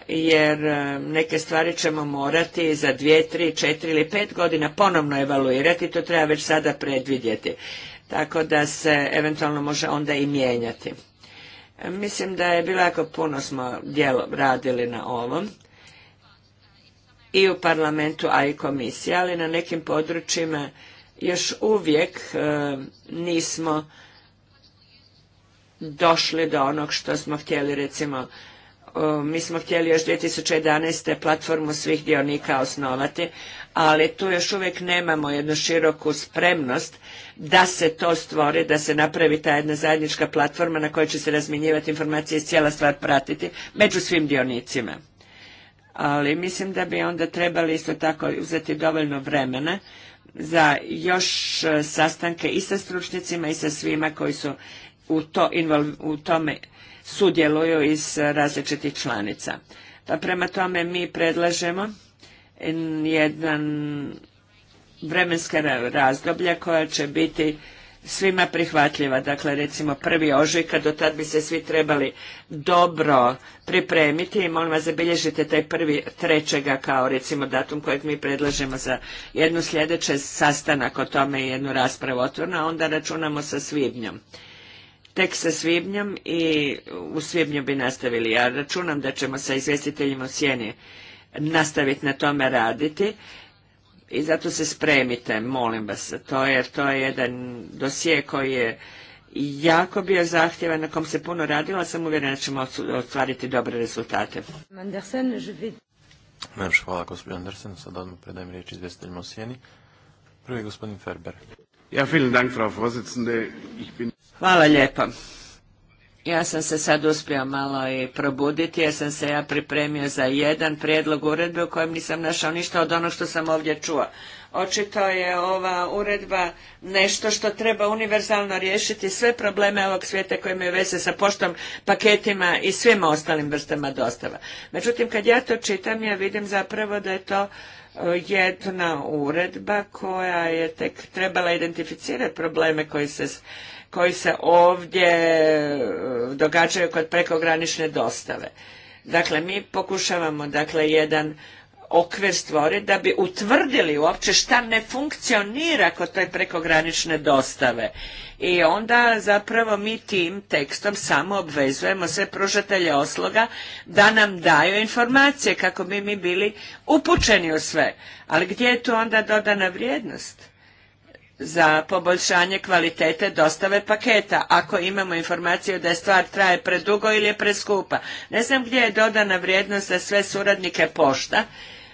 jer e, neke stvari ćemo morati za dvije, tri, četiri ili pet godina ponovno evaluirati, to treba već sada predvidjeti, tako da se eventualno može onda i mijenjati. Mislim da je bilo jako puno smo djelo radili na ovom i u parlamentu, a i komisiji, ali na nekim područjima još uvijek e, nismo došli do onog što smo htjeli recimo e, mi smo htjeli još 2011. platformu svih dionika osnovati, ali tu još uvijek nemamo jednu široku spremnost da se to stvori, da se napravi ta jedna zajednička platforma na kojoj će se razminjivati informacije i cijela stvar pratiti među svim dionicima. Ali mislim da bi onda trebali isto tako uzeti dovoljno vremena za još e, sastanke i sa stručnicima i sa svima koji su u, to, u tome sudjeluju iz različitih članica. Pa prema tome mi predlažemo jedan vremenska razdoblja koja će biti svima prihvatljiva. Dakle, recimo prvi ožujka, do tad bi se svi trebali dobro pripremiti i molim vas zabilježite taj prvi trećega kao recimo datum kojeg mi predlažemo za jednu sljedeće sastanak o tome i jednu raspravu otvorno, a onda računamo sa svibnjom. Tek sa svibnjom i u svibnju bi nastavili. Ja računam da ćemo sa izvjestiteljima u sjeni nastaviti na tome raditi i zato se spremite, molim vas, to je, to je jedan dosije koji je jako bio zahtjevan, na kom se puno radilo, sam uvjerena da ćemo ostvariti dobre rezultate. Andersen, hvala, gospodin Andersen. Sad odmah predajem riječ izvjestiteljima u Sijeni. Prvi je gospodin Ferber. Ja, vielen Dank, Frau Vorsitzende. Ich bin... Hvala lijepa. Ja sam se sad uspio malo i probuditi jer sam se ja pripremio za jedan prijedlog uredbe u kojem nisam našao ništa od onog što sam ovdje čuo. Očito je ova uredba nešto što treba univerzalno riješiti sve probleme ovog svijeta koje imaju veze sa poštom, paketima i svim ostalim vrstama dostava. Međutim, kad ja to čitam, ja vidim zapravo da je to e, jedna uredba koja je tek trebala identificirati probleme koji se koji se ovdje e, događaju kod prekogranične dostave. Dakle, mi pokušavamo dakle, jedan okvir stvoriti da bi utvrdili uopće šta ne funkcionira kod te prekogranične dostave. I onda zapravo mi tim tekstom samo obvezujemo sve pružatelje osloga da nam daju informacije kako bi mi bili upućeni u sve. Ali gdje je tu onda dodana vrijednost? za poboljšanje kvalitete dostave paketa, ako imamo informaciju da je stvar traje predugo ili je preskupa. Ne znam gdje je dodana vrijednost za sve suradnike pošta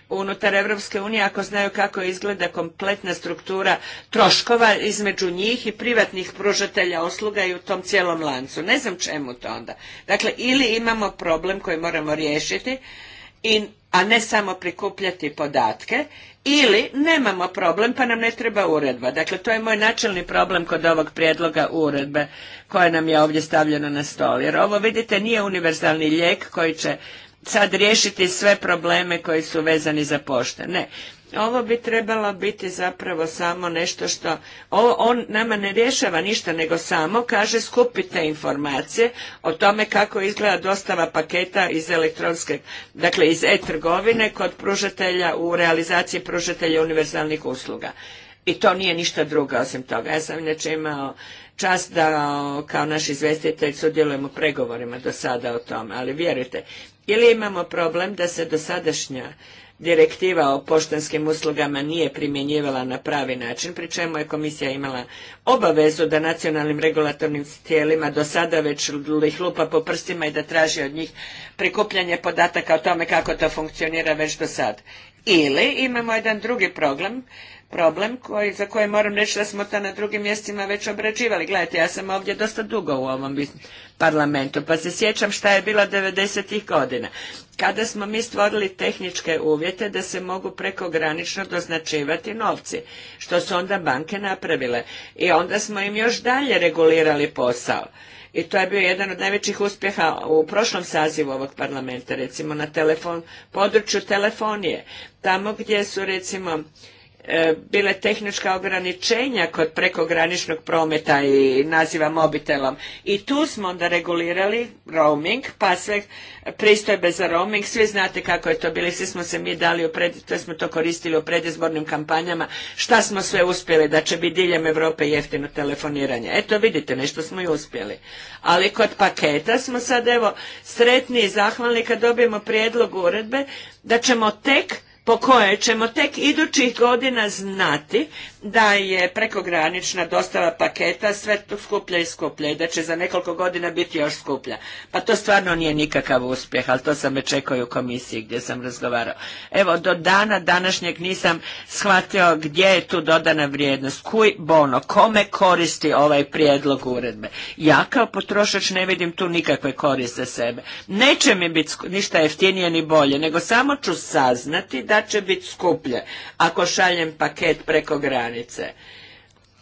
unutar Evropske unije ako znaju kako izgleda kompletna struktura troškova između njih i privatnih pružatelja usluga i u tom cijelom lancu. Ne znam čemu to onda. Dakle, ili imamo problem koji moramo riješiti, in, a ne samo prikupljati podatke ili nemamo problem pa nam ne treba uredba. Dakle, to je moj načelni problem kod ovog prijedloga uredbe koja nam je ovdje stavljena na stol. Jer ovo, vidite, nije univerzalni lijek koji će sad riješiti sve probleme koji su vezani za pošte. Ne, ovo bi trebalo biti zapravo samo nešto što, on nama ne rješava ništa, nego samo kaže skupite informacije o tome kako izgleda dostava paketa iz elektronske, dakle iz e-trgovine kod pružatelja u realizaciji pružatelja univerzalnih usluga. I to nije ništa drugo osim toga. Ja sam inače imao čast da kao naš izvestitelj sudjelujemo u pregovorima do sada o tome, ali vjerujte, ili imamo problem da se dosadašnja direktiva o poštanskim uslugama nije primjenjivala na pravi način, pri čemu je komisija imala obavezu da nacionalnim regulatornim tijelima do sada već ih lupa po prstima i da traži od njih prikupljanje podataka o tome kako to funkcionira već do sad. Ili imamo jedan drugi problem problem koji, za koji moram reći da smo to na drugim mjestima već obrađivali. Gledajte, ja sam ovdje dosta dugo u ovom parlamentu, pa se sjećam šta je bilo 90. godina. Kada smo mi stvorili tehničke uvjete da se mogu prekogranično doznačivati novci, što su onda banke napravile. I onda smo im još dalje regulirali posao. I to je bio jedan od najvećih uspjeha u prošlom sazivu ovog parlamenta, recimo na telefon, području telefonije. Tamo gdje su recimo E, bile tehnička ograničenja kod prekograničnog prometa i naziva mobitelom. I tu smo onda regulirali roaming, pa sve pristojbe za roaming, svi znate kako je to bilo, svi smo se mi dali, u pred, to smo to koristili u predizbornim kampanjama, šta smo sve uspjeli da će biti diljem Europe jeftino telefoniranje. Eto vidite, nešto smo i uspjeli. Ali kod paketa smo sad evo sretni i zahvalni kad dobijemo prijedlog uredbe da ćemo tek po kojoj ćemo tek idućih godina znati da je prekogranična dostava paketa sve skuplja i skuplja i da će za nekoliko godina biti još skuplja. Pa to stvarno nije nikakav uspjeh, ali to sam već i u komisiji gdje sam razgovarao. Evo, do dana današnjeg nisam shvatio gdje je tu dodana vrijednost, kuj bono, kome koristi ovaj prijedlog uredbe. Ja kao potrošač ne vidim tu nikakve koriste sebe. Neće mi biti ništa jeftinije ni bolje, nego samo ću saznati da će biti skuplje ako šaljem paket preko granice.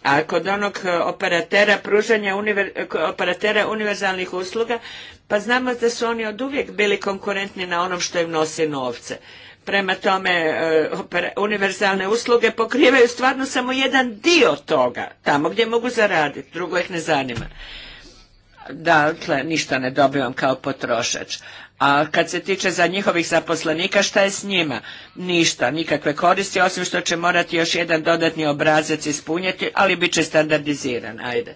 A kod onog e, operatera pružanja e, operatera univerzalnih usluga, pa znamo da su oni od uvijek bili konkurentni na onom što im nosi novce. Prema tome, e, univerzalne usluge pokrivaju stvarno samo jedan dio toga, tamo gdje mogu zaraditi, drugo ih ne zanima. Dakle, ništa ne dobivam kao potrošač. A kad se tiče za njihovih zaposlenika, šta je s njima? Ništa, nikakve koristi, osim što će morati još jedan dodatni obrazac ispunjati, ali bit će standardiziran, ajde.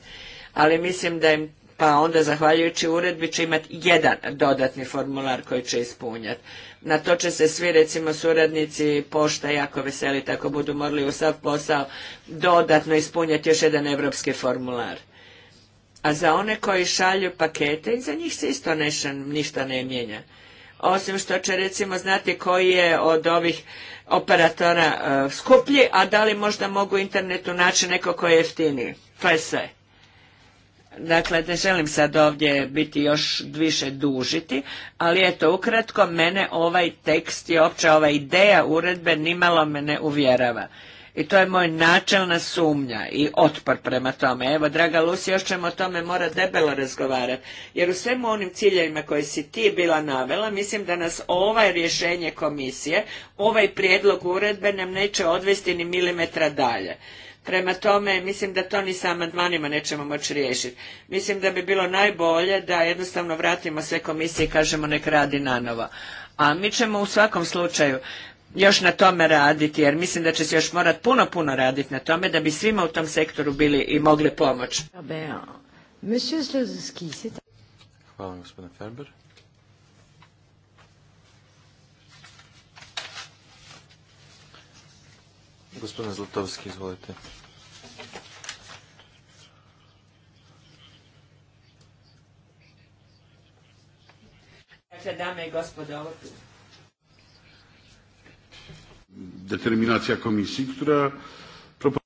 Ali mislim da im, pa onda zahvaljujući uredbi će imati jedan dodatni formular koji će ispunjati. Na to će se svi, recimo, suradnici pošta jako veseli, tako budu morali u sav posao dodatno ispunjati još jedan evropski formular. A za one koji šalju pakete, i za njih se isto nešan, ništa ne mijenja. Osim što će recimo znati koji je od ovih operatora e, skuplji, a da li možda mogu internetu naći neko koji je jeftiniji. To je sve. Dakle, ne želim sad ovdje biti još više dužiti, ali eto, ukratko, mene ovaj tekst i opće ova ideja uredbe nimalo me ne uvjerava. I to je moj načelna sumnja i otpor prema tome. Evo, draga Lusi, još ćemo o tome mora debelo razgovarati. Jer u svemu onim ciljevima koje si ti bila navela, mislim da nas ovaj rješenje komisije, ovaj prijedlog uredbe nam neće odvesti ni milimetra dalje. Prema tome, mislim da to ni sa amandmanima nećemo moći riješiti. Mislim da bi bilo najbolje da jednostavno vratimo sve komisije i kažemo nek radi nanovo. A mi ćemo u svakom slučaju još na tome raditi, jer mislim da će se još morat puno, puno raditi na tome da bi svima u tom sektoru bili i mogli pomoći. Hvala gospodine Ferber. Gospodine Zlatovski, izvolite. Dakle, dame i gospodo, determinacja komisji, która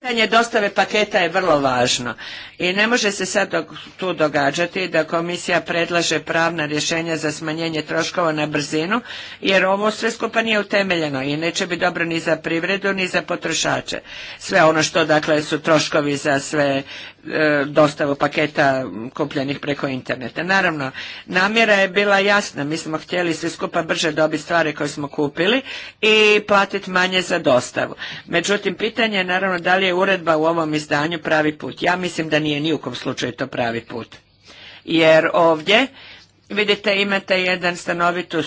Pitanje dostave paketa je vrlo važno i ne može se sad tu događati da komisija predlaže pravna rješenja za smanjenje troškova na brzinu jer ovo sve skupa nije utemeljeno i neće biti dobro ni za privredu ni za potrošače. Sve ono što dakle su troškovi za sve e, dostavu paketa kupljenih preko interneta. Naravno, namjera je bila jasna. Mi smo htjeli sve skupa brže dobiti stvari koje smo kupili i platiti manje za dostavu. Međutim, pitanje je naravno da li je uredba u ovom izdanju pravi put? Ja mislim da nije ni u kom slučaju to pravi put. Jer ovdje Vidite, imate jedan stanovitu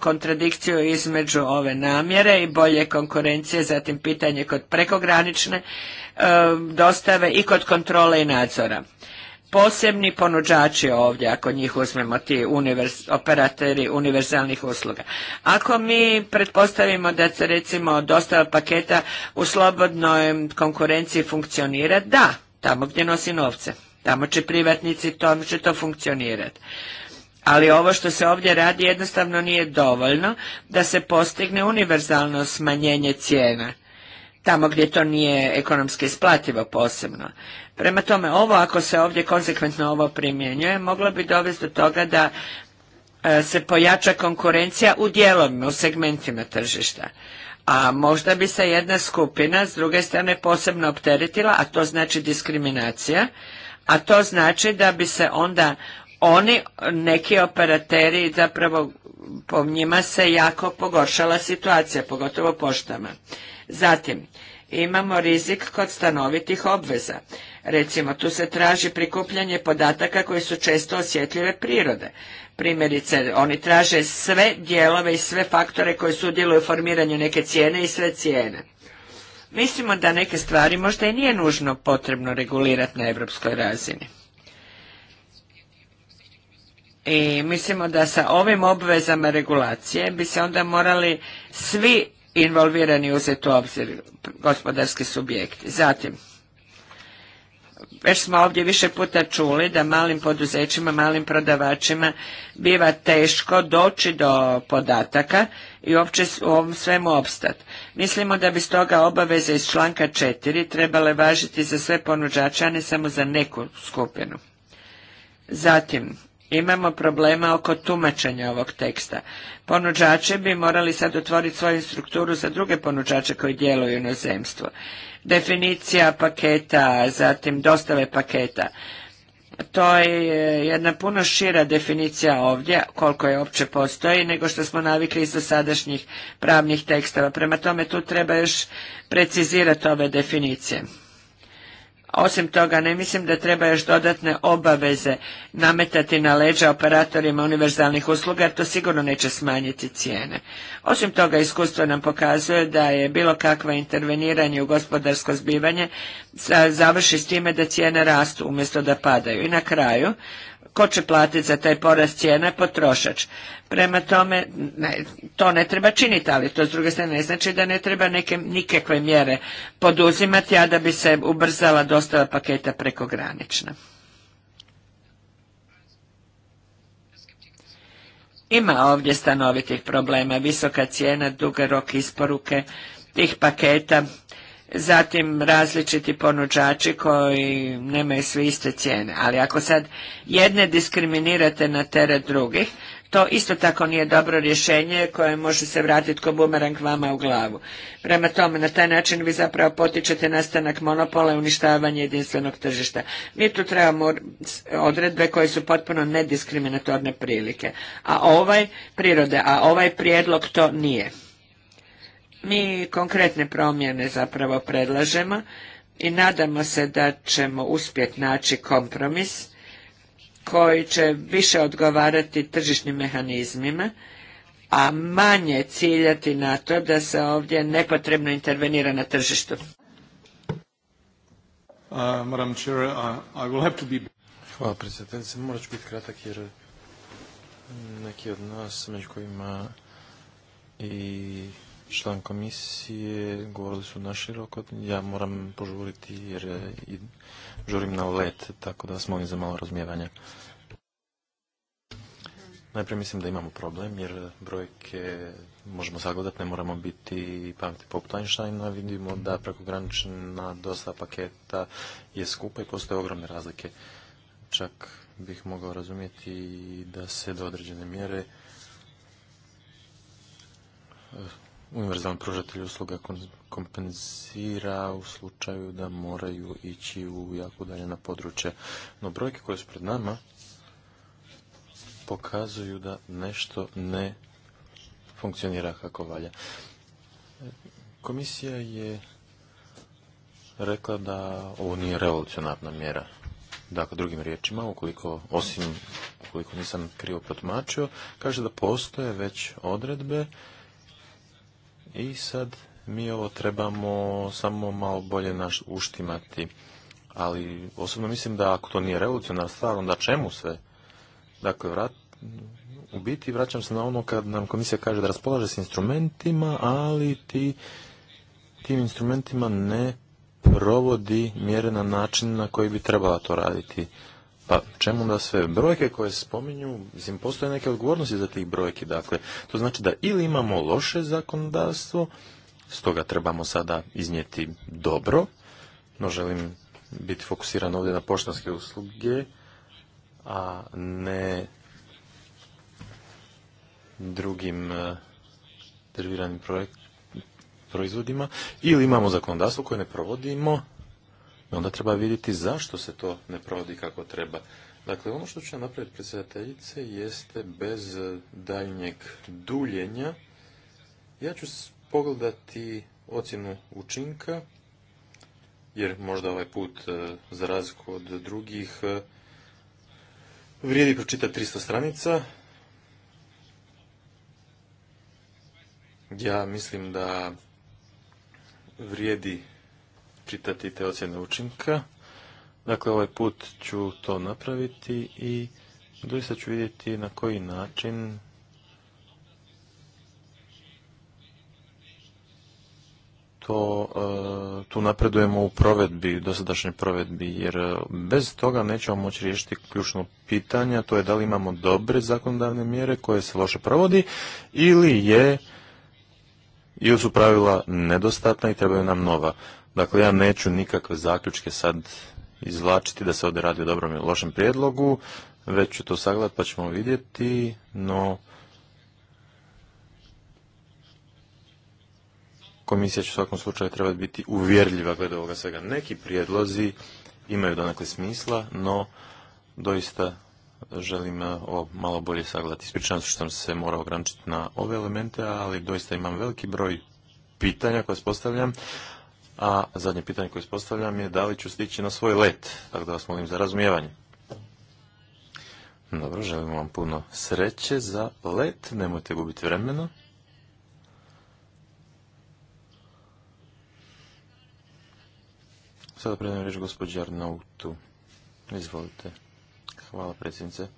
kontradikciju između ove namjere i bolje konkurencije, zatim pitanje kod prekogranične e, dostave i kod kontrole i nadzora posebni ponuđači ovdje, ako njih uzmemo ti operateri univerzalnih usluga. Ako mi pretpostavimo da se recimo dostava paketa u slobodnoj konkurenciji funkcionira, da, tamo gdje nosi novce. Tamo će privatnici, tamo će to funkcionirati. Ali ovo što se ovdje radi jednostavno nije dovoljno da se postigne univerzalno smanjenje cijena tamo gdje to nije ekonomski isplativo posebno. Prema tome, ovo ako se ovdje konsekventno ovo primjenjuje, moglo bi dovesti do toga da e, se pojača konkurencija u dijelovima, u segmentima tržišta. A možda bi se jedna skupina s druge strane posebno opteretila, a to znači diskriminacija, a to znači da bi se onda oni, neki operateri, zapravo po njima se jako pogoršala situacija, pogotovo poštama. Zatim, imamo rizik kod stanovitih obveza. Recimo, tu se traži prikupljanje podataka koji su često osjetljive prirode. Primjerice, oni traže sve dijelove i sve faktore koji sudjeluju u formiranju neke cijene i sve cijene. Mislimo da neke stvari možda i nije nužno potrebno regulirati na europskoj razini. I mislimo da sa ovim obvezama regulacije bi se onda morali svi involvirani uzeti u obzir gospodarski subjekti. Zatim, već smo ovdje više puta čuli da malim poduzećima, malim prodavačima biva teško doći do podataka i uopće u ovom svemu opstat. Mislimo da bi stoga obaveze iz članka 4 trebale važiti za sve ponuđače, a ne samo za neku skupinu. Zatim, imamo problema oko tumačenja ovog teksta. Ponuđači bi morali sad otvoriti svoju strukturu za druge ponuđače koji djeluju na zemstvo. Definicija paketa, zatim dostave paketa. To je e, jedna puno šira definicija ovdje, koliko je opće postoji, nego što smo navikli iz sadašnjih pravnih tekstova. Prema tome tu treba još precizirati ove definicije. Osim toga, ne mislim da treba još dodatne obaveze nametati na leđa operatorima univerzalnih usluga, jer to sigurno neće smanjiti cijene. Osim toga, iskustvo nam pokazuje da je bilo kakvo interveniranje u gospodarsko zbivanje završi s time da cijene rastu umjesto da padaju. I na kraju, ko će platiti za taj porast cijena? Potrošač. Prema tome, to ne treba činiti, ali to s druge strane ne znači da ne treba neke, nikakve mjere poduzimati, a da bi se ubrzala dostava paketa prekogranična. Ima ovdje stanovitih problema, visoka cijena, duga rok isporuke tih paketa, zatim različiti ponuđači koji nemaju svi iste cijene. Ali ako sad jedne diskriminirate na teret drugih, to isto tako nije dobro rješenje koje može se vratiti ko bumerang vama u glavu. Prema tome, na taj način vi zapravo potičete nastanak monopola i uništavanje jedinstvenog tržišta. Mi tu trebamo odredbe koje su potpuno nediskriminatorne prilike, a ovaj prirode, a ovaj prijedlog to nije. Mi konkretne promjene zapravo predlažemo i nadamo se da ćemo uspjeti naći kompromis koji će više odgovarati tržišnim mehanizmima, a manje ciljati na to da se ovdje nepotrebno intervenira na tržištu. Uh, Hvala morat ću biti kratak jer neki od nas, među kojima i član komisije, govorili su naširoko, ja moram požuriti jer e, žurim na let, tako da vas molim za malo razmijevanja. Najprije mislim da imamo problem jer brojke možemo sagledati, ne moramo biti pameti poput Einsteina. Vidimo da prekogranična dosta paketa je skupa i postoje ogromne razlike. Čak bih mogao razumjeti da se do određene mjere univerzalan pružatelj usluga kompenzira u slučaju da moraju ići u jako udaljena područja. No brojke koje su pred nama pokazuju da nešto ne funkcionira kako valja. Komisija je rekla da ovo nije revolucionarna mjera. Dakle, drugim riječima, ukoliko, osim ukoliko nisam krivo protumačio, kaže da postoje već odredbe i sad mi ovo trebamo samo malo bolje naš uštimati. Ali osobno mislim da ako to nije revolucionarna stvar, onda čemu sve? Dakle, vrat, u biti vraćam se na ono kad nam komisija kaže da raspolaže s instrumentima, ali ti, tim instrumentima ne provodi mjere na način na koji bi trebala to raditi. Pa čemu da sve brojke koje spominju, mislim, postoje neke odgovornosti za tih brojki. Dakle, to znači da ili imamo loše zakonodavstvo, stoga trebamo sada iznijeti dobro, no želim biti fokusiran ovdje na poštanske usluge, a ne drugim e, deriviranim proizvodima, ili imamo zakonodavstvo koje ne provodimo, i onda treba vidjeti zašto se to ne provodi kako treba. Dakle, ono što ću napraviti predsjedateljice jeste bez daljnjeg duljenja. Ja ću pogledati ocjenu učinka, jer možda ovaj put, e, za razliku od drugih, e, vrijedi pročitati 300 stranica. Ja mislim da vrijedi čitati te ocjene učinka. Dakle, ovaj put ću to napraviti i doista ću vidjeti na koji način to, eh, tu napredujemo u provedbi, dosadašnjoj provedbi, jer eh, bez toga nećemo moći riješiti ključno pitanje, to je da li imamo dobre zakonodavne mjere koje se loše provodi ili je ili su pravila nedostatna i trebaju nam nova. Dakle, ja neću nikakve zaključke sad izvlačiti da se ovdje radi o dobrom ili lošem prijedlogu, već ću to sagledati pa ćemo vidjeti, no komisija će u svakom slučaju trebati biti uvjerljiva glede ovoga svega. Neki prijedlozi imaju donakle smisla, no doista želim eh, ovo malo bolje sagledati. Ispričavam se što sam se morao ograničiti na ove elemente, ali doista imam veliki broj pitanja koje postavljam, a zadnje pitanje koje ispostavljam je da li ću stići na svoj let, tako da vas molim za razumijevanje. Dobro, želim vam puno sreće za let, nemojte gubiti vremena. Sada predajem reći gospođi Arnautu. Izvolite. Hvala predsjednice.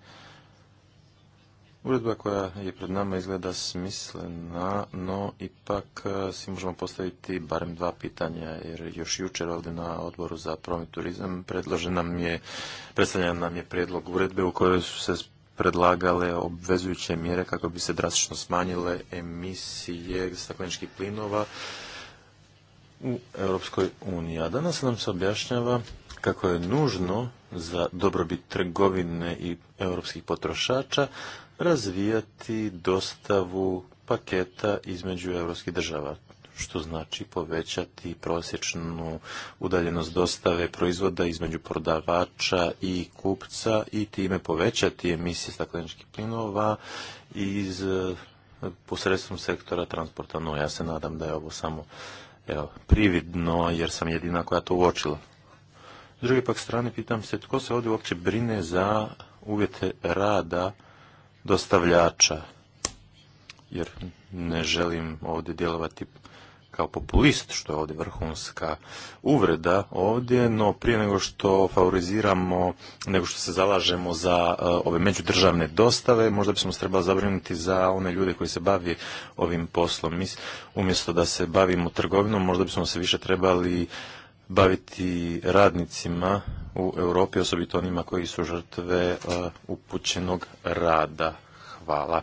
Uredba koja je pred nama izgleda smislena, no ipak e, si možemo postaviti barem dva pitanja, jer još jučer ovdje na odboru za promet turizam predložen nam je, predstavljen nam je predlog uredbe u kojoj su se predlagale obvezujuće mjere kako bi se drastično smanjile emisije stakleničkih plinova u Europskoj uniji. A danas nam se objašnjava kako je nužno za dobrobit trgovine i europskih potrošača razvijati dostavu paketa između europskih država što znači povećati prosječnu udaljenost dostave proizvoda između prodavača i kupca i time povećati emisije stakleničkih plinova iz eh, posredstvom sektora transporta. No, ja se nadam da je ovo samo evo, prividno, jer sam jedina koja to uočila. S druge pak strane, pitam se, tko se ovdje uopće brine za uvjete rada dostavljača, jer ne želim ovdje djelovati kao populist, što je ovdje vrhunska uvreda ovdje, no prije nego što favoriziramo, nego što se zalažemo za eh, ove međudržavne dostave, možda bismo se trebali zabrinuti za one ljude koji se bavi ovim poslom. umjesto da se bavimo trgovinom, možda bismo se više trebali baviti radnicima u Europi, osobito onima koji su žrtve upućenog rada. Hvala.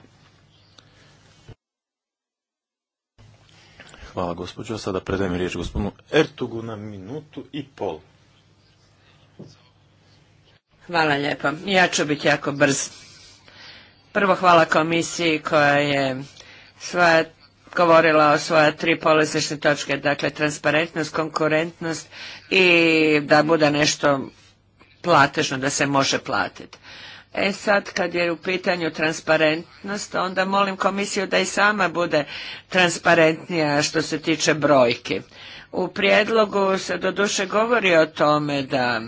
Hvala gospođo. Sada predajem riječ gospodinu Ertugu na minutu i pol. Hvala lijepo. Ja ću biti jako brz. Prvo hvala komisiji koja je svoja govorila o svoje tri polazišne točke, dakle transparentnost, konkurentnost i da bude nešto platežno, da se može platiti. E sad, kad je u pitanju transparentnost, onda molim komisiju da i sama bude transparentnija što se tiče brojki. U prijedlogu se doduše govori o tome da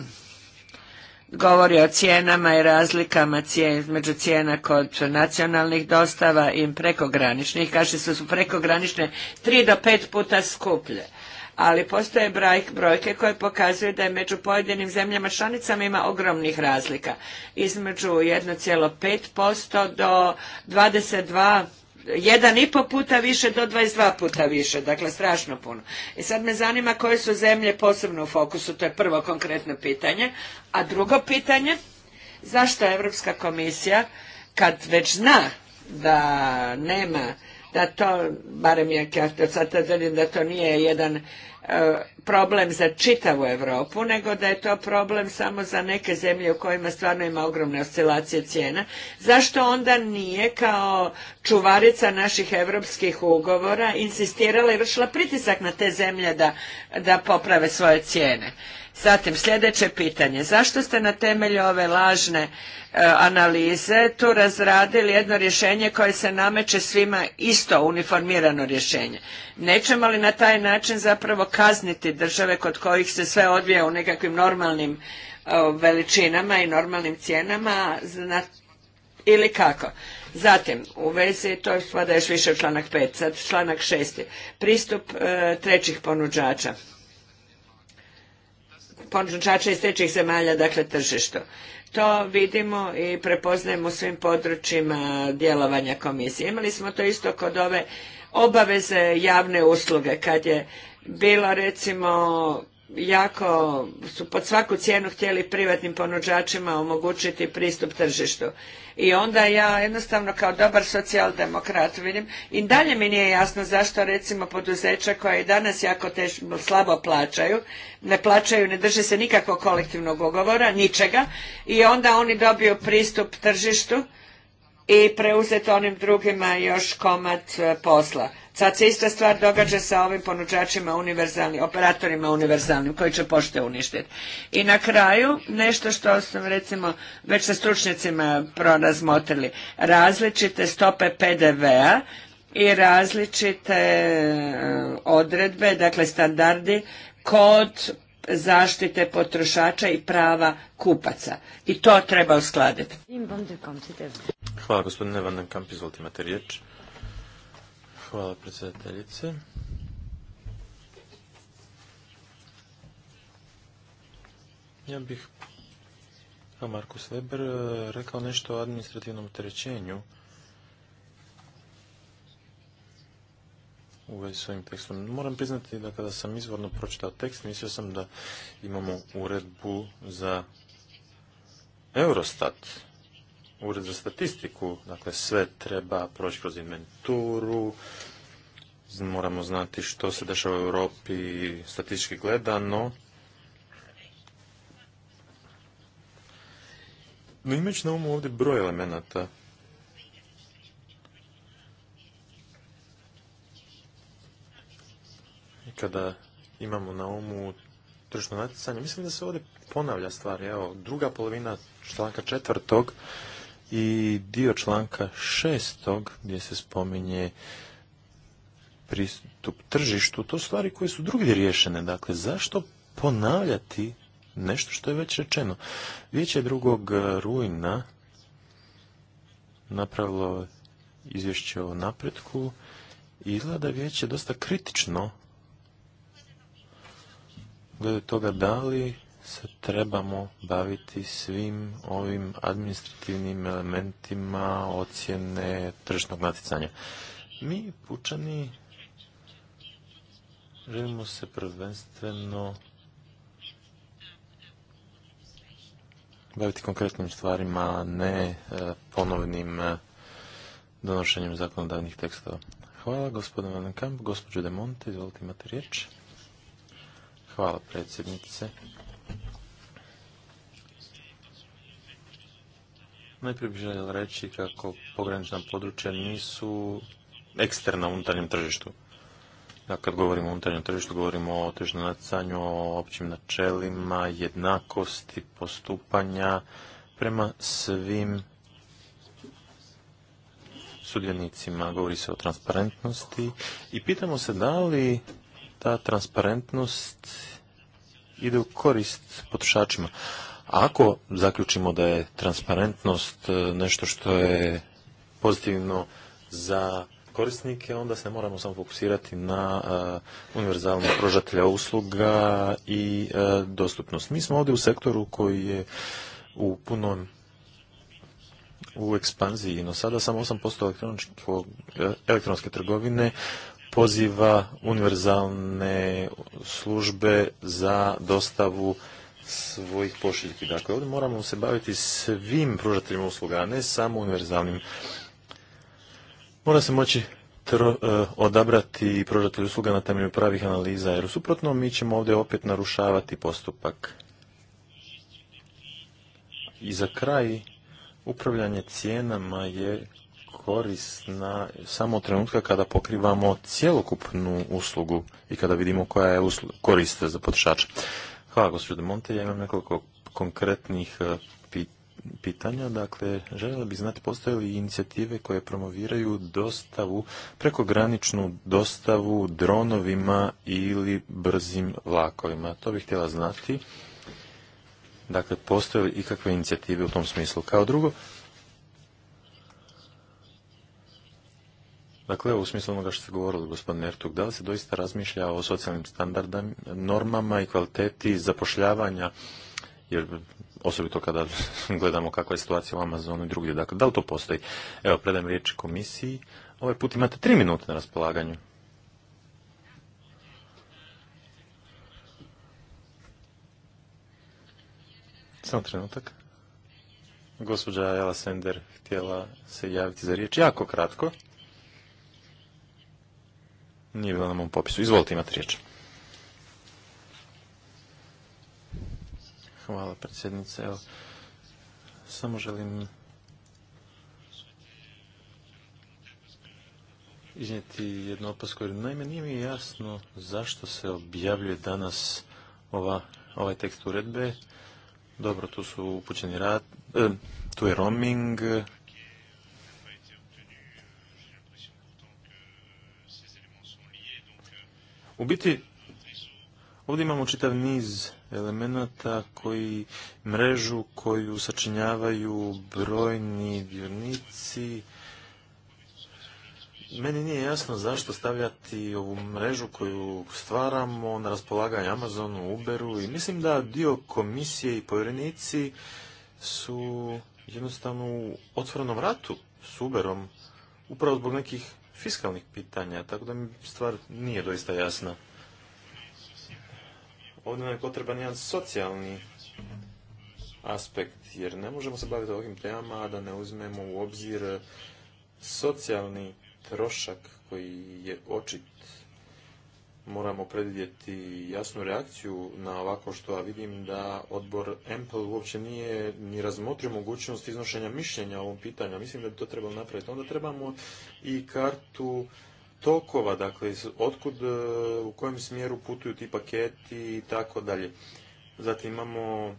govori o cijenama i razlikama između cijena kod nacionalnih dostava i prekograničnih. Kaže se su prekogranične tri do pet puta skuplje. Ali postoje brojke koje pokazuju da je među pojedinim zemljama članicama ima ogromnih razlika. Između 1,5% do 22% jedan i po puta više do 22 puta više, dakle strašno puno. I sad me zanima koje su zemlje posebno u fokusu, to je prvo konkretno pitanje. A drugo pitanje, zašto Europska komisija kad već zna da nema da to, barem je, sad da to nije jedan E, problem za čitavu Europu, nego da je to problem samo za neke zemlje u kojima stvarno ima ogromne oscilacije cijena. Zašto onda nije kao čuvarica naših europskih ugovora insistirala i vršila pritisak na te zemlje da poprave svoje cijene? Zatim, sljedeće pitanje. Zašto ste na temelju ove lažne e, analize tu razradili jedno rješenje koje se nameće svima isto uniformirano rješenje? Nećemo li na taj način zapravo kazniti države kod kojih se sve odvija u nekakvim normalnim e, veličinama i normalnim cijenama ili kako? Zatim, u vezi, to spada još više u članak 5, sad članak 6, pristup e, trećih ponuđača ponuđača iz trećih zemalja, dakle tržištu. To vidimo i prepoznajemo u svim područjima djelovanja komisije. Imali smo to isto kod ove obaveze javne usluge, kad je bilo recimo jako su pod svaku cijenu htjeli privatnim ponuđačima omogućiti pristup tržištu. I onda ja jednostavno kao dobar socijaldemokrat vidim i dalje mi nije jasno zašto recimo poduzeća koja i danas jako teško, slabo plaćaju, ne plaćaju, ne drže se nikakvog kolektivnog ugovora, ničega i onda oni dobiju pristup tržištu i preuzeti onim drugima još komad e, posla. Sad se ista stvar događa sa ovim ponuđačima univerzalnim, operatorima univerzalnim koji će pošte uništiti. I na kraju nešto što sam recimo već sa stručnjacima prorazmotrili. Različite stope PDV-a i različite e, odredbe, dakle standardi kod zaštite potrošača i prava kupaca. I to treba uskladiti. Hvala gospodine Van izvolite imate riječ. Hvala predsjedateljice. Ja bih a Markus Weber e, rekao nešto o administrativnom terećenju u vezi s ovim tekstom. Moram priznati da kada sam izvorno pročitao tekst, mislio sam da imamo uredbu za Eurostat, ured za statistiku, dakle sve treba proći kroz inventuru, moramo znati što se dešava u Europi statistički gledano. No imajući na umu ovdje broj elemenata. I kada imamo na umu tržno natjecanje, mislim da se ovdje ponavlja stvar. Evo, druga polovina članka četvrtog i dio članka šestog gdje se spominje pristup tržištu, to stvari koje su drugdje riješene. Dakle, zašto ponavljati nešto što je već rečeno? Vijeće drugog e, rujna napravilo izvješće o napretku i izgleda vijeće dosta kritično glede toga da li se trebamo baviti svim ovim administrativnim elementima ocjene tržišnog natjecanja. Mi, pučani, Želimo se prvenstveno baviti konkretnim stvarima, ne e, ponovnim e, donošenjem zakonodavnih tekstova. Hvala, gospodin Van Kamp. Gospođo De Monte, izvolite imate riječ. Hvala, predsjednice. Najprije bih želio reći kako pogranična područja nisu eksterna unutarnjem tržištu da kad govorimo o unutarnjem tržištu, govorimo o tržnom nacanju, o općim načelima, jednakosti, postupanja prema svim sudionicima. Govori se o transparentnosti i pitamo se da li ta transparentnost ide u korist potrošačima. Ako zaključimo da je transparentnost e, nešto što je pozitivno za korisnike, onda se moramo samo fokusirati na eh, univerzalnog pružatelja usluga i eh, dostupnost. Mi smo ovdje u sektoru koji je u punom u ekspanziji, no sada samo 8% eh, elektronske trgovine poziva univerzalne službe za dostavu svojih pošiljki. Dakle, ovdje moramo se baviti svim pružateljima usluga, a ne samo univerzalnim mora se moći e, odabrati i usluga na temelju pravih analiza, jer u suprotno mi ćemo ovdje opet narušavati postupak. I za kraj, upravljanje cijenama je korisna samo trenutka kada pokrivamo cjelokupnu uslugu i kada vidimo koja je korist za potrošača. Hvala, gospodine Monte. Ja imam nekoliko konkretnih e, pitanja. Dakle, željela bih znati postoje li inicijative koje promoviraju dostavu, prekograničnu dostavu dronovima ili brzim vlakovima. To bih htjela znati. Dakle, postoje li ikakve inicijative u tom smislu? Kao drugo, Dakle, u smislu onoga što ste govorili, gospodin Ertug, da li se doista razmišlja o socijalnim standardama, normama i kvaliteti zapošljavanja, jer osobito kada gledamo kakva je situacija u Amazonu i drugdje. Dakle, da li to postoji? Evo, predajem riječ komisiji. Ovaj put imate tri minute na raspolaganju. Samo trenutak. Gospođa Jela Sender htjela se javiti za riječ. Jako kratko. Nije bila na mom popisu. Izvolite, imate riječ. Hvala predsjednice. Evo, samo želim iznijeti jednu opasku. Naime, nije mi jasno zašto se objavljuje danas ova, ovaj tekst uredbe. Dobro, tu su upućeni rad, e, tu je roaming, U biti, ovdje imamo čitav niz elemenata koji mrežu koju sačinjavaju brojni dionici. Meni nije jasno zašto stavljati ovu mrežu koju stvaramo na raspolaganje Amazonu, Uberu i mislim da dio komisije i povjerenici su jednostavno u otvorenom ratu s Uberom upravo zbog nekih fiskalnih pitanja, tako da mi stvar nije doista jasna ovdje nam je potreban jedan socijalni aspekt, jer ne možemo se baviti ovim temama, a da ne uzmemo u obzir socijalni trošak koji je očit. Moramo predvidjeti jasnu reakciju na ovako što, a vidim da odbor EMPL uopće nije ni razmotrio mogućnost iznošenja mišljenja o ovom pitanju. Mislim da bi to trebalo napraviti. Onda trebamo i kartu tokova, dakle, otkud, e, u kojem smjeru putuju ti paketi i tako dalje. Zatim imamo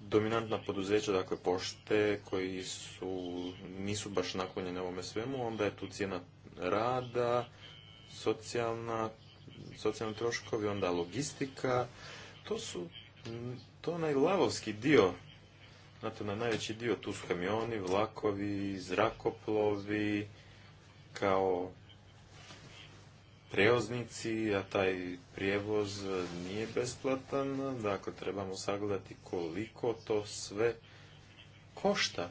dominantna poduzeća, dakle pošte, koji su, nisu baš naklonjene ovome svemu, onda je tu cijena rada, socijalna, socijalni troškovi, onda logistika. To su, to onaj lavovski dio Znate, na najveći dio. Tu su kamioni, vlakovi, zrakoplovi, kao prevoznici, a taj prijevoz nije besplatan. Dakle, trebamo sagledati koliko to sve košta.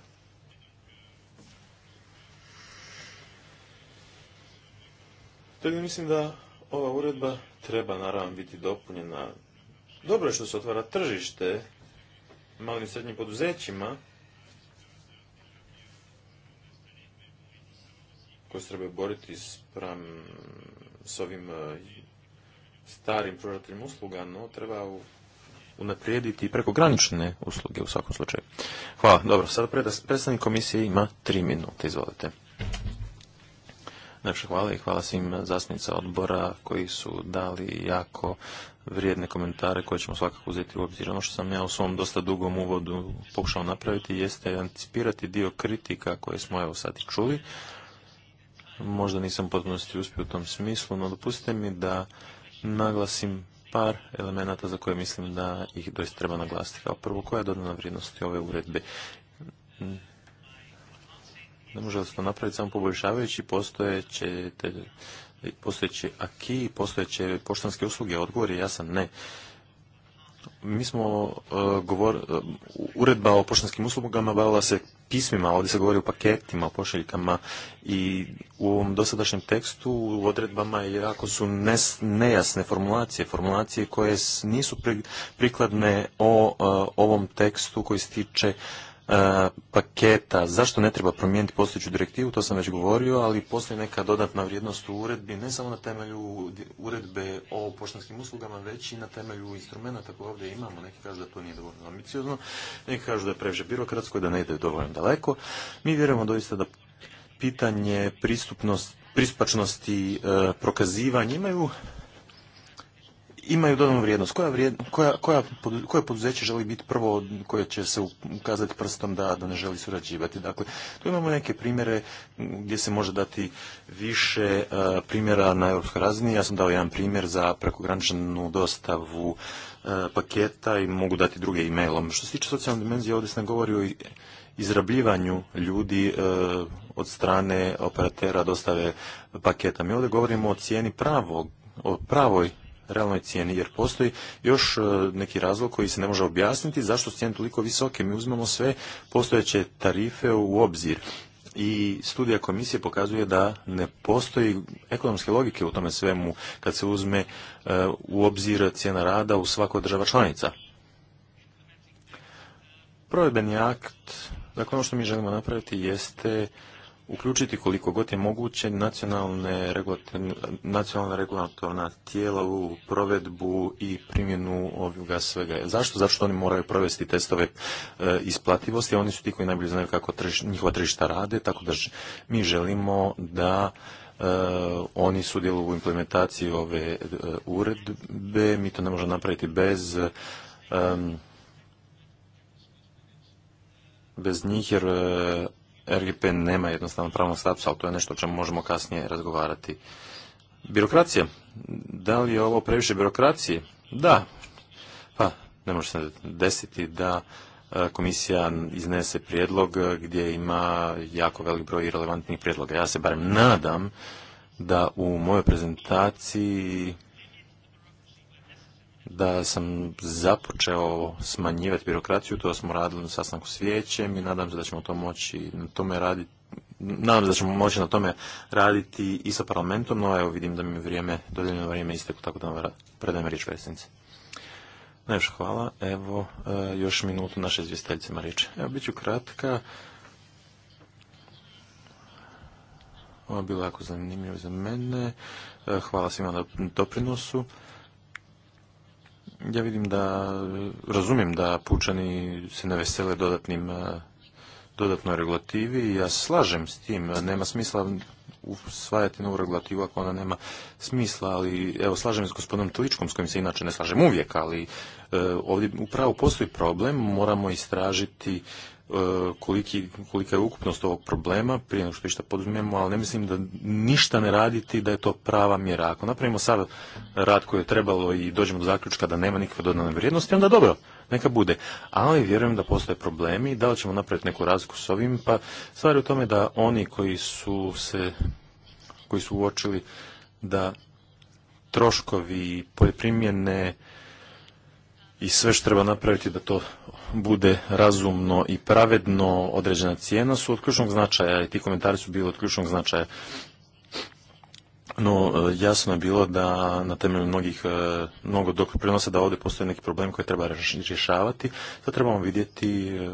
Tako mislim da ova uredba treba naravno biti dopunjena. Dobro je što se otvara tržište malim i srednjim poduzećima koji se trebaju boriti s ovim e, starim pružateljima usluga, no treba unaprijediti i prekogranične usluge u svakom slučaju. Hvala. Dobro, sada predstavnik komisije ima tri minute. Izvolite. hvala i hvala svim odbora koji su dali jako vrijedne komentare koje ćemo svakako uzeti u obzir. Ono što sam ja u svom dosta dugom uvodu pokušao napraviti jeste anticipirati dio kritika koje smo evo sad i čuli. Možda nisam potpunosti uspio u tom smislu, no dopustite mi da naglasim par elemenata za koje mislim da ih doista treba naglasiti. Kao prvo, koja je dodana vrijednost ove uredbe? Ne može se to napraviti samo poboljšavajući postojeće postojeći aki, postojeće poštanske usluge, odgovor je jasan ne. Mi smo e, govor, e, uredba o poštanskim uslugama bavila se pismima, ovdje se govori o paketima, o pošiljkama i u ovom dosadašnjem tekstu u odredbama jako su nejasne formulacije, formulacije koje nisu prikladne o e, ovom tekstu koji se tiče E, paketa. Zašto ne treba promijeniti postojeću direktivu, to sam već govorio, ali postoji neka dodatna vrijednost u uredbi, ne samo na temelju uredbe o poštanskim uslugama, već i na temelju instrumenta koje ovdje imamo. Neki kažu da to nije dovoljno ambiciozno, neki kažu da je previše birokratsko i da ne ide dovoljno daleko. Mi vjerujemo doista da pitanje pristupnosti, pristupačnosti, e, prokazivanja imaju imaju dodanu vrijednost. Koja, koja, koja, koje poduzeće želi biti prvo koje će se ukazati prstom da, da ne želi surađivati? Dakle, tu imamo neke primjere gdje se može dati više e, primjera na europskoj razini. Ja sam dao jedan primjer za prekograničnu dostavu e, paketa i mogu dati druge e-mailom. Što se tiče socijalne dimenzije, ovdje sam govorio o izrabljivanju ljudi e, od strane operatera dostave paketa. Mi ovdje govorimo o cijeni pravog o pravoj realnoj cijeni, jer postoji još e, neki razlog koji se ne može objasniti zašto su cijene toliko visoke. Mi uzmemo sve postojeće tarife u obzir i studija komisije pokazuje da ne postoji ekonomske logike u tome svemu kad se uzme e, u obzir cijena rada u svakoj država članica. Provedbeni akt, dakle ono što mi želimo napraviti jeste uključiti koliko god je moguće nacionalna regulatorna tijela u provedbu i primjenu ovoga svega. Zašto? Zašto oni moraju provesti testove e, isplativosti, oni su ti koji najbolje znaju kako njihova tržišta rade, tako da mi želimo da e, oni sudjeluju u implementaciji ove e, uredbe, mi to ne možemo napraviti bez bez njih jer RGP nema jednostavno pravnog statusa, ali to je nešto o čemu možemo kasnije razgovarati. Birokracija. Da li je ovo previše birokracije? Da. Pa, ne može se desiti da e, komisija iznese prijedlog gdje ima jako velik broj relevantnih prijedloga. Ja se barem nadam da u mojoj prezentaciji da sam započeo smanjivati birokraciju, to smo radili na sastanku s vijećem i nadam se da ćemo to moći na tome raditi nadam se da ćemo moći na tome raditi i sa parlamentom, no evo vidim da mi vrijeme, dodijeljeno vrijeme isteklo, tako da predajem riječ predsjednici. Najviše hvala. Evo, e, još minutu naše izvjestiteljice Mariče. Evo, bit ću kratka. Ovo je bilo jako zanimljivo za mene. E, hvala svima na doprinosu. Ja vidim da, razumijem da pučani se ne vesele dodatnim, eh, dodatnoj regulativi. i Ja slažem s tim. Nema smisla usvajati novu regulativu ako ona nema smisla, ali evo slažem s gospodinom Tličkom s kojim se inače ne slažem uvijek, ali eh, ovdje upravo postoji problem, moramo istražiti E, kolika je ukupnost ovog problema prije nego što išta poduzmemo, ali ne mislim da ništa ne raditi da je to prava mjera. Ako napravimo sad rad koji je trebalo i dođemo do zaključka da nema nikakve dodane vrijednosti, onda dobro, neka bude. Ali vjerujem da postoje problemi, da li ćemo napraviti neku razliku s ovim, pa stvar je u tome da oni koji su se koji su uočili da troškovi poljeprimjene i sve što treba napraviti da to bude razumno i pravedno određena cijena su od ključnog značaja i ti komentari su bili od ključnog značaja. No, e, jasno je bilo da na temelju mnogih, e, mnogo doprinosa da ovdje postoje neki problem koji treba rješavati. Sad trebamo vidjeti e,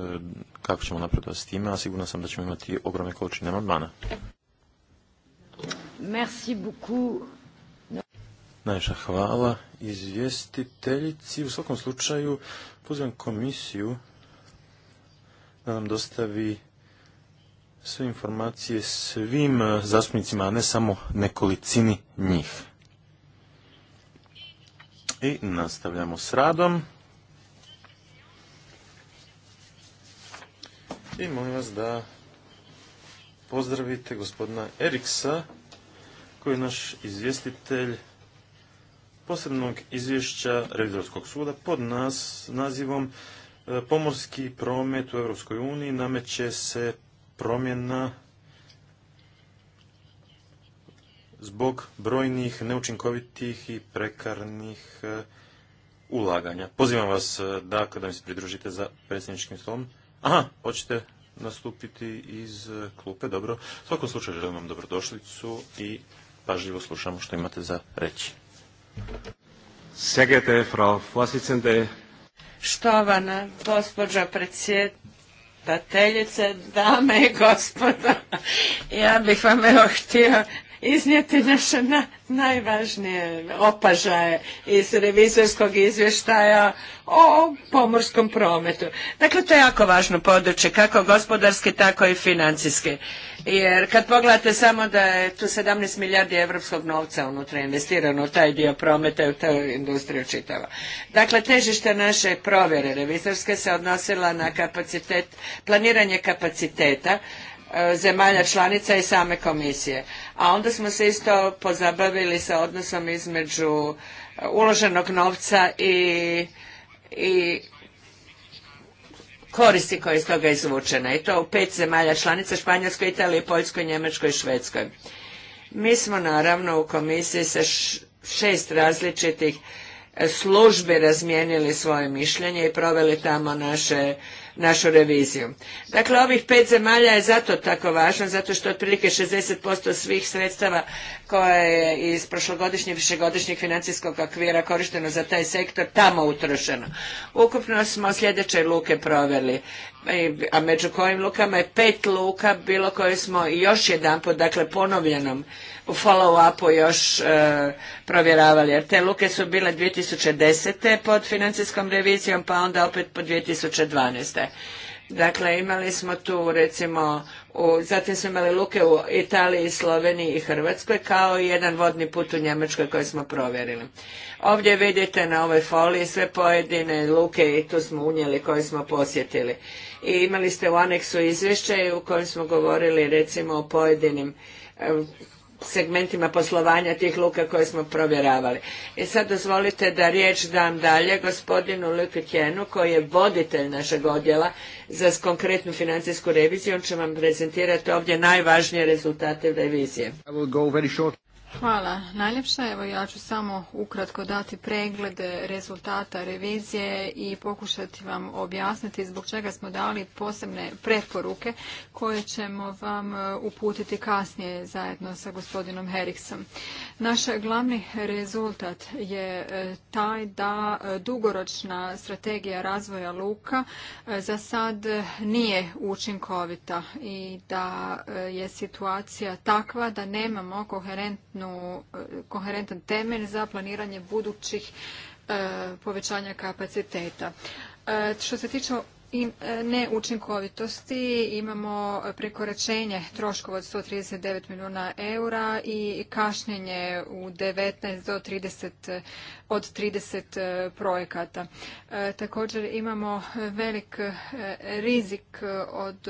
kako ćemo napredovati s time, a sigurno sam da ćemo imati ogromne količine amandmana. Merci beaucoup. Najviše hvala izvjestiteljici. U svakom slučaju Pozivam komisiju da nam dostavi sve informacije svim zastupnicima, a ne samo nekolicini njih. I nastavljamo s radom. I molim vas da pozdravite gospodina Eriksa, koji je naš izvjestitelj posebnog izvješća Revizorskog suda pod nas nazivom e, Pomorski promet u Europskoj uniji nameće se promjena zbog brojnih neučinkovitih i prekarnih e, ulaganja. Pozivam vas dakle da mi se pridružite za predsjedničkim stolom. Aha, hoćete nastupiti iz e, klupe, dobro. U svakom slučaju želim vam dobrodošlicu i pažljivo slušamo što imate za reći frau Štovana gospođa predsjedateljice, dame i gospodo, ja bih vam evo htio iznijeti naše najvažnije opažaje iz revizorskog izvještaja o pomorskom prometu. Dakle, to je jako važno područje, kako gospodarski, tako i financijski. Jer kad pogledate samo da je tu 17 milijardi evropskog novca unutra investirano u taj dio prometa i u toj industriju čitava. Dakle, težište naše provjere revizorske se odnosila na kapacitet, planiranje kapaciteta E, zemalja članica i same komisije. A onda smo se isto pozabavili sa odnosom između e, uloženog novca i, koristi koje iz toga izvučena. I to u pet zemalja članica, Španjolskoj, Italiji, Poljskoj, Njemačkoj i Švedskoj. Mi smo naravno u komisiji sa šest različitih e, službi razmijenili svoje mišljenje i proveli tamo naše našu reviziju. Dakle, ovih pet zemalja je zato tako važno, zato što otprilike 60% svih sredstava koje je iz prošlogodišnjeg višegodišnjeg financijskog okvira korišteno za taj sektor tamo utrošeno. Ukupno smo sljedeće luke proveli a među kojim lukama je pet luka bilo koje smo još jedanput, dakle ponovljenom u follow-upu još e, provjeravali, jer te luke su bile 2010. pod financijskom revizijom, pa onda opet pod 2012. Dakle, imali smo tu recimo, u, zatim smo imali luke u Italiji, Sloveniji i Hrvatskoj, kao i jedan vodni put u Njemačkoj koji smo provjerili. Ovdje vidite na ovoj foliji sve pojedine luke i tu smo unijeli koje smo posjetili. I imali ste u aneksu izvješće u kojem smo govorili recimo o pojedinim segmentima poslovanja tih luka koje smo provjeravali. I e, sad dozvolite da riječ dam dalje gospodinu Lukićenu koji je voditelj našeg odjela za konkretnu financijsku reviziju. On će vam prezentirati ovdje najvažnije rezultate revizije. Hvala najljepša. Evo ja ću samo ukratko dati pregled rezultata revizije i pokušati vam objasniti zbog čega smo dali posebne preporuke koje ćemo vam uputiti kasnije zajedno sa gospodinom Heriksom. Naš glavni rezultat je e, taj da e, dugoročna strategija razvoja luka e, za sad nije učinkovita i da je situacija takva da nemamo koherentan temelj za planiranje budućih povećanja kapaciteta. Što se tiče i e, neučinkovitosti imamo prekoračenje troškova od 139 milijuna eura i kašnjenje u 19 do 30 od 30 e, projekata. E, također imamo velik rizik od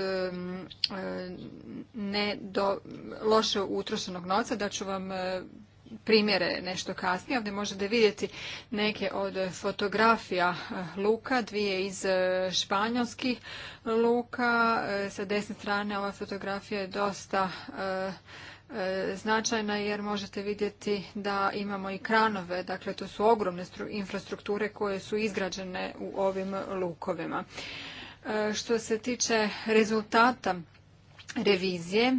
ne do, loše utrošenog novca. Da ću vam primjere nešto kasnije. Ovdje možete vidjeti neke od fotografija eh, luka, dvije iz eh, španjolskih luka. Eh, sa desne strane ova fotografija je dosta značajna jer možete vidjeti da imamo i kranove, dakle to su ogromne infrastrukture koje su izgrađene u ovim lukovima. Što se tiče rezultata revizije.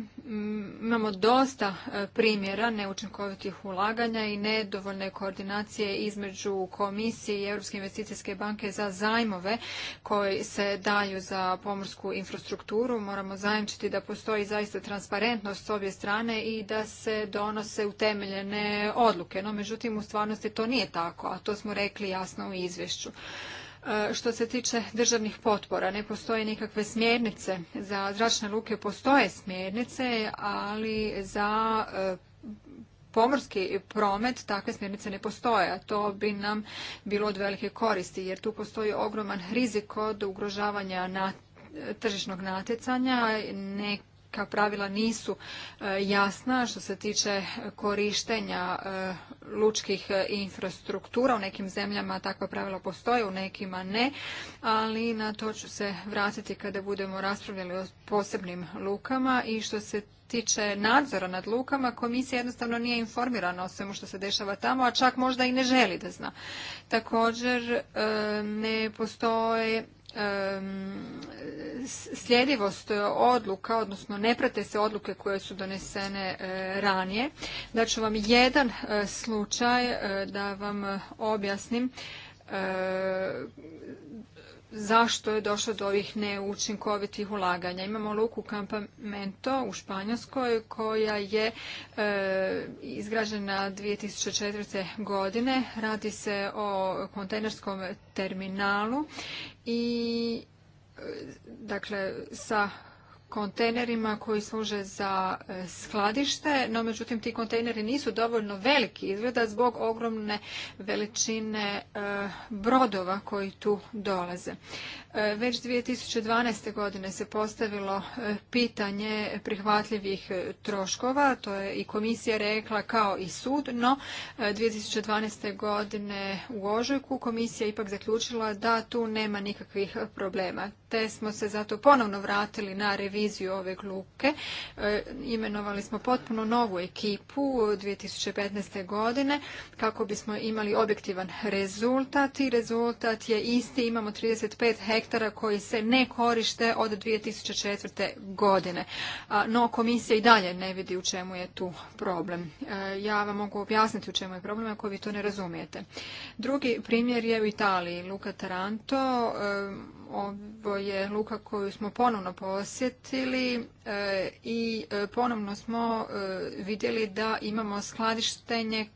Imamo dosta e, primjera neučinkovitih ulaganja i nedovoljne koordinacije između Komisije i Europske investicijske banke za zajmove koji se daju za pomorsku infrastrukturu. Moramo zajemčiti da postoji zaista transparentnost s obje strane i da se donose utemeljene odluke. No, međutim, u stvarnosti to nije tako, a to smo rekli jasno u izvješću. E, što se tiče državnih potpora, ne postoje nikakve smjernice. Za zračne luke postoje smjernice, ali za e, pomorski promet takve smjernice ne postoje, a to bi nam bilo od velike koristi, jer tu postoji ogroman rizik od ugrožavanja na e, tržišnog natjecanja. Neki kao pravila nisu e, jasna što se tiče korištenja e, lučkih e, infrastruktura. U nekim zemljama takva pravila postoje, u nekima ne, ali na to ću se vratiti kada budemo raspravljali o posebnim lukama i što se tiče nadzora nad lukama, komisija jednostavno nije informirana o svemu što se dešava tamo, a čak možda i ne želi da zna. Također ne postoje sljedivost odluka, odnosno ne prate se odluke koje su donesene e, ranije. ću vam jedan e, slučaj e, da vam objasnim zašto je došlo do ovih neučinkovitih ulaganja. Imamo luku Campamento u Španjolskoj koja je e, izgrađena 2004. godine. Radi se o kontejnerskom terminalu i e, dakle sa kontejnerima koji služe za e, skladište, no međutim ti kontejneri nisu dovoljno veliki izgleda zbog ogromne veličine e, brodova koji tu dolaze. E, već 2012. godine se postavilo pitanje prihvatljivih troškova, to je i komisija rekla kao i sud, no 2012. godine u Ožujku komisija ipak zaključila da tu nema nikakvih problema te smo se zato ponovno vratili na reviziju ove gluke. E, imenovali smo potpuno novu ekipu 2015. godine kako bismo imali objektivan rezultat i rezultat je isti. Imamo 35 hektara koji se ne korište od 2004. godine. No komisija i dalje ne vidi u čemu je tu problem. E, ja vam mogu objasniti u čemu je problem ako vi to ne razumijete. Drugi primjer je u Italiji. Luka Taranto, e, ovo je luka koju smo ponovno posjetili e, i e, ponovno smo e, vidjeli da imamo skladištenje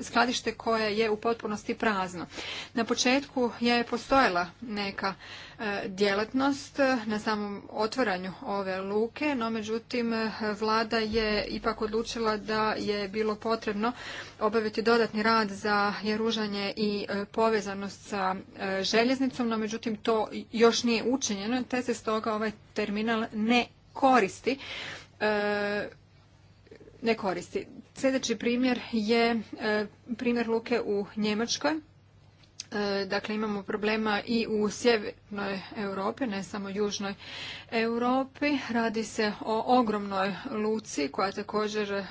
skladište koje je u potpunosti prazno. Na početku je postojala neka e, djelatnost e, na samom otvaranju ove luke, no međutim e, vlada je ipak odlučila da je bilo potrebno obaviti dodatni rad za jeružanje i povezanost sa željeznicom, no međutim to još nije učinjeno, te se stoga ovaj terminal ne koristi ne koristi. Sljedeći primjer je e, primjer luke u Njemačkoj. E, dakle, imamo problema i u sjeveru cjelokupnoj Europi, ne samo južnoj Europi. Radi se o ogromnoj luci koja također e,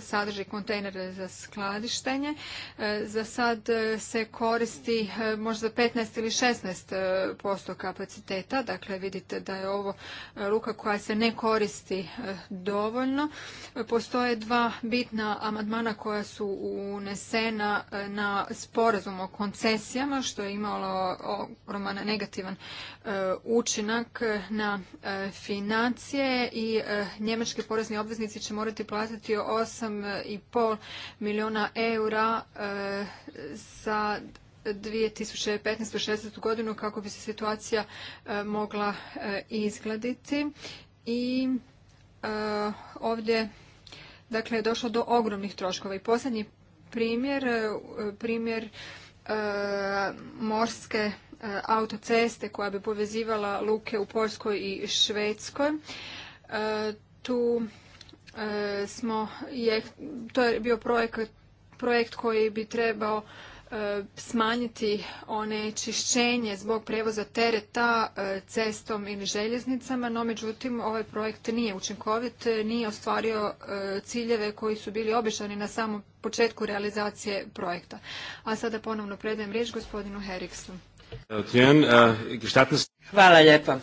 sadrži kontejnere za skladištenje. E, za sad e, se koristi možda 15 ili 16 posto kapaciteta, dakle vidite da je ovo luka koja se ne koristi dovoljno. Postoje dva bitna amandmana koja su unesena na sporazum o koncesijama, što je imalo ogroman negativan E, učinak na e, financije i e, njemački porezni obveznici će morati platiti 8,5 milijuna eura za 2015-2016 godinu kako bi se situacija mogla izgladiti i ovdje dakle je došlo do ogromnih troškova i posljednji primjer primjer morske E, autoceste koja bi povezivala luke u Poljskoj i Švedskoj. E, tu e, smo, je, to je bio projekt, projekt koji bi trebao smanjiti onečišćenje zbog prevoza tereta cestom ili željeznicama, no međutim ovaj projekt nije učinkovit, nije ostvario ciljeve koji su bili obećani na samom početku realizacije projekta. A sada ponovno predajem riječ gospodinu Heriksu. Eh, Hvala lijepo.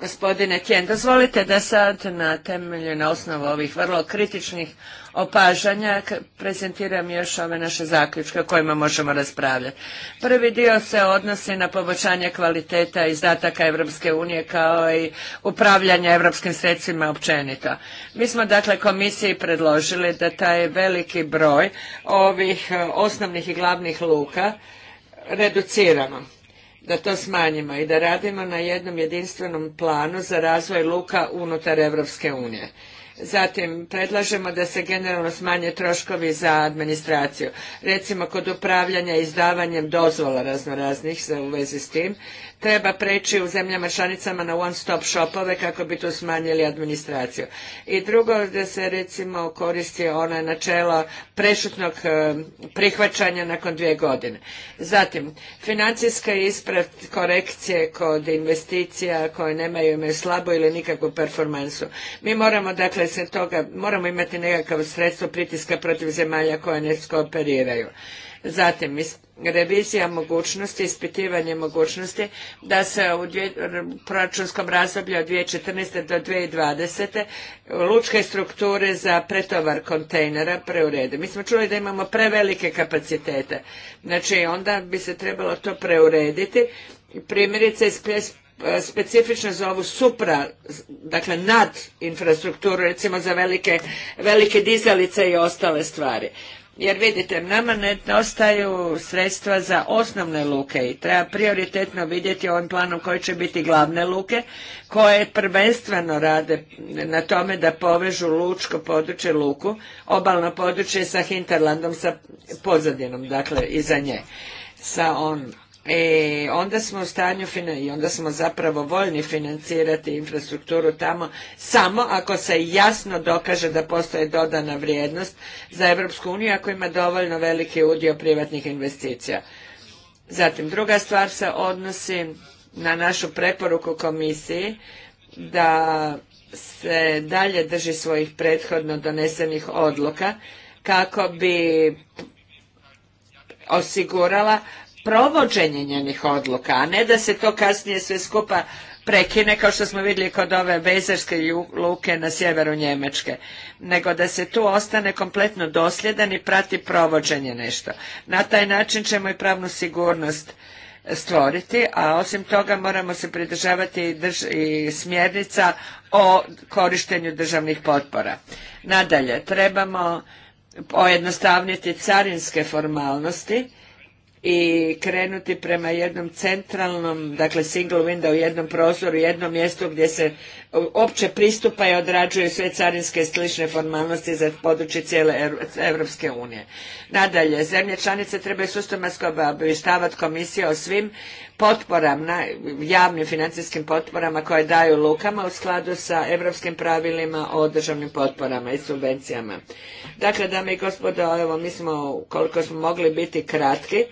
Gospodine Tjen, dozvolite da sad na temelju, na osnovu ovih vrlo kritičnih opažanja prezentiram još ove naše zaključke o kojima možemo raspravljati. Prvi dio se odnosi na poboljšanje kvaliteta izdataka Europske unije kao i upravljanja europskim sredstvima općenito. Mi smo dakle komisiji predložili da taj veliki broj ovih eh, osnovnih i glavnih luka reduciramo da to smanjimo i da radimo na jednom jedinstvenom planu za razvoj luka unutar Evropske unije. Zatim, predlažemo da se generalno smanje troškovi za administraciju. Recimo, kod upravljanja i izdavanjem dozvola raznoraznih u vezi s tim, treba preći u zemljama članicama na one stop shopove kako bi tu smanjili administraciju. I drugo da se recimo koristi ono načelo prešutnog eh, prihvaćanja nakon dvije godine. Zatim, financijska isprav korekcije kod investicija koje nemaju imaju slabu ili nikakvu performansu. Mi moramo dakle se toga, moramo imati nekakav sredstvo pritiska protiv zemalja koje ne kooperiraju. Zatim, revizija mogućnosti, ispitivanje mogućnosti da se u proračunskom razdoblju od 2014. do 2020. lučke strukture za pretovar kontejnera preurede. Mi smo čuli da imamo prevelike kapacitete. Znači, onda bi se trebalo to preurediti. Primjerice, specifično za ovu supra, dakle nad infrastrukturu, recimo za velike dizalice i ostale stvari. Jer vidite, nama ostaju sredstva za osnovne luke i treba prioritetno vidjeti ovim planom koji će biti glavne luke, koje prvenstveno rade na tome da povežu lučko područje luku, obalno područje sa Hinterlandom, sa pozadinom, dakle, iza nje, sa on i e, onda smo u stanju i onda smo zapravo voljni financirati infrastrukturu tamo samo ako se jasno dokaže da postoje dodana vrijednost za Europsku uniju ako ima dovoljno veliki udio privatnih investicija. Zatim druga stvar se odnosi na našu preporuku komisiji da se dalje drži svojih prethodno donesenih odluka kako bi osigurala provođenje njenih odluka, a ne da se to kasnije sve skupa prekine, kao što smo vidjeli kod ove bezerske luke na sjeveru Njemačke, nego da se tu ostane kompletno dosljedan i prati provođenje nešto. Na taj način ćemo i pravnu sigurnost stvoriti, a osim toga moramo se pridržavati i smjernica o korištenju državnih potpora. Nadalje, trebamo pojednostavniti carinske formalnosti, i krenuti prema jednom centralnom, dakle single window, jednom prostoru, jednom mjestu gdje se opće pristupa i odrađuju sve carinske i slične formalnosti za područje cijele Europske unije. Nadalje, zemlje članice trebaju sustomatsko obavještavati komisije o svim potporama, javnim financijskim potporama koje daju lukama u skladu sa europskim pravilima o državnim potporama i subvencijama. Dakle, dame i gospodo, evo mi smo koliko smo mogli biti kratki,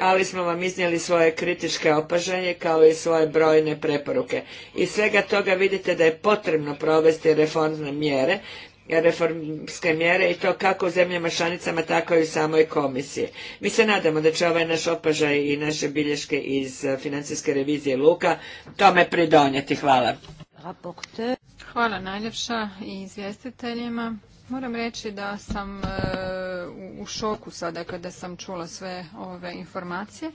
ali smo vam iznijeli svoje kritičke opažanje kao i svoje brojne preporuke. Iz svega toga vidite da je potrebno provesti reformne mjere, reformske mjere i to kako u zemljama članicama, tako i u samoj komisiji. Mi se nadamo da će ovaj naš opažaj i naše bilješke iz financijske revizije Luka tome pridonijeti. Hvala. Hvala najljepša i izvjestiteljima. Moram reći da sam e, u šoku sada kada sam čula sve ove informacije,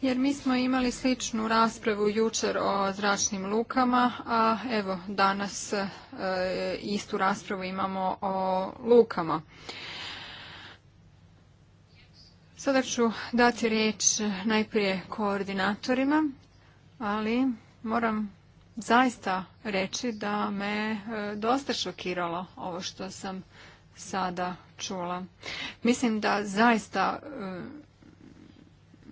jer mi smo imali sličnu raspravu jučer o zračnim lukama, a evo danas e, istu raspravu imamo o lukama. Sada ću dati riječ najprije koordinatorima, ali moram zaista reći da me e, dosta šokiralo ovo što sam sada čula. Mislim da zaista e,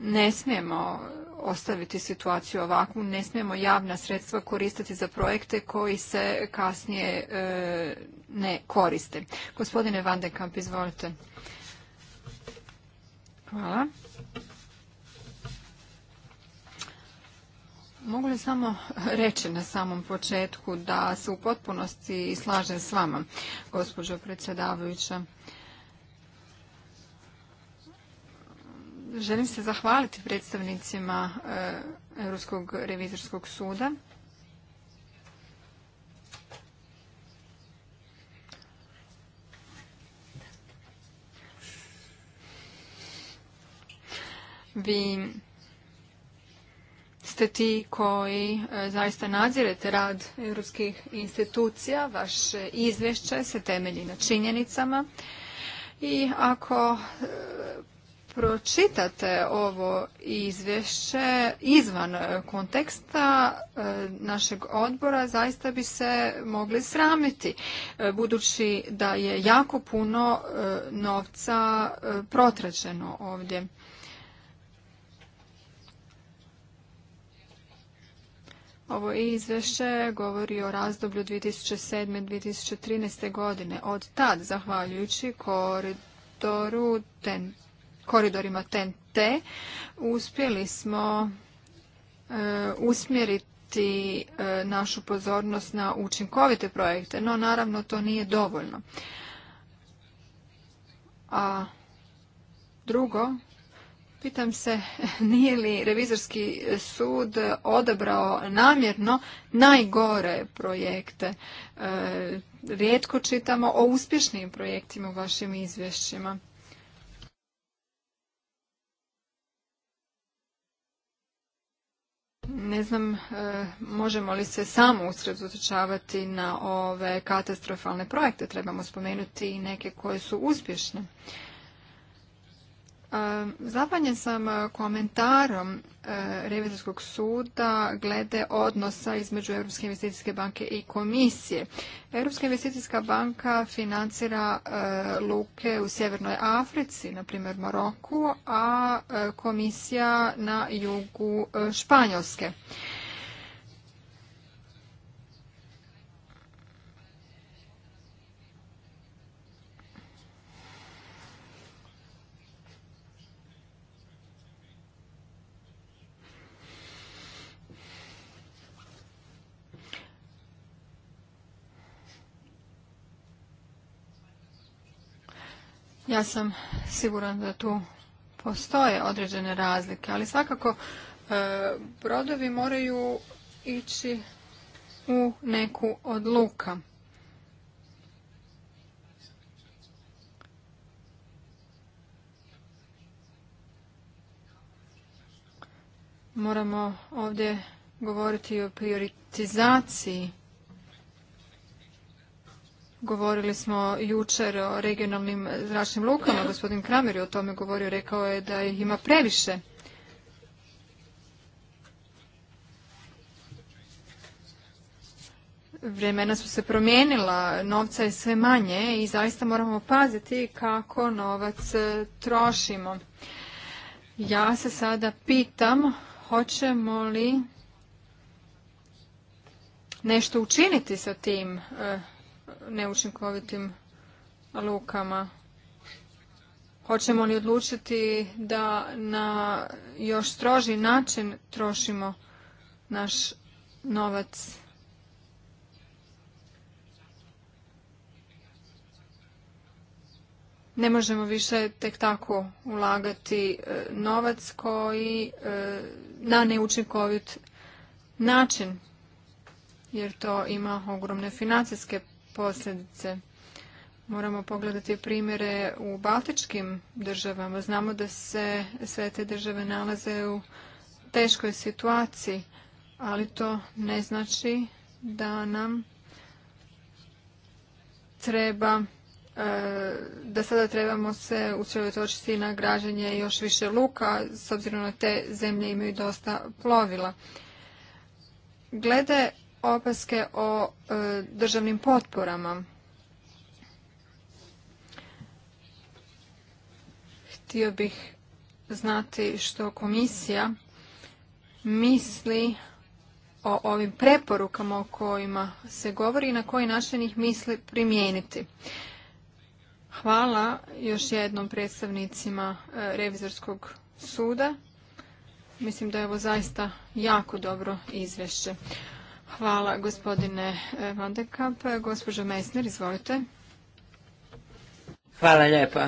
ne smijemo ostaviti situaciju ovakvu, ne smijemo javna sredstva koristiti za projekte koji se kasnije e, ne koriste. Gospodine Vandenkamp, izvolite. Hvala. Mogu li samo reći na samom početku da se u potpunosti slažem s vama, gospođo predsjedavajuća. Želim se zahvaliti predstavnicima eh, Europskog revizorskog suda. Vi ste ti koji e, zaista nadzirete rad europskih institucija. Vaše izvješće se temelji na činjenicama i ako e, pročitate ovo izvješće izvan e, konteksta našeg odbora, zaista bi se mogli sramiti, budući da je jako puno novca protračeno ovdje. Ovo izvješće govori o razdoblju 2007-2013. godine. Od tad, zahvaljujući ten, koridorima TNT, uspjeli smo e, usmjeriti e, našu pozornost na učinkovite projekte, no naravno to nije dovoljno. A drugo, Pitam se, nije li revizorski sud odabrao namjerno najgore projekte? E, rijetko čitamo o uspješnim projektima u vašim izvješćima. Ne znam, e, možemo li se samo usredotočavati na ove katastrofalne projekte. Trebamo spomenuti i neke koje su uspješne. Zapanjen sam komentarom e, Revizorskog suda glede odnosa između Europske investicijske banke i komisije. Europska investicijska banka financira e, luke u Sjevernoj Africi, na primjer Maroku, a e, komisija na jugu Španjolske. Ja sam siguran da tu postoje određene razlike, ali svakako e, brodovi moraju ići u neku od luka. Moramo ovdje govoriti o prioritizaciji Govorili smo jučer o regionalnim zračnim lukama, gospodin Kramer je o tome govorio, rekao je da ih ima previše. Vremena su se promijenila, novca je sve manje i zaista moramo paziti kako novac e, trošimo. Ja se sada pitam hoćemo li nešto učiniti sa tim e, neučinkovitim lukama. Hoćemo li odlučiti da na još stroži način trošimo naš novac? Ne možemo više tek tako ulagati e, novac koji e, na neučinkovit način, jer to ima ogromne financijske posljedice. Moramo pogledati primjere u baltičkim državama. Znamo da se sve te države nalaze u teškoj situaciji, ali to ne znači da nam treba e, da sada trebamo se usredotočiti na građanje još više luka, s obzirom na te zemlje imaju dosta plovila. Glede opaske o e, državnim potporama. Htio bih znati što komisija misli o ovim preporukama o kojima se govori i na koji način ih misli primijeniti. Hvala još jednom predstavnicima e, Revizorskog suda. Mislim da je ovo zaista jako dobro izvješće. Hvala gospodine eh, Vandekamp. Gospođo Mesner, izvolite. Hvala lijepo.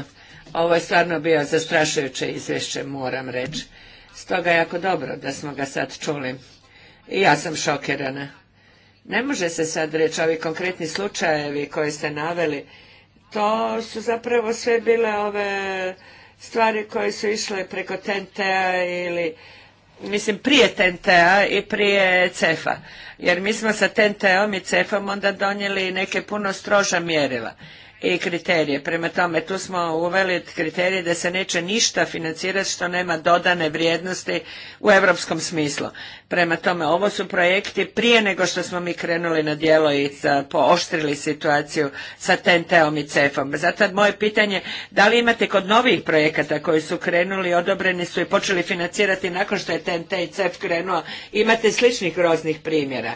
Ovo je stvarno bio zastrašujuće izvješće, moram reći. Stoga je jako dobro da smo ga sad čuli. I ja sam šokirana. Ne može se sad reći, ovi konkretni slučajevi koji ste naveli, to su zapravo sve bile ove stvari koje su išle preko TNT-a ili mislim prije TNT-a i prije CEF-a. Jer mi smo sa TNT-om i CEF-om onda donijeli neke puno stroža mjerila i kriterije. Prema tome, tu smo uveli kriterije da se neće ništa financirati što nema dodane vrijednosti u europskom smislu. Prema tome, ovo su projekti prije nego što smo mi krenuli na djelo i pooštrili situaciju sa TNT-om i CEF-om. Zato moje pitanje, da li imate kod novih projekata koji su krenuli, odobreni su i počeli financirati nakon što je TNT i CEF krenuo, imate sličnih groznih primjera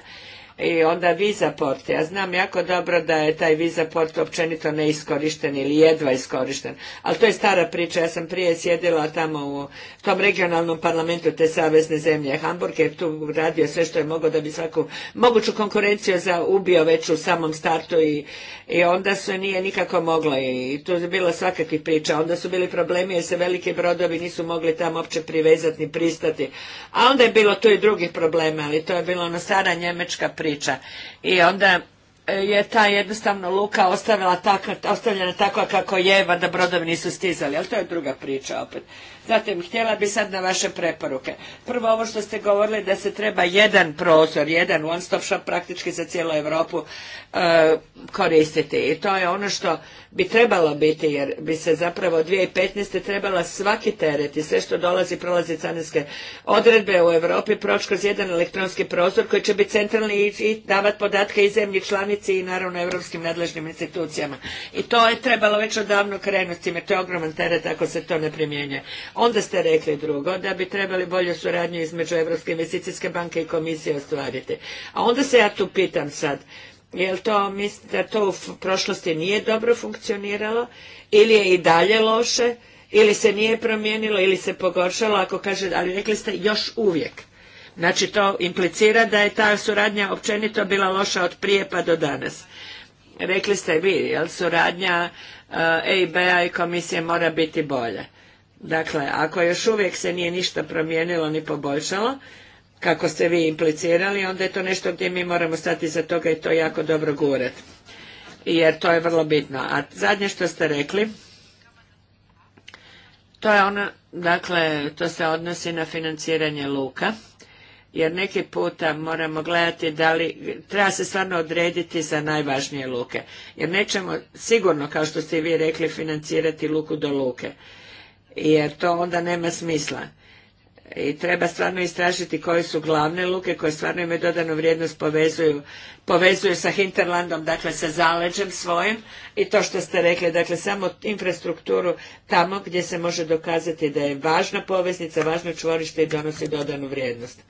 i onda viza Ja znam jako dobro da je taj viza općenito neiskorišten ili jedva iskorišten, ali to je stara priča. Ja sam prije sjedila tamo u tom regionalnom parlamentu te savezne zemlje. Hamburg je tu radio sve što je mogao da bi svaku moguću konkurenciju za ubio već u samom startu i, onda se nije nikako moglo. i tu je bilo svakakvih priča. Onda su bili problemi jer se velike brodovi nisu mogli tamo opće privezati ni pristati. A onda je bilo tu i drugih problema, ali to je bilo ono stara njemečka priča priča. I onda e, je ta jednostavno luka ostavila tako, ostavljena kako je, da brodovi nisu stizali, ali to je druga priča opet. Zatim, htjela bi sad na vaše preporuke. Prvo ovo što ste govorili da se treba jedan prozor, jedan one stop shop praktički za cijelu Europu e, koristiti. I to je ono što bi trebalo biti jer bi se zapravo 2015. trebala svaki teret i sve što dolazi prolazi carinske odredbe u Europi proći kroz jedan elektronski prostor koji će biti centralni i, davati podatke i zemlji članici i naravno europskim nadležnim institucijama. I to je trebalo već odavno krenuti jer to je ogroman teret ako se to ne primjenjuje. Onda ste rekli drugo da bi trebali bolju suradnju između Europske investicijske banke i komisije ostvariti. A onda se ja tu pitam sad, Jel to mislite da to u prošlosti nije dobro funkcioniralo ili je i dalje loše ili se nije promijenilo ili se pogoršalo ako kaže, ali rekli ste još uvijek. Znači to implicira da je ta suradnja općenito bila loša od prije pa do danas. Rekli ste vi, jel suradnja EIB-a eh, i komisije mora biti bolja. Dakle, ako još uvijek se nije ništa promijenilo ni poboljšalo, kako ste vi implicirali, onda je to nešto gdje mi moramo stati za toga i to jako dobro gurati. Jer to je vrlo bitno. A zadnje što ste rekli, to je ono, dakle, to se odnosi na financiranje luka, jer neki puta moramo gledati da li, treba se stvarno odrediti za najvažnije luke, jer nećemo sigurno, kao što ste i vi rekli, financirati luku do luke, jer to onda nema smisla i treba stvarno istražiti koje su glavne luke koje stvarno imaju dodanu vrijednost povezuju, povezuju sa hinterlandom, dakle sa zaleđem svojim i to što ste rekli, dakle samo infrastrukturu tamo gdje se može dokazati da je važna poveznica, važno čvorište i donosi dodanu vrijednost.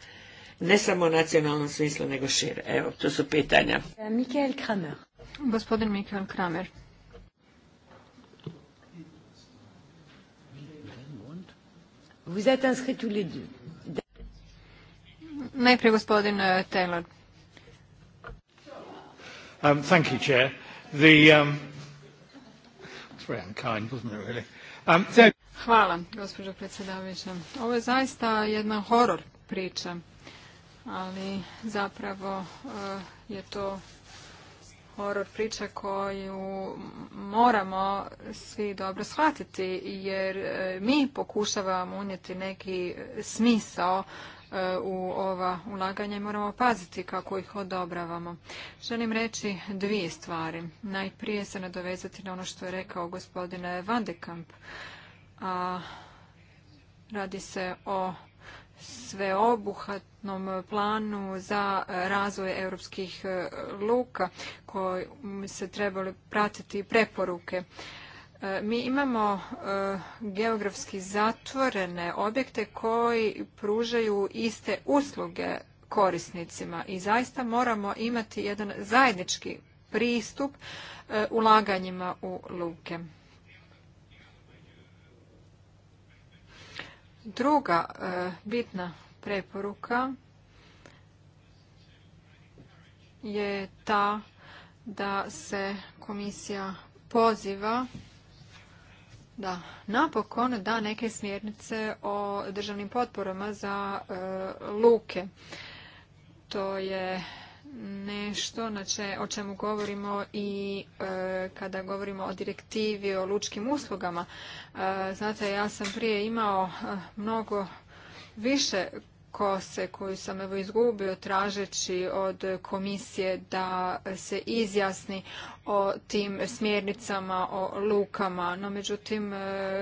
Ne samo u nacionalnom smislu, nego šire. Evo, to su pitanja. Mikael Kramer. Gospodin Mikael Kramer. Vous êtes inscrits tous les deux. Najprije gospodin eh, Taylor. Um, thank you, Chair. The, um, it's very unkind, wasn't it, really? Um, so... Hvala, gospođo predsjedavajuća. Ovo je zaista jedna horor priča, ali zapravo uh, je to horror priča koju moramo svi dobro shvatiti jer e, mi pokušavamo unijeti neki smisao e, u ova ulaganja i moramo paziti kako ih odobravamo. Želim reći dvije stvari. Najprije se nadovezati na ono što je rekao gospodin Vandekamp. A, radi se o sveobuhvatnom planu za razvoj europskih e, luka kojim se trebali pratiti preporuke. E, mi imamo e, geografski zatvorene objekte koji pružaju iste usluge korisnicima i zaista moramo imati jedan zajednički pristup ulaganjima u luke. Druga e, bitna preporuka je ta da se komisija poziva da napokon da neke smjernice o državnim potporama za e, luke. To je nešto znači o čemu govorimo i e, kada govorimo o direktivi o lučkim uslugama. E, znate, ja sam prije imao e, mnogo više kose koju sam evo izgubio tražeći od komisije da se izjasni o tim smjernicama, o lukama. No međutim,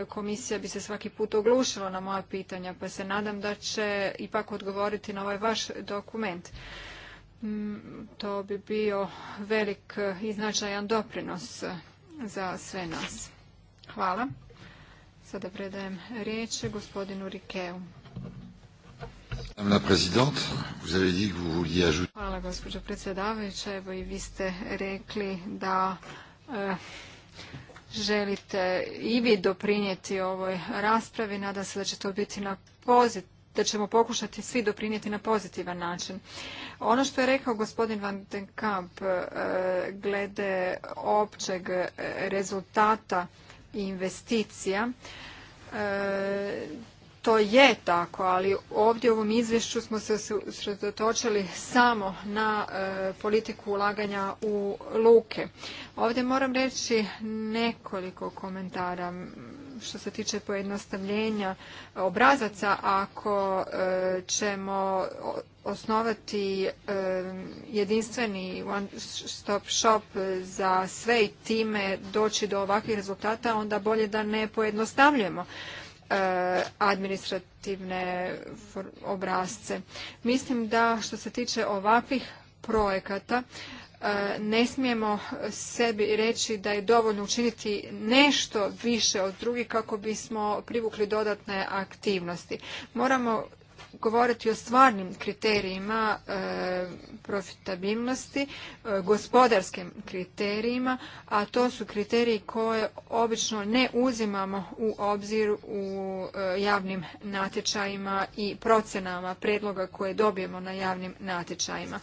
komisija bi se svaki put oglušila na moja pitanja, pa se nadam da će ipak odgovoriti na ovaj vaš dokument. Mm, to bi bio velik i značajan doprinos za sve nas. Hvala. Sada predajem riječ gospodinu Rikeu. Hvala gospođo predsjedavajuća. Evo i vi ste rekli da eh, želite i vi doprinijeti ovoj raspravi. Nadam se da će to biti na pozit da ćemo pokušati svi doprinijeti na pozitivan način. Ono što je rekao gospodin Van den Kamp e, glede općeg rezultata i investicija, e, to je tako, ali ovdje u ovom izvješću smo se sredotočili samo na e, politiku ulaganja u luke. Ovdje moram reći nekoliko komentara što se tiče pojednostavljenja obrazaca, ako e, ćemo osnovati e, jedinstveni one stop shop za sve i time doći do ovakvih rezultata, onda bolje da ne pojednostavljujemo e, administrativne obrazce. Mislim da što se tiče ovakvih projekata E, ne smijemo sebi reći da je dovoljno učiniti nešto više od drugih kako bismo privukli dodatne aktivnosti. Moramo govoriti o stvarnim kriterijima e, profitabilnosti, e, gospodarskim kriterijima, a to su kriteriji koje obično ne uzimamo u obzir u e, javnim natječajima i procenama predloga koje dobijemo na javnim natječajima.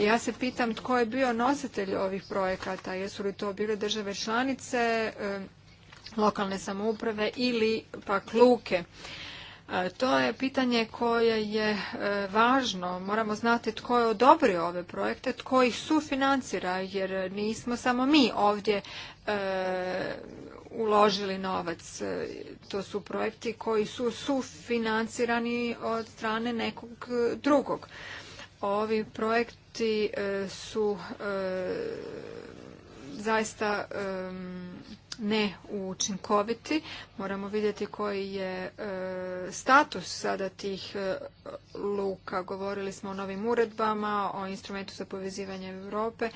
Ja se pitam tko je bio nositelj ovih projekata, jesu li to bile države članice, lokalne samouprave ili pak luke. To je pitanje koje je e, važno. Moramo znati tko je odobrio ove projekte, tko ih sufinancira, jer nismo samo mi ovdje e, uložili novac. E, to su projekti koji su sufinancirani od strane nekog drugog. Ovi projekti su zaista neučinkoviti. Moramo vidjeti koji je e, status sada tih e, luka. Govorili smo o novim uredbama, o instrumentu za povezivanje Europe.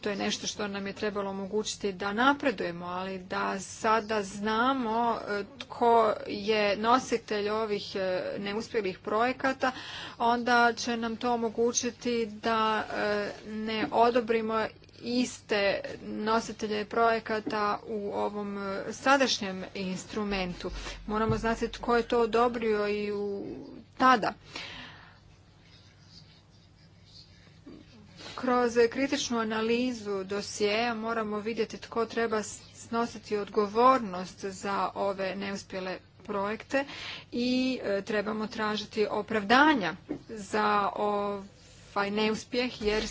To je nešto što nam je trebalo omogućiti da napredujemo, ali da sada znamo e, tko je nositelj ovih neuspjelih projekata, onda će nam to omogućiti da ne odobrimo iste nositelje projekata u ovom e, sadašnjem instrumentu. Moramo znati tko je to odobrio i u tada. Kroz kritičnu analizu dosijeja moramo vidjeti tko treba snositi odgovornost za ove neuspjele projekte i e, trebamo tražiti opravdanja za ove ovaj neuspjeh jer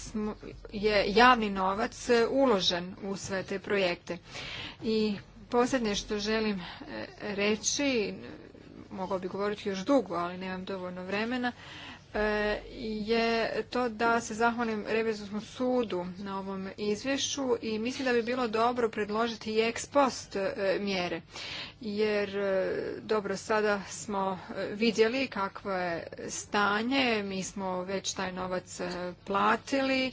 je javni novac e, uložen u sve te projekte. I posljednje što želim e, reći, mogao bi govoriti još dugo, ali nemam dovoljno vremena, E, je to da se zahvalim revizorskom sudu na ovom izvješću i mislim da bi bilo dobro predložiti i ex post e, mjere jer e, dobro sada smo vidjeli kakvo je stanje mi smo već taj novac platili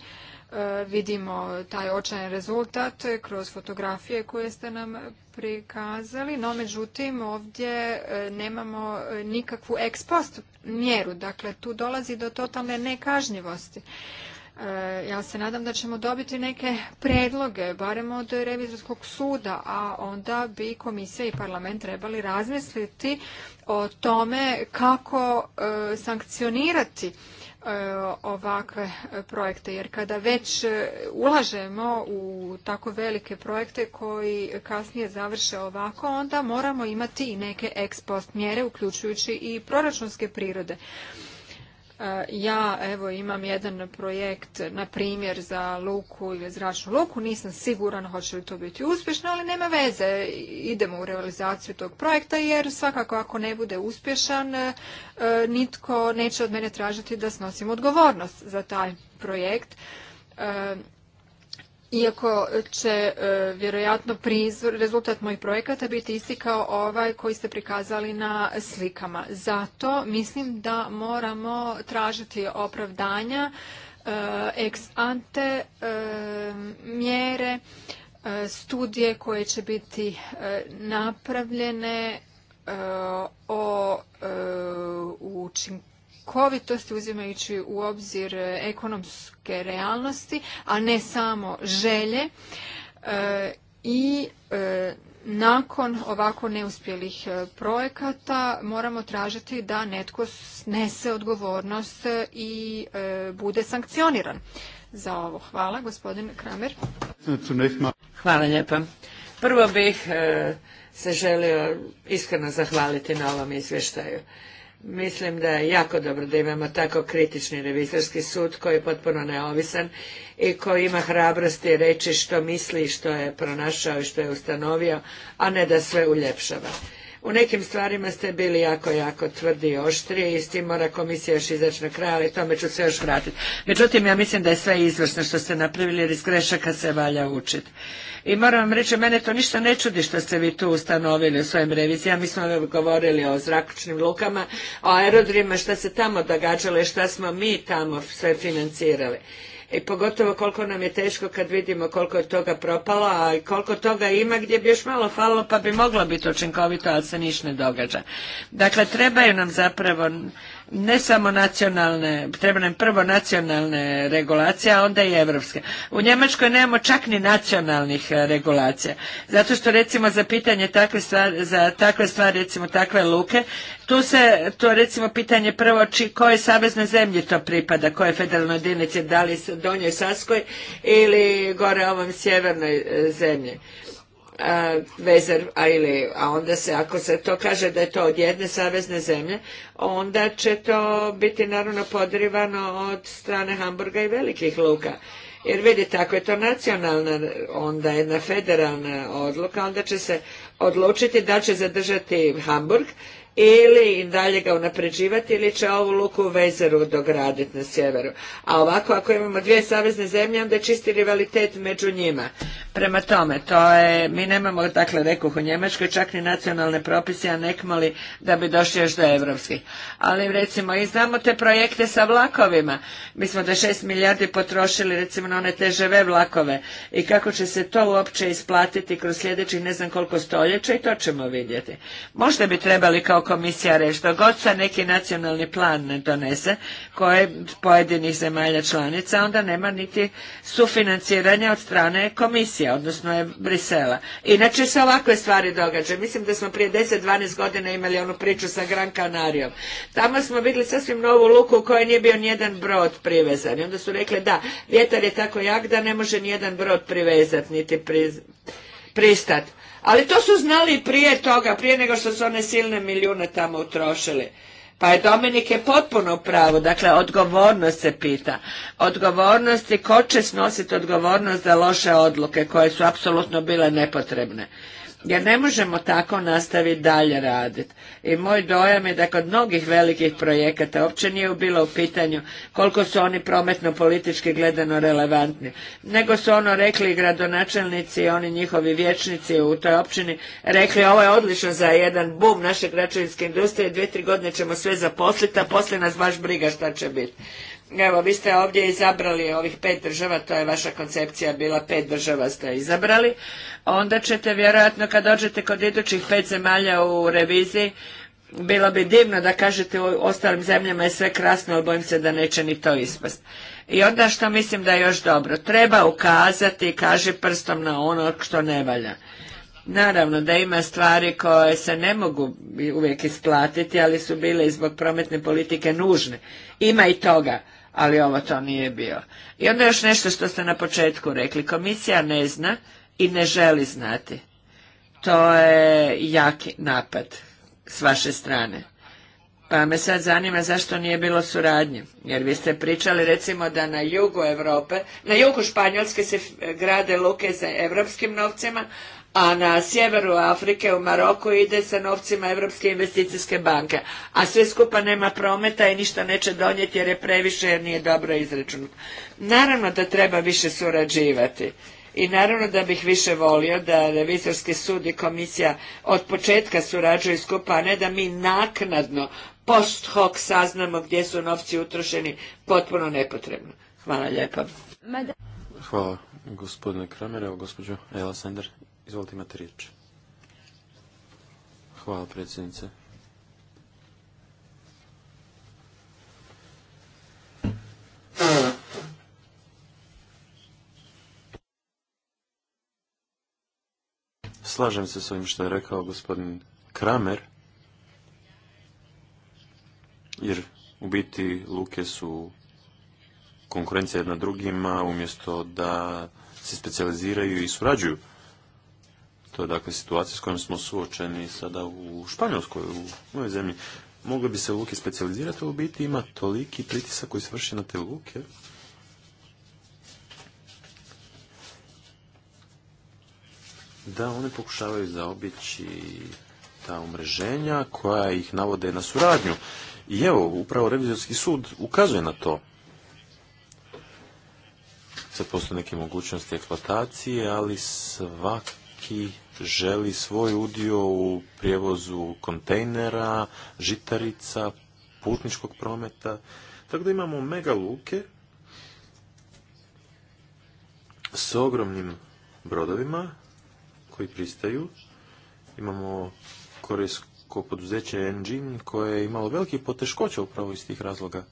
E, vidimo taj očajan rezultat kroz fotografije koje ste nam prikazali, no međutim ovdje e, nemamo nikakvu ekspost mjeru, dakle tu dolazi do totalne nekažnjivosti. E, ja se nadam da ćemo dobiti neke predloge, barem od revizorskog suda, a onda bi komisija i parlament trebali razmisliti o tome kako sankcionirati E, ovakve projekte jer kada već e, ulažemo u tako velike projekte koji kasnije završe ovako onda moramo imati i neke ex post mjere uključujući i proračunske prirode E, ja evo imam jedan projekt, na primjer za luku ili zračnu luku, nisam siguran hoće li to biti uspješno, ali nema veze, idemo u realizaciju tog projekta jer svakako ako ne bude uspješan, e, nitko neće od mene tražiti da snosim odgovornost za taj projekt e, iako će e, vjerojatno prizor, rezultat mojih projekata biti isti kao ovaj koji ste prikazali na slikama. Zato mislim da moramo tražiti opravdanja e, ex ante e, mjere, studije koje će biti napravljene o učinkovanju učinkovitosti uzimajući u obzir e, ekonomske realnosti, a ne samo želje e, i e, nakon ovako neuspjelih projekata moramo tražiti da netko snese odgovornost i bude sankcioniran za ovo. Hvala, gospodin Kramer. Hvala lijepa. Prvo bih se želio iskreno zahvaliti na ovom izvještaju Mislim da je jako dobro da imamo tako kritični revizorski sud koji je potpuno neovisan i koji ima hrabrosti reći što misli, što je pronašao i što je ustanovio, a ne da sve uljepšava. U nekim stvarima ste bili jako, jako tvrdi i oštri i s tim mora komisija još izaći na kraj, ali tome ću se još vratiti. Međutim, ja mislim da je sve izvrsno što ste napravili jer iz grešaka se valja učiti. I moram vam reći, mene to ništa ne čudi što ste vi tu ustanovili u svojim revizijama. Mi smo govorili o zrakočnim lukama, o aerodrima, šta se tamo događalo i šta smo mi tamo sve financirali i pogotovo koliko nam je teško kad vidimo koliko je toga propalo, a i koliko toga ima gdje bi još malo falilo pa bi moglo biti učinkovito, ali se ništa ne događa. Dakle, trebaju nam zapravo ne samo nacionalne, treba nam prvo nacionalne regulacije, a onda i evropske. U Njemačkoj nemamo čak ni nacionalnih e, regulacija. Zato što recimo za pitanje takve stvari, za takve stvari, recimo takve luke, tu se, to recimo pitanje prvo či, koje savezne zemlje to pripada, koje federalne jedinice, da li Donjoj Saskoj ili gore ovom sjevernoj e, zemlji vezer, a, ili, a onda se, ako se to kaže da je to od jedne savezne zemlje, onda će to biti naravno podrivano od strane Hamburga i velikih luka. Jer vidite, ako je to nacionalna, onda jedna federalna odluka, onda će se odlučiti da će zadržati Hamburg ili dalje ga unapređivati ili će ovu luku u Vezeru dograditi na sjeveru. A ovako ako imamo dvije savezne zemlje onda je čisti rivalitet među njima. Prema tome, to je, mi nemamo, dakle, rekuh u Njemačkoj čak ni nacionalne propise, a mali da bi došli još do evropskih. Ali recimo, i znamo te projekte sa vlakovima. Mi smo da 6 milijardi potrošili recimo na one TŽV vlakove i kako će se to uopće isplatiti kroz sljedećih ne znam koliko stoljeća i to ćemo vidjeti. Možda bi trebali kao komisija reći. Dok god se neki nacionalni plan ne donese, koje pojedinih zemalja članica, onda nema niti sufinanciranja od strane komisije, odnosno je Brisela. Inače se ovakve stvari događaju. Mislim da smo prije 10-12 godina imali onu priču sa Gran Canarijom. Tamo smo vidjeli sasvim novu luku u kojoj nije bio nijedan brod privezan. I onda su rekli da, vjetar je tako jak da ne može nijedan brod privezat niti pristat. Ali to su znali prije toga, prije nego što su one silne milijune tamo utrošili. Pa je Dominik je potpuno u pravu, dakle odgovornost se pita. Odgovornost je ko će snositi odgovornost za loše odluke koje su apsolutno bile nepotrebne jer ne možemo tako nastaviti dalje raditi. I moj dojam je da kod mnogih velikih projekata uopće nije bilo u pitanju koliko su oni prometno politički gledano relevantni, nego su ono rekli gradonačelnici i oni njihovi vječnici u toj općini rekli ovo je odlično za jedan bum naše građevinske industrije, dvije, tri godine ćemo sve zaposliti, a poslije nas baš briga šta će biti. Evo, vi ste ovdje izabrali ovih pet država, to je vaša koncepcija bila, pet država ste izabrali. Onda ćete vjerojatno kad dođete kod idućih pet zemalja u reviziji, bilo bi divno da kažete u ostalim zemljama je sve krasno, ali bojim se da neće ni to ispast. I onda što mislim da je još dobro, treba ukazati i kaži prstom na ono što ne valja. Naravno da ima stvari koje se ne mogu uvijek isplatiti, ali su bile i zbog prometne politike nužne. Ima i toga ali ovo to nije bio. I onda još nešto što ste na početku rekli, komisija ne zna i ne želi znati. To je jaki napad s vaše strane. Pa me sad zanima zašto nije bilo suradnje, jer vi ste pričali recimo da na jugu Europe, na jugu Španjolske se grade luke sa evropskim novcima, a na sjeveru Afrike u Maroku ide sa novcima Europske investicijske banke. A sve skupa nema prometa i ništa neće donijeti jer je previše jer nije dobro izračunut. Naravno da treba više surađivati. I naravno da bih više volio da revizorski sud i komisija od početka surađuju skupa, a ne da mi naknadno post hoc saznamo gdje su novci utrošeni potpuno nepotrebno. Hvala lijepa. Hvala gospodine Kramer, evo gospođo Ela Sender. Izvolite, imate riječ. Hvala, predsjednice. Slažem se s ovim što je rekao gospodin Kramer, jer u biti luke su konkurencija jedna drugima, umjesto da se specializiraju i surađuju. To je dakle situacija s kojom smo suočeni sada u Španjolskoj, u mojoj zemlji. Mogle bi se luke specializirati, u biti ima toliki pritisak koji se vrši na te luke. Da, one pokušavaju zaobići ta umreženja koja ih navode na suradnju. I evo, upravo revizorski sud ukazuje na to. Sad postoje neke mogućnosti eksploatacije, ali svaki želi svoj udio u prijevozu kontejnera, žitarica, putničkog prometa. Tako da imamo mega luke s ogromnim brodovima koji pristaju. Imamo korejsko poduzeće Engine koje je imalo veliki poteškoća upravo iz tih razloga.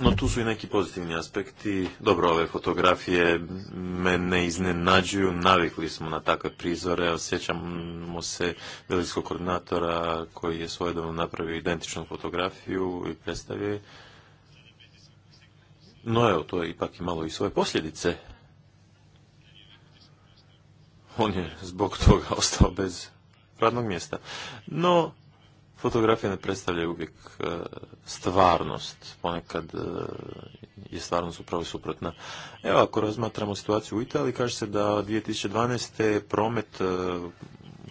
No tu su i neki pozitivni aspekti. Dobro, ove fotografije me ne iznenađuju, navikli smo na takve prizore, osjećamo se velikog koordinatora koji je svojedobno napravio identičnu fotografiju i predstavio No evo, to je ipak imalo i svoje posljedice. On je zbog toga ostao bez radnog mjesta. No, Fotografije ne predstavljaju uvijek e, stvarnost, ponekad e, je stvarnost upravo suprotna. Evo, ako razmatramo situaciju u Italiji, kaže se da 2012. promet e,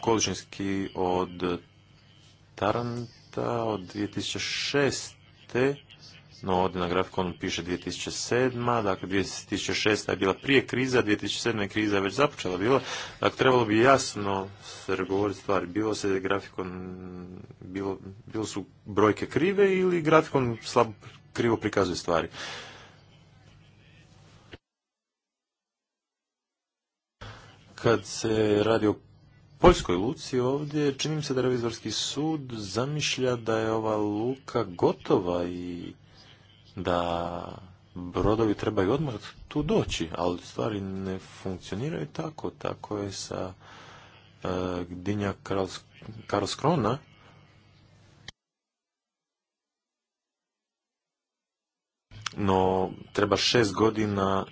količinski od Taranta od 2006. No ovdje na grafikonu piše 2007. Dakle, 2006. je bila prije kriza, 2007. je kriza već započela bila. Dakle, trebalo bi jasno se govoriti stvari. Bilo se grafikon, bilo, bilo su brojke krive ili grafikon slabo krivo prikazuje stvari. Kad se radi o Poljskoj luci ovdje čini se da revizorski sud zamišlja da je ova luka gotova i da brodovi trebaju odmah tu doći, ali stvari ne funkcioniraju tako. Tako je sa e, Gdinja krona No, treba šest godina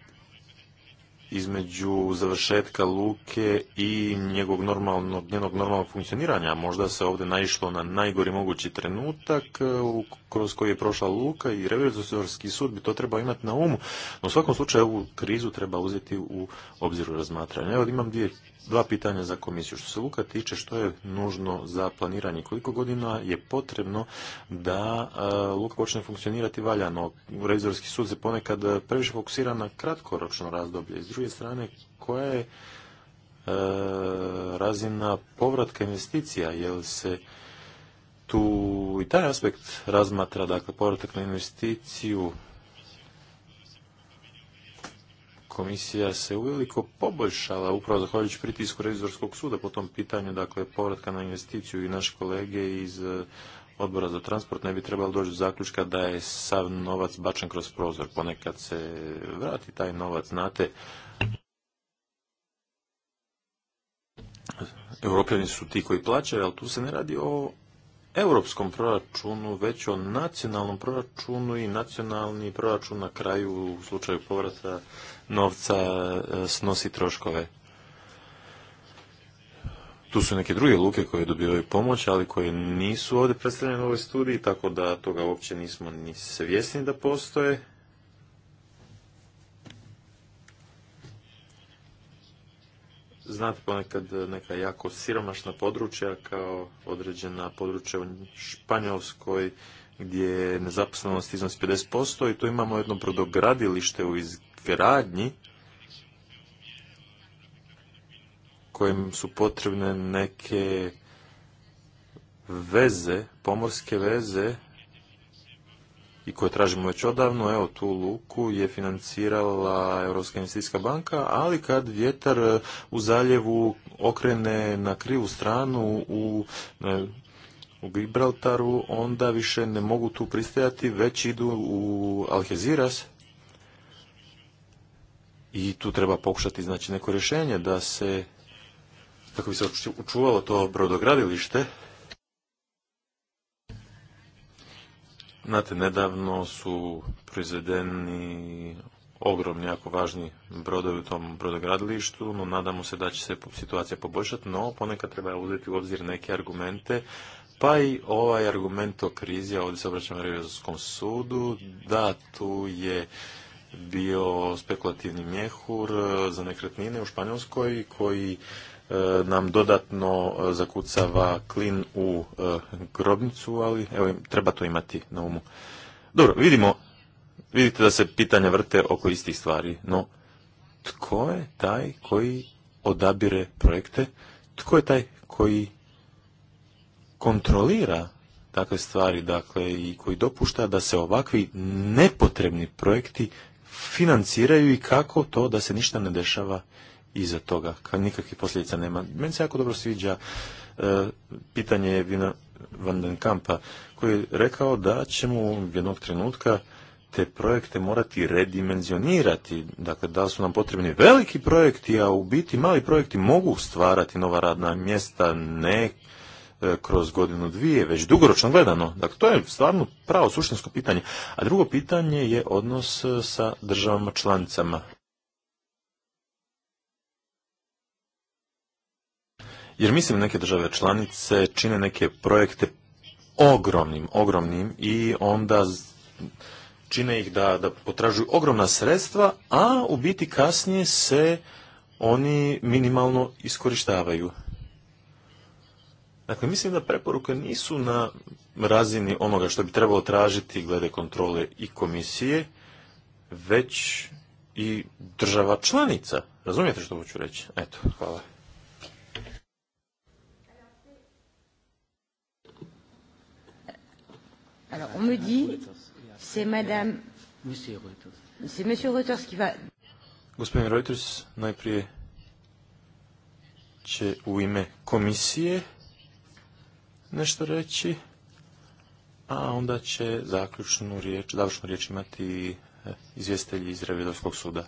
između završetka luke i njegovog normalnog, njenog normalnog funkcioniranja. Možda se ovdje naišlo na najgori mogući trenutak e, kroz koji je prošla luka i revizorski sud bi to trebao imati na umu. No u svakom slučaju ovu krizu treba uzeti u obziru razmatranja. Evo imam dvije dva pitanja za komisiju. Što se Luka tiče, što je nužno za planiranje? Koliko godina je potrebno da e, Luka počne funkcionirati valjano? Revizorski sud se ponekad previše fokusira na kratkoročno razdoblje. S druge strane, koja je e, razina povratka investicija? Jel se tu i taj aspekt razmatra, dakle, povratak na investiciju, komisija se uveliko poboljšala upravo zahvaljujući pritisku revizorskog suda po tom pitanju, dakle povratka na investiciju i naše kolege iz e, odbora za transport ne bi trebalo doći do zaključka da je sav novac bačen kroz prozor. Ponekad se vrati taj novac, znate. Europljani su ti koji plaćaju, ali tu se ne radi o europskom proračunu, već o nacionalnom proračunu i nacionalni proračun na kraju u slučaju povrata novca e, snosi troškove. Tu su neke druge luke koje dobivaju pomoć, ali koje nisu ovdje predstavljene u ovoj studiji, tako da toga uopće nismo ni svjesni da postoje. Znate ponekad neka jako siromašna područja kao određena područja u Španjolskoj gdje je nezaposlenost iznos 50% i tu imamo jedno brodogradilište u izgradnji kojim su potrebne neke veze, pomorske veze i koje tražimo već odavno, evo tu luku je financirala Europska investicijska banka, ali kad vjetar u zaljevu okrene na krivu stranu u u Gibraltaru, onda više ne mogu tu pristajati, već idu u Alheziras i tu treba pokušati znači neko rješenje da se kako bi se očuvalo to brodogradilište Znate, nedavno su proizvedeni ogromni, jako važni brodovi u tom brodogradilištu, no nadamo se da će se situacija poboljšati, no ponekad treba uzeti u obzir neke argumente, pa i ovaj argument o krizi, ovdje se obraćam revizorskom sudu, da tu je bio spekulativni mjehur za nekretnine u Španjolskoj koji E, nam dodatno e, zakucava klin u e, grobnicu, ali evo, treba to imati na umu. Dobro, vidimo, vidite da se pitanja vrte oko istih stvari, no tko je taj koji odabire projekte, tko je taj koji kontrolira takve stvari, dakle, i koji dopušta da se ovakvi nepotrebni projekti financiraju i kako to da se ništa ne dešava iza toga, kad nikakvih posljedica nema. Meni se jako dobro sviđa e, pitanje Vina Van den Kampa, koji je rekao da ćemo jednog trenutka te projekte morati redimenzionirati. Dakle, da su nam potrebni veliki projekti, a u biti mali projekti mogu stvarati nova radna mjesta, ne e, kroz godinu dvije, već dugoročno gledano. Dakle, to je stvarno pravo suštinsko pitanje. A drugo pitanje je odnos e, sa državama članicama. Jer mislim neke države članice čine neke projekte ogromnim, ogromnim i onda čine ih da, da potražuju ogromna sredstva, a u biti kasnije se oni minimalno iskorištavaju. Dakle, mislim da preporuke nisu na razini onoga što bi trebalo tražiti glede kontrole i komisije, već i država članica. Razumijete što hoću reći? Eto, hvala. Alors, on me dit, c'est madame... C'est monsieur Reuters qui va... Gospodin Reuters najprije će u ime komisije nešto reći, a onda će zaključnu riječ, završnu riječ imati e, izvjestelji iz Revidovskog suda.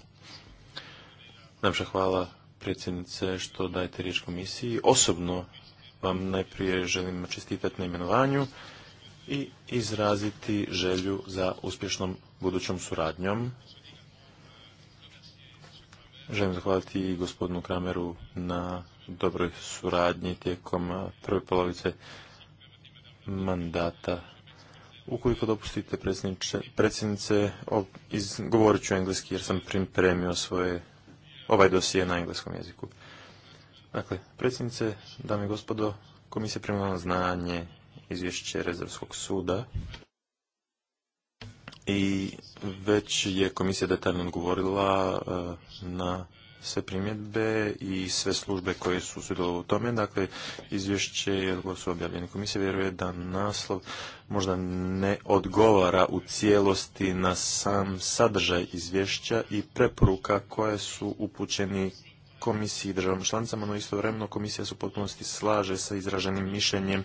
Najpša hvala predsjednice što dajete riječ komisiji. Osobno vam najprije želim čestitati na imenovanju i izraziti želju za uspješnom budućom suradnjom. Želim zahvaliti i gospodinu Krameru na dobroj suradnji tijekom prve polovice mandata. Ukoliko dopustite predsjednice, govorit ću engleski jer sam pripremio svoje, ovaj dosije na engleskom jeziku. Dakle, predsjednice, dame i gospodo, komisija primila na znanje izvješće Rezervskog suda i već je komisija detaljno odgovorila eh, na sve primjedbe i sve službe koje su sudjelovali u tome. Dakle, izvješće i odgovor su objavljeni. komisije, vjeruje da naslov možda ne odgovara u cijelosti na sam sadržaj izvješća i preporuka koje su upućeni komisiji i državama članicama, no istovremeno komisija se u potpunosti slaže sa izraženim mišljenjem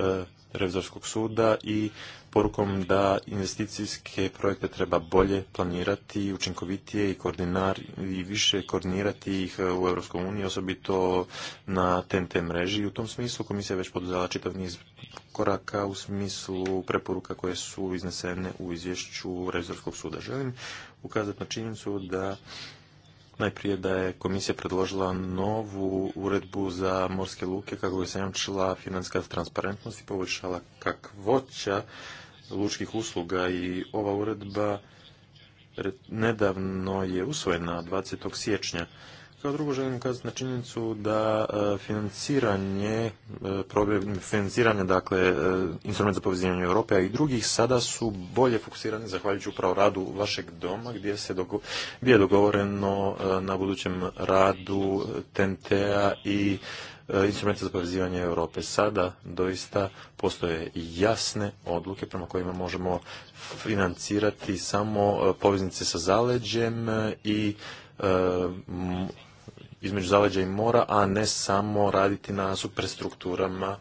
E, revizorskog suda i porukom da investicijske projekte treba bolje planirati, učinkovitije i, i više koordinirati ih e, u EU, osobito na TNT mreži. U tom smislu komisija je već poduzela čitav niz koraka u smislu preporuka koje su iznesene u izvješću Revizorskog suda. Želim ukazati na činjenicu da najprije da je komisija predložila novu uredbu za morske luke kako bi se jamčila financijska transparentnost i poboljšala kakvoća lučkih usluga i ova uredba nedavno je usvojena 20. siječnja kao drugo želim kazati na činjenicu da e, financiranje, e, financiranje, dakle, e, instrument za povezivanje Europe, a i drugih sada su bolje fokusirani, zahvaljujući upravo radu vašeg doma, gdje, se bije je dogovoreno na budućem radu TNT-a i instrumenta za povezivanje Europe. Sada doista postoje jasne odluke prema kojima možemo financirati samo poveznice sa zaleđem i između zaleđa i mora, a ne samo raditi na superstrukturama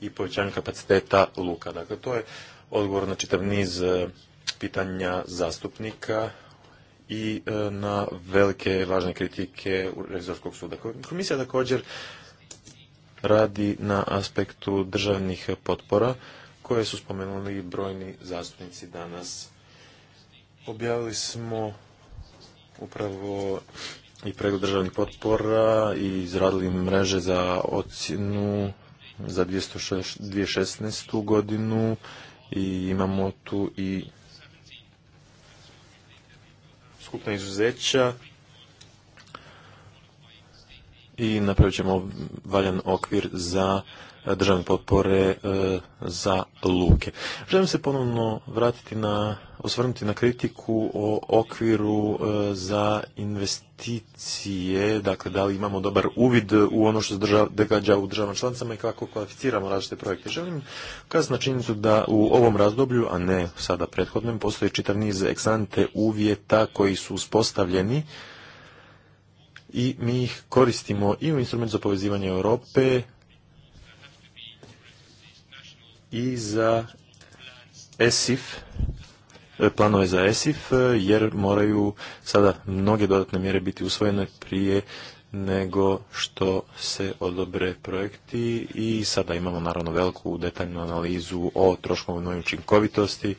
i povećanju kapaciteta luka. Dakle, to je odgovor na čitav niz e, pitanja zastupnika i e, na velike važne kritike Revizorskog suda. Komisija također radi na aspektu državnih potpora koje su spomenuli brojni zastupnici danas. Objavili smo upravo i pregled državnih potpora i izradili mreže za ocjenu za 2016. godinu i imamo tu i skupna izuzeća i napravit ćemo valjan okvir za e, državne potpore e, za luke. Želim se ponovno vratiti na, osvrnuti na kritiku o okviru e, za investicije, dakle da li imamo dobar uvid u ono što se događa u državama članicama i kako kvalificiramo različite projekte. Želim kazati na činjenicu da u ovom razdoblju, a ne sada prethodnom, postoji čitav niz eksante uvjeta koji su uspostavljeni i mi ih koristimo i u instrument za povezivanje Europe i za ESIF, e, planove za ESIF, e, jer moraju sada mnoge dodatne mjere biti usvojene prije nego što se odobre projekti i sada imamo naravno veliku detaljnu analizu o troškovnoj učinkovitosti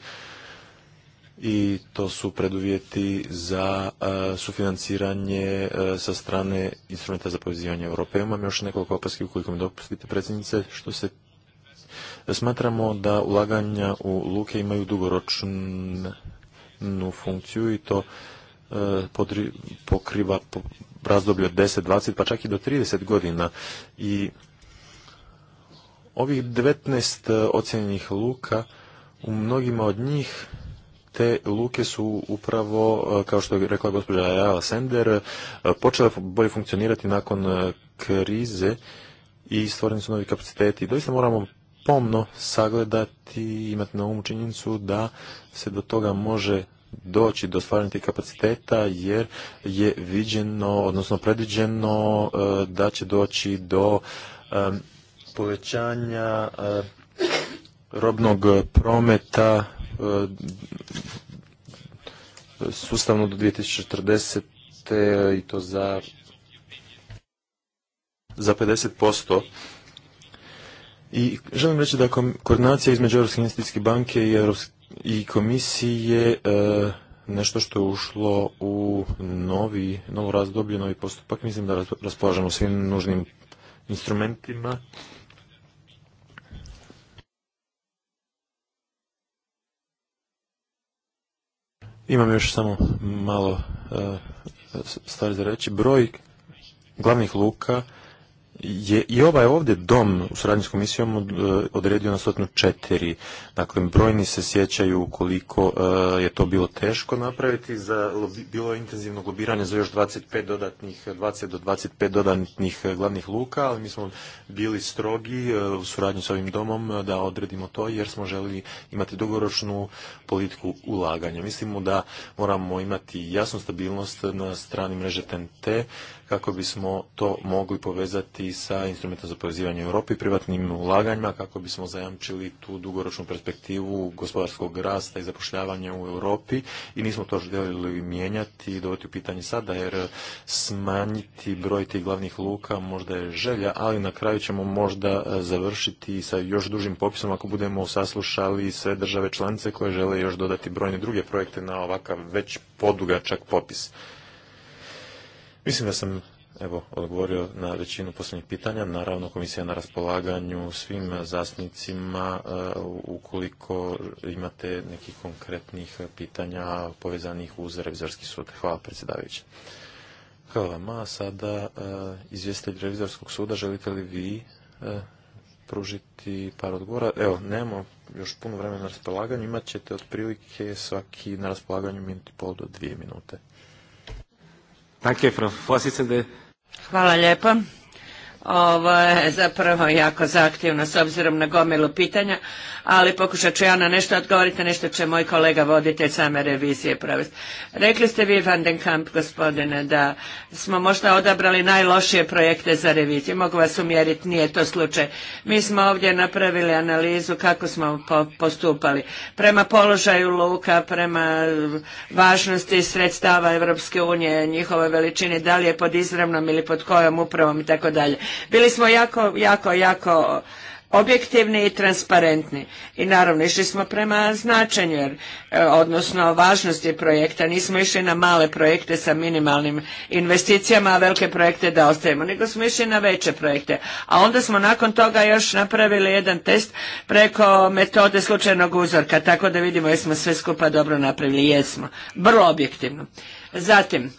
i to su preduvjeti za sufinanciranje sa strane instrumenta za povezivanje Europe. Imam još nekoliko opaski ukoliko mi dopustite predsjednice što se Smatramo da ulaganja u luke imaju dugoročnu funkciju i to pokriva razdoblje od 10, 20 pa čak i do 30 godina i ovih 19 ocjenjenih luka u mnogima od njih te luke su upravo, e, kao što je rekla gospođa Ayala Sender, e, počele bolje funkcionirati nakon e, krize i stvoreni su novi kapaciteti. Doista moramo pomno sagledati i imati na umu činjenicu da se do toga može doći do stvaranja tih kapaciteta jer je viđeno, odnosno predviđeno da će doći do povećanja robnog prometa E, sustavno do 2040. i to za, za 50%. I želim reći da koordinacija između Europske investicijske banke i, i komisije e, nešto što je ušlo u novi, novo razdoblje, novi postupak. Mislim da raspolažemo svim nužnim instrumentima Imam još samo malo eh, stvari za reći. Broj glavnih luka je i ovaj ovdje dom u suradnji s komisijom e, odredio na četiri Dakle, brojni se sjećaju koliko e, je to bilo teško napraviti. Za, bilo je intenzivno lobiranje za još 25 dodatnih, 20 do 25 dodatnih e, glavnih luka, ali mi smo bili strogi u suradnji s ovim domom da odredimo to jer smo želili imati dugoročnu politiku ulaganja. Mislimo da moramo imati jasnu stabilnost na strani mreže TNT kako bismo to mogli povezati sa instrumentom za povezivanje Europi, privatnim ulaganjima, kako bismo zajamčili tu dugoročnu perspektivu gospodarskog rasta i zapošljavanja u Europi i nismo to željeli mijenjati i dovoti u pitanje sada, jer smanjiti broj tih glavnih luka možda je želja, ali na kraju ćemo možda e, završiti sa još dužim popisom ako budemo saslušali sve države članice koje žele još dodati brojne druge projekte na ovakav već podugačak popis. Mislim da sam evo, odgovorio na većinu posljednjih pitanja. Naravno, komisija je na raspolaganju svim zastupnicima e, ukoliko imate nekih konkretnih pitanja povezanih uz revizorski sud. Hvala, predsjedavajući. Hvala vama. sada e, izvjestitelj revizorskog suda, želite li vi e, pružiti par odgovora? Evo, nemamo još puno vremena na raspolaganju. Imat ćete otprilike svaki na raspolaganju minuti pol do dvije minute. Hvala lijepa. Ovo je zapravo jako zahtjevno s obzirom na gomilu pitanja, ali pokušat ću ja na nešto odgovoriti, nešto će moj kolega voditelj same revizije provesti. Rekli ste vi, Van den Kamp, gospodine, da smo možda odabrali najlošije projekte za reviziju. Mogu vas umjeriti, nije to slučaj. Mi smo ovdje napravili analizu kako smo postupali. Prema položaju luka, prema važnosti sredstava Evropske unije, njihove veličine, da li je pod izravnom ili pod kojom upravom i tako dalje. Bili smo jako, jako, jako objektivni i transparentni. I naravno išli smo prema značenju, jer, e, odnosno važnosti projekta. Nismo išli na male projekte sa minimalnim investicijama, a velike projekte da ostavimo, nego smo išli na veće projekte. A onda smo nakon toga još napravili jedan test preko metode slučajnog uzorka, tako da vidimo jesmo sve skupa dobro napravili. Jesmo. Vrlo objektivno. Zatim,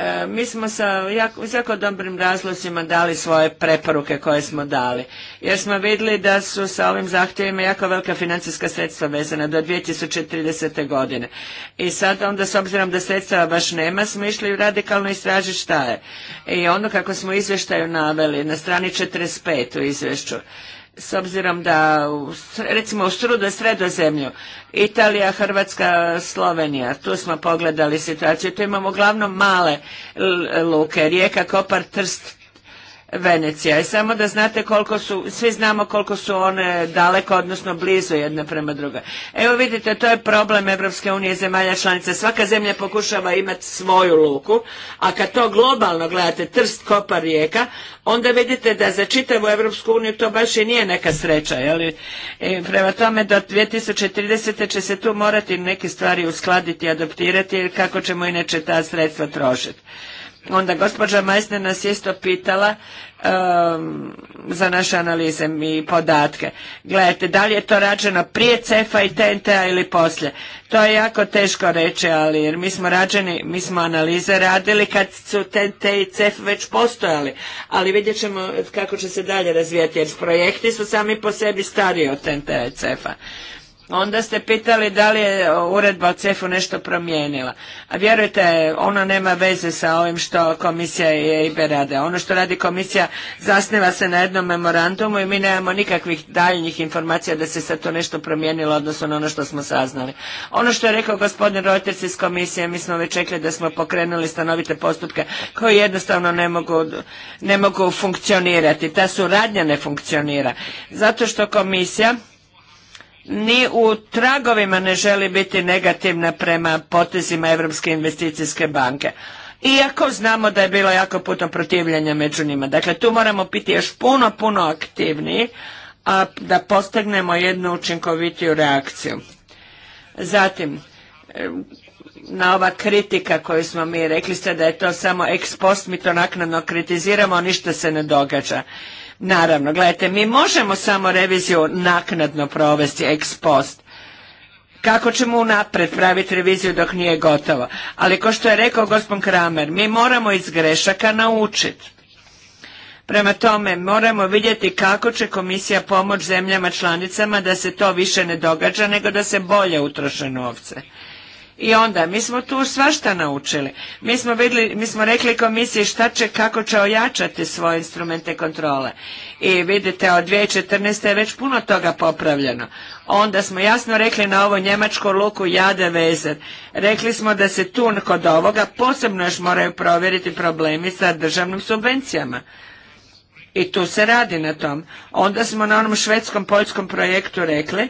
E, mi smo sa jako, jako dobrim razlozima dali svoje preporuke koje smo dali, jer smo vidjeli da su sa ovim zahtjevima jako velika financijska sredstva vezana do 2030. godine. I sad onda s obzirom da sredstva baš nema, smo išli radikalno istražiti šta je. I ono kako smo izvještaju naveli na strani 45 u izvješću, s obzirom da recimo u strudu sredozemlju Italija, Hrvatska, Slovenija tu smo pogledali situaciju tu imamo uglavnom male luke Rijeka, Kopar, Trst Venecija. I samo da znate koliko su, svi znamo koliko su one daleko, odnosno blizu jedna prema druga. Evo vidite, to je problem Evropske unije i zemalja članica. Svaka zemlja pokušava imati svoju luku, a kad to globalno gledate, trst, kopa, rijeka, onda vidite da za čitavu Evropsku uniju to baš i nije neka sreća. E, prema tome, do 2030. će se tu morati neke stvari uskladiti, adoptirati, kako ćemo inače ta sredstva trošiti. Onda gospođa Majsne nas isto pitala um, za naše analize i podatke. Gledajte, da li je to rađeno prije CEFA i TNT-a ili poslije? To je jako teško reći, ali jer mi smo rađeni, mi smo analize radili kad su TNT i CEF već postojali, ali vidjet ćemo kako će se dalje razvijati, jer projekti su sami po sebi stariji od TNT-a i CEFA. a Onda ste pitali da li je uredba o CEF-u nešto promijenila. A vjerujte, ona nema veze sa ovim što komisija i EIB rade. Ono što radi komisija zasniva se na jednom memorandumu i mi nemamo nikakvih daljnjih informacija da se sad to nešto promijenilo odnosno na ono što smo saznali. Ono što je rekao gospodin Reuters iz komisije, mi smo već rekli da smo pokrenuli stanovite postupke koji jednostavno ne mogu, ne mogu funkcionirati. Ta suradnja ne funkcionira. Zato što komisija ni u tragovima ne želi biti negativna prema potezima Europske investicijske banke. Iako znamo da je bilo jako puno protivljenja među njima. Dakle, tu moramo biti još puno, puno aktivniji a da postignemo jednu učinkovitiju reakciju. Zatim, na ova kritika koju smo mi rekli ste da je to samo eks post, mi to naknadno kritiziramo, ništa se ne događa. Naravno, gledajte, mi možemo samo reviziju naknadno provesti ex post. Kako ćemo unapred praviti reviziju dok nije gotovo? Ali kao što je rekao gospodin Kramer, mi moramo iz grešaka naučiti. Prema tome, moramo vidjeti kako će komisija pomoći zemljama članicama da se to više ne događa, nego da se bolje utroše novce. I onda, mi smo tu svašta naučili. Mi smo, vidli, mi smo rekli komisiji šta će, kako će ojačati svoje instrumente kontrole. I vidite, od 2014. je već puno toga popravljeno. Onda smo jasno rekli na ovo njemačku luku jade vezer. Rekli smo da se tu kod ovoga posebno još moraju provjeriti problemi sa državnim subvencijama. I tu se radi na tom. Onda smo na onom švedskom-poljskom projektu rekli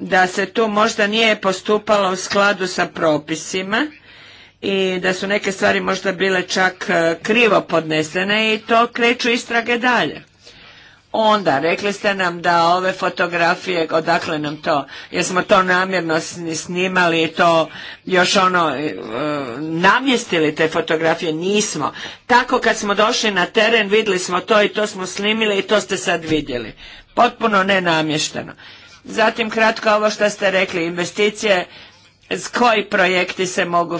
da se tu možda nije postupalo u skladu sa propisima i da su neke stvari možda bile čak e, krivo podnesene i to kreću istrage dalje. Onda, rekli ste nam da ove fotografije, odakle nam to, jer smo to namjerno snimali i to još ono, e, namjestili te fotografije, nismo. Tako kad smo došli na teren, vidjeli smo to i to smo snimili i to ste sad vidjeli. Potpuno nenamješteno. Zatim kratko ovo što ste rekli, investicije s koji projekti se mogu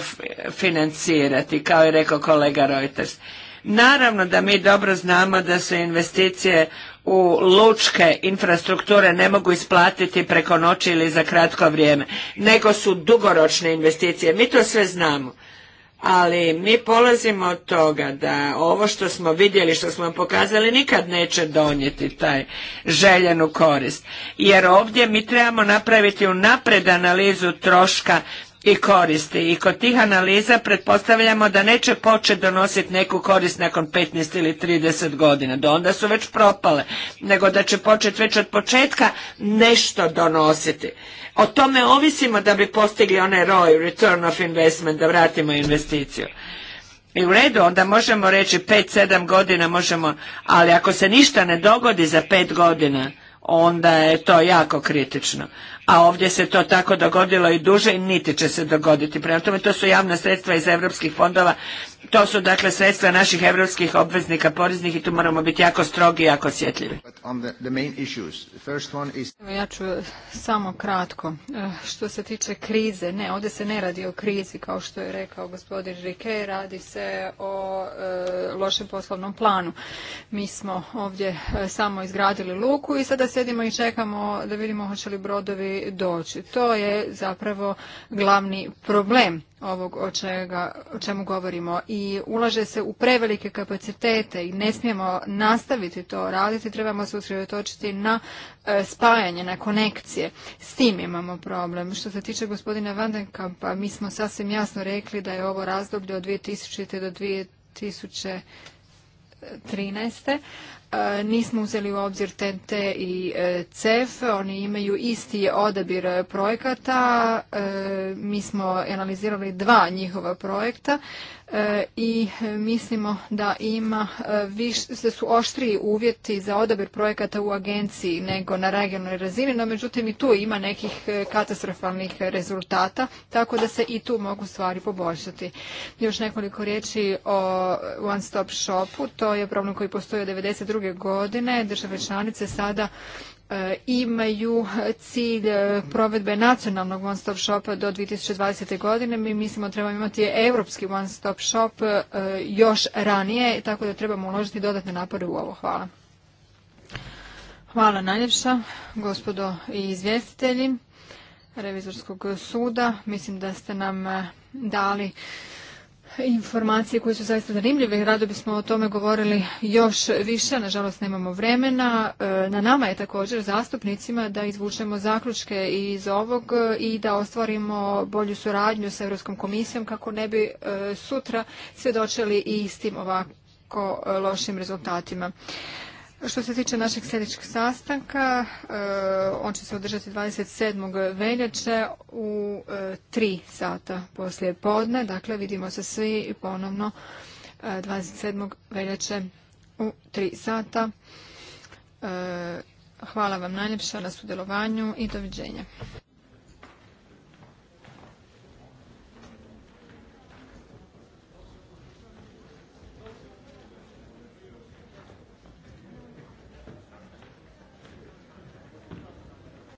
financirati, kao je rekao kolega Reuters. Naravno da mi dobro znamo da se investicije u lučke infrastrukture ne mogu isplatiti preko noći ili za kratko vrijeme, nego su dugoročne investicije. Mi to sve znamo ali mi polazimo od toga da ovo što smo vidjeli, što smo pokazali nikad neće donijeti taj željenu korist. Jer ovdje mi trebamo napraviti u analizu troška i koristi. I kod tih analiza pretpostavljamo da neće početi donositi neku korist nakon 15 ili 30 godina, do onda su već propale, nego da će početi već od početka nešto donositi. O tome ovisimo da bi postigli onaj ROI, return of investment, da vratimo investiciju. I u redu, onda možemo reći 5-7 godina možemo, ali ako se ništa ne dogodi za 5 godina, onda je to jako kritično a ovdje se to tako dogodilo i duže i niti će se dogoditi. Prema tome to su javna sredstva iz europskih fondova, to su dakle sredstva naših europskih obveznika poreznih i tu moramo biti jako strogi i jako osjetljivi. Ja ću eh, samo kratko. Eh, što se tiče krize, ne, ovdje se ne radi o krizi kao što je rekao gospodin Rike, radi se o eh, lošem poslovnom planu. Mi smo ovdje samo izgradili luku i sada sjedimo i čekamo da vidimo hoće li brodovi doći. To je zapravo glavni problem ovog o, čega, o čemu govorimo i ulaže se u prevelike kapacitete i ne smijemo nastaviti to raditi, trebamo se usredotočiti na e, spajanje, na konekcije. S tim imamo problem. Što se tiče gospodina Vandenkampa, mi smo sasvim jasno rekli da je ovo razdoblje od 2000. do 2013. E, nismo uzeli u obzir TNT i e, CEF, oni imaju isti odabir projekata, e, mi smo analizirali dva njihova projekta, E, i mislimo da ima e, više su oštriji uvjeti za odabir projekata u agenciji nego na regionalnoj razini, no međutim i tu ima nekih e, katastrofalnih rezultata, tako da se i tu mogu stvari poboljšati. Još nekoliko riječi o One Stop Shopu, to je problem koji postoji od 1992. godine, države članice sada E, imaju cilj e, provedbe nacionalnog one stop shopa do 2020. godine. Mi mislimo trebamo imati europski one stop shop e, još ranije, tako da trebamo uložiti dodatne napore u ovo. Hvala. Hvala najljepša, gospodo i izvjestitelji Revizorskog suda. Mislim da ste nam dali informacije koje su zaista zanimljive i rado bismo o tome govorili još više, nažalost nemamo vremena. E, na nama je također zastupnicima da izvučemo zaključke iz ovog e, i da ostvarimo bolju suradnju sa Europskom komisijom kako ne bi e, sutra svjedočili i istim ovako lošim rezultatima. Što se tiče našeg sljedećeg sastanka, e, on će se održati 27. veljače u 3 e, sata poslije podne. Dakle, vidimo se svi ponovno 27. E, veljače u 3 sata. Hvala vam najljepša na sudjelovanju i doviđenja.